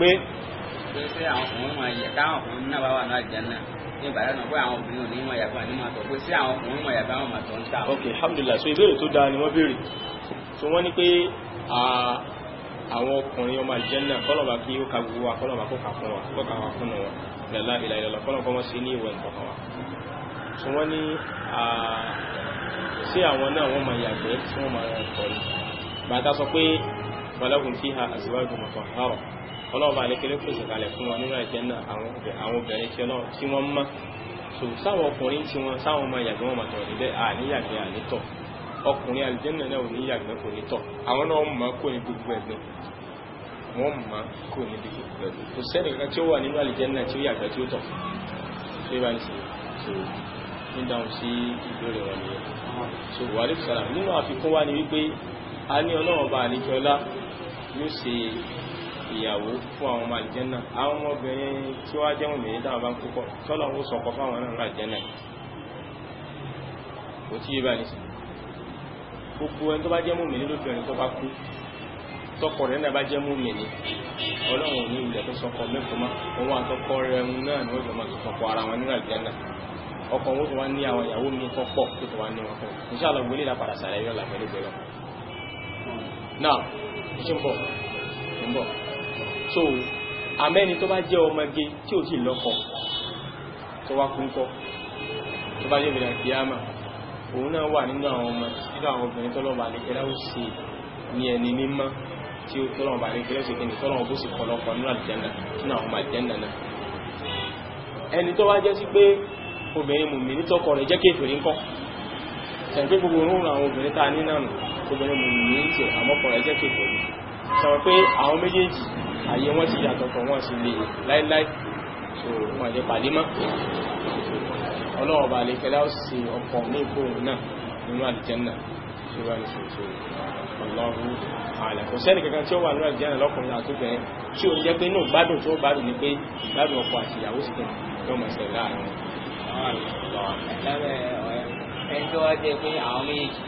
rẹ̀ pé pé àwọn ọkùnrin máa yẹ káwọn ọkùnrin náà bá wà ní àjẹnà ní ìbàdàn náà pé àwọn obìnrin ò ní mọ̀ yàgbọ́n ní màtọ̀ pé sí àwọn ọkùnrin mọ̀ yàgbọ́n àwọn màtọ̀ ń tà. ok alhamdulilah so ìbéèrè tó dáa ni wọ́n béèrè so wọ́n ní pé àwọn ọkùnrin ọmọ àjẹnà kọ́lọ̀bà kí ó ka gbogbo wa kọ́lọ̀bà kó kà fún wa kó kà wá fún wọn lẹ́la ìlà ìlà kọ́lọ̀ kọ́ so wọ́n ní sí àwọn náà wọ́n máa yàgbẹ́ tí wọ́n máa kọ́ ni bàtà sọ pé ọlọ́run bá lékelé pèsè kalẹ̀ fún wọn nínú ẹ̀jẹ̀ náà àwọn obìnrin tí ọlọ́run tí wọ́n mọ́ so sáwọn ọkùnrin tí wọ́n sáwọn ọmọ ìyàgbẹ́ wọn màtọ̀ níbẹ̀ àníyàgbẹ́ ànítọ̀ ọkùnrin àlùjẹ́nà náà ò ní yàgbẹ́ kò ní tọ̀ àwọn náà mọ̀ kò ní gbogbo ẹ̀gbẹ́ wọ́n mọ̀ kò ní gbogbo ẹ̀gbẹ́ kò sẹ́ni kankan tí ó wà nínú àlùjẹ́nà tí ó yàgbẹ́ tí ó tọ̀ ṣé bá ń ṣe so ní dáhùn sí ìbéèrè wọn nìyẹn so wàlẹ́ sọ̀rọ̀ nínú àfikún wa ni wípé a ní ọlọ́run bá àníkẹ́ ọlá yóò ṣe ìyàwó fún àwọn ọmọ àlìjẹ́nà àwọn ọmọbìnrin tí wọ́n jẹ́ òmìnir dáwọn bá ń púpọ̀ tọ́lọ̀ ń sọ̀kọ́ fáwọn náà àlìjẹ́nà kò tí yíba ní gbogbo ẹni tó bá jẹ́ mòmìnir lóbìnrin tó bá kú tọkọ rẹ̀ náà bá jẹ́ mòmìnir ọlọ́run ò ní ilẹ̀ tó sọkọ mẹ́fọ́ mọ́ òun àtọkọ rẹ̀ náà ni wọ́n jọ máa sọkọ ara wọn nínú àlìjẹ́nà ọkọ wọn tó wá ní àwọn ìyàwó mi tó pọ̀ tó wá ní wọn fún ìṣàlọ̀ gbélé lápadà sàlẹ̀ yọ́ làpẹ́lẹ́gbẹ̀rẹ̀ náà ṣe ń bọ̀ ń bọ̀ so àmẹ́ni tó bá jẹ́ ọmọge tí ò tí lọ́kọ tó wá kún kọ́ tó bá jẹ́ ìbẹ̀rẹ̀ kíyàmà òun náà wà nínú àwọn ọmọ nínú àwọn obìnrin tọ́lọ̀bà lè kẹ́lá ó sì ní ẹni mímọ́ tí ó tọ́lọ̀bà lè kẹ́lá ó sì kẹ́ni tọ́lọ̀bà bó sì kọlọ́kọ́ nínú àlùjánnà nínú àwọn náà sọ pé àwọn méjèèjì àyè wọn ti yàtọ̀tọ̀ wọn sì lè láíláí so wọn lè pàdé mọ́ ọlọ́wọ́ bá lè kẹlẹ́ sí ọkọ̀ ní ìkóhùn náà nínú àlìjẹ́nà tí ó wà ní ṣòṣò ọlọ́run ààlẹ̀ kò sẹ́ni kankan tí ó wà ní àlìjẹ́nà lọ́kùnrin àtúbẹ̀ tí ó jẹ́ pé inú gbádùn tí ó gbádùn ni pé gbádùn ọkọ àti ìyàwó sì kẹ́ yóò ẹjọ́ jẹ́ pé àwọn méjì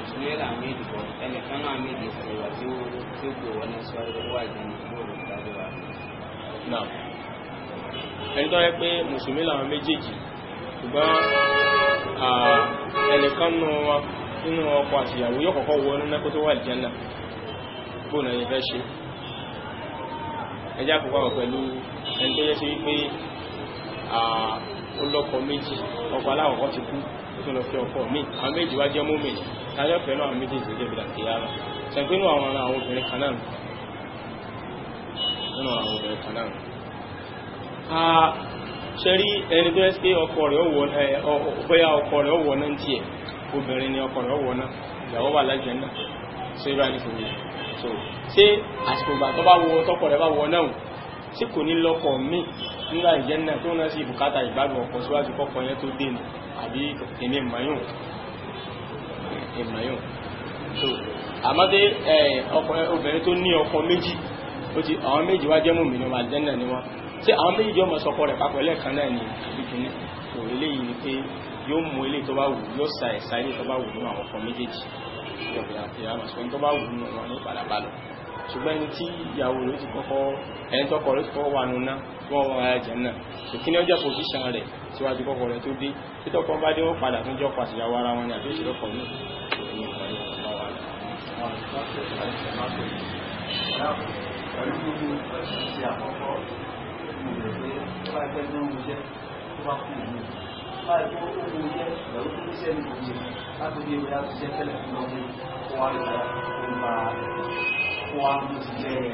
ìṣúlẹ̀ làmì ìdìbò ẹnìkan náà méjì ìṣẹ̀lẹ̀ tí ó shigo wani sauran wajen wurin tarewa náà ẹni tó yẹ pé mùsùlùmí làwọn méjèèjì ṣùgbọ́n ẹnìkan nù wọn nínú ọkọ àtìyàwó yóò kọ́kọ́ wọ nínú ẹkọ́ tó wà àlùjánnà bóun ẹni fẹ́ ṣe ẹjá àkókò pẹ̀lú ẹni tó yẹ sí wípé ó méjì ọkọ aláwọ̀kọ́ ti kú ó lọ fẹ́ ọkọ mi àwọn méjì wá jẹ́ mọ́mì táyọ̀ ìgbẹ́jẹ́ ìbílà ti yára sẹ́gbẹ́nú àwọn obìnrin kan a ṣe rí ẹni tó ẹ́ pé rẹ̀ ó wọ̀ náà tiẹ̀ obìnrin ni ọkọ rẹ̀ ó náà ìyàwó wà lájẹ̀ náà so ṣé àsìkò ìgbà tó nílá ìjẹ́nà tó náà sí bùkátà ìgbádùn ọ̀pọ̀ síwájú kọ́kọ́ yẹn tó dé ní àbí èmi ìmọ̀yún ìmọ̀yún so àmọ́dé obìnrin tó ní ọkọ méjì ó ti àwọn méjì wá jẹ́ mòmìnira wà jẹ́nà ni wọ́n tí àwọn méjì jọ mọ̀ sọkọ rẹ̀ papọ̀ lẹ́ẹ̀kan náà ni àbí kìíní kò eléyìí ni pé yóò mú ilé tó bá wù yóò sa ẹ̀sà ilé tó bá wù nínú àwọn ọkọ méjèèjì ìjọba àti àwọn àṣọ tó bá wù nínú wọn ní ṣùgbọ́n ẹni tí ìyàwó rẹ̀ ti kọ́kọ́ ẹni tọ́kọ rẹ̀ ti kọ́kọ́ wà nùnà tí wọ́n wọ́n ẹ̀jẹ̀ náà tó kí ni ó pòsíṣàn rẹ̀ síwájú kọ́kọ́ rẹ̀ tó dé tí tọ́kọ bá dé wọ́n padà tún jọ pàṣẹ ìyàwó ara wọn ni àbí ìṣèlọ́kọ̀ ní Thank you fún wa ní oṣù jẹ́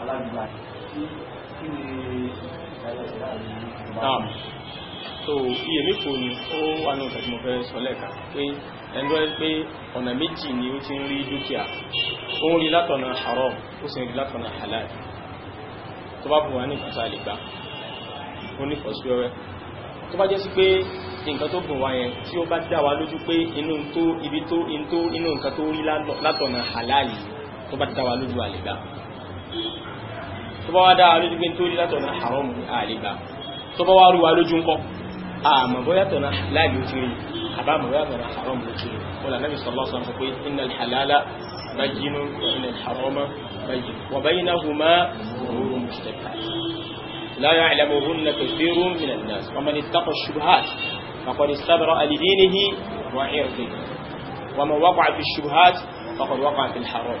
alágbèbá kí ni ìdájọ́ ìdá yìí náà so iye méfò ni ó wà ní ọ̀tẹ̀ tí mo fẹ́ sọ lẹ́ẹ̀ka pé ẹgbẹ́ pé ọ̀nà méjì ni ó ti ń rí dúkìá ó ń rí látọ̀nà haram ó sì ń rí látọ̀nà halal tó bá bùn wá ní ìfàsà lè gbá ó ní fọ́síwẹ́wẹ́ tó bá jẹ́ sí pé nǹkan tó bùn wá yẹn tí ó bá dá lójú pé inú tó ibi tó inú nǹkan tó rí látọ̀nà halal tó bá dáwà lójú àlègbà tó bá wá dáwà lójú pé nítorí látọ̀nà haram àlègbà tó bá wá rúwa lójú ńkọ́ àmọ́ bóyá tọ̀nà láàbí ó ti rí àbámọ̀ bóyá tọ̀nà haram ló ti rí ó là Nabi sallallahu alaihi wasallam pé innal halala bayyinun wa innal harama bayyinun wa baynahuma umurun mushtabihat لا يعلمهن كثير من الناس ومن اتقى الشبهات فقد استبرأ لدينه وعرضه ومن وقع في الشبهات فقد وقع في الحرام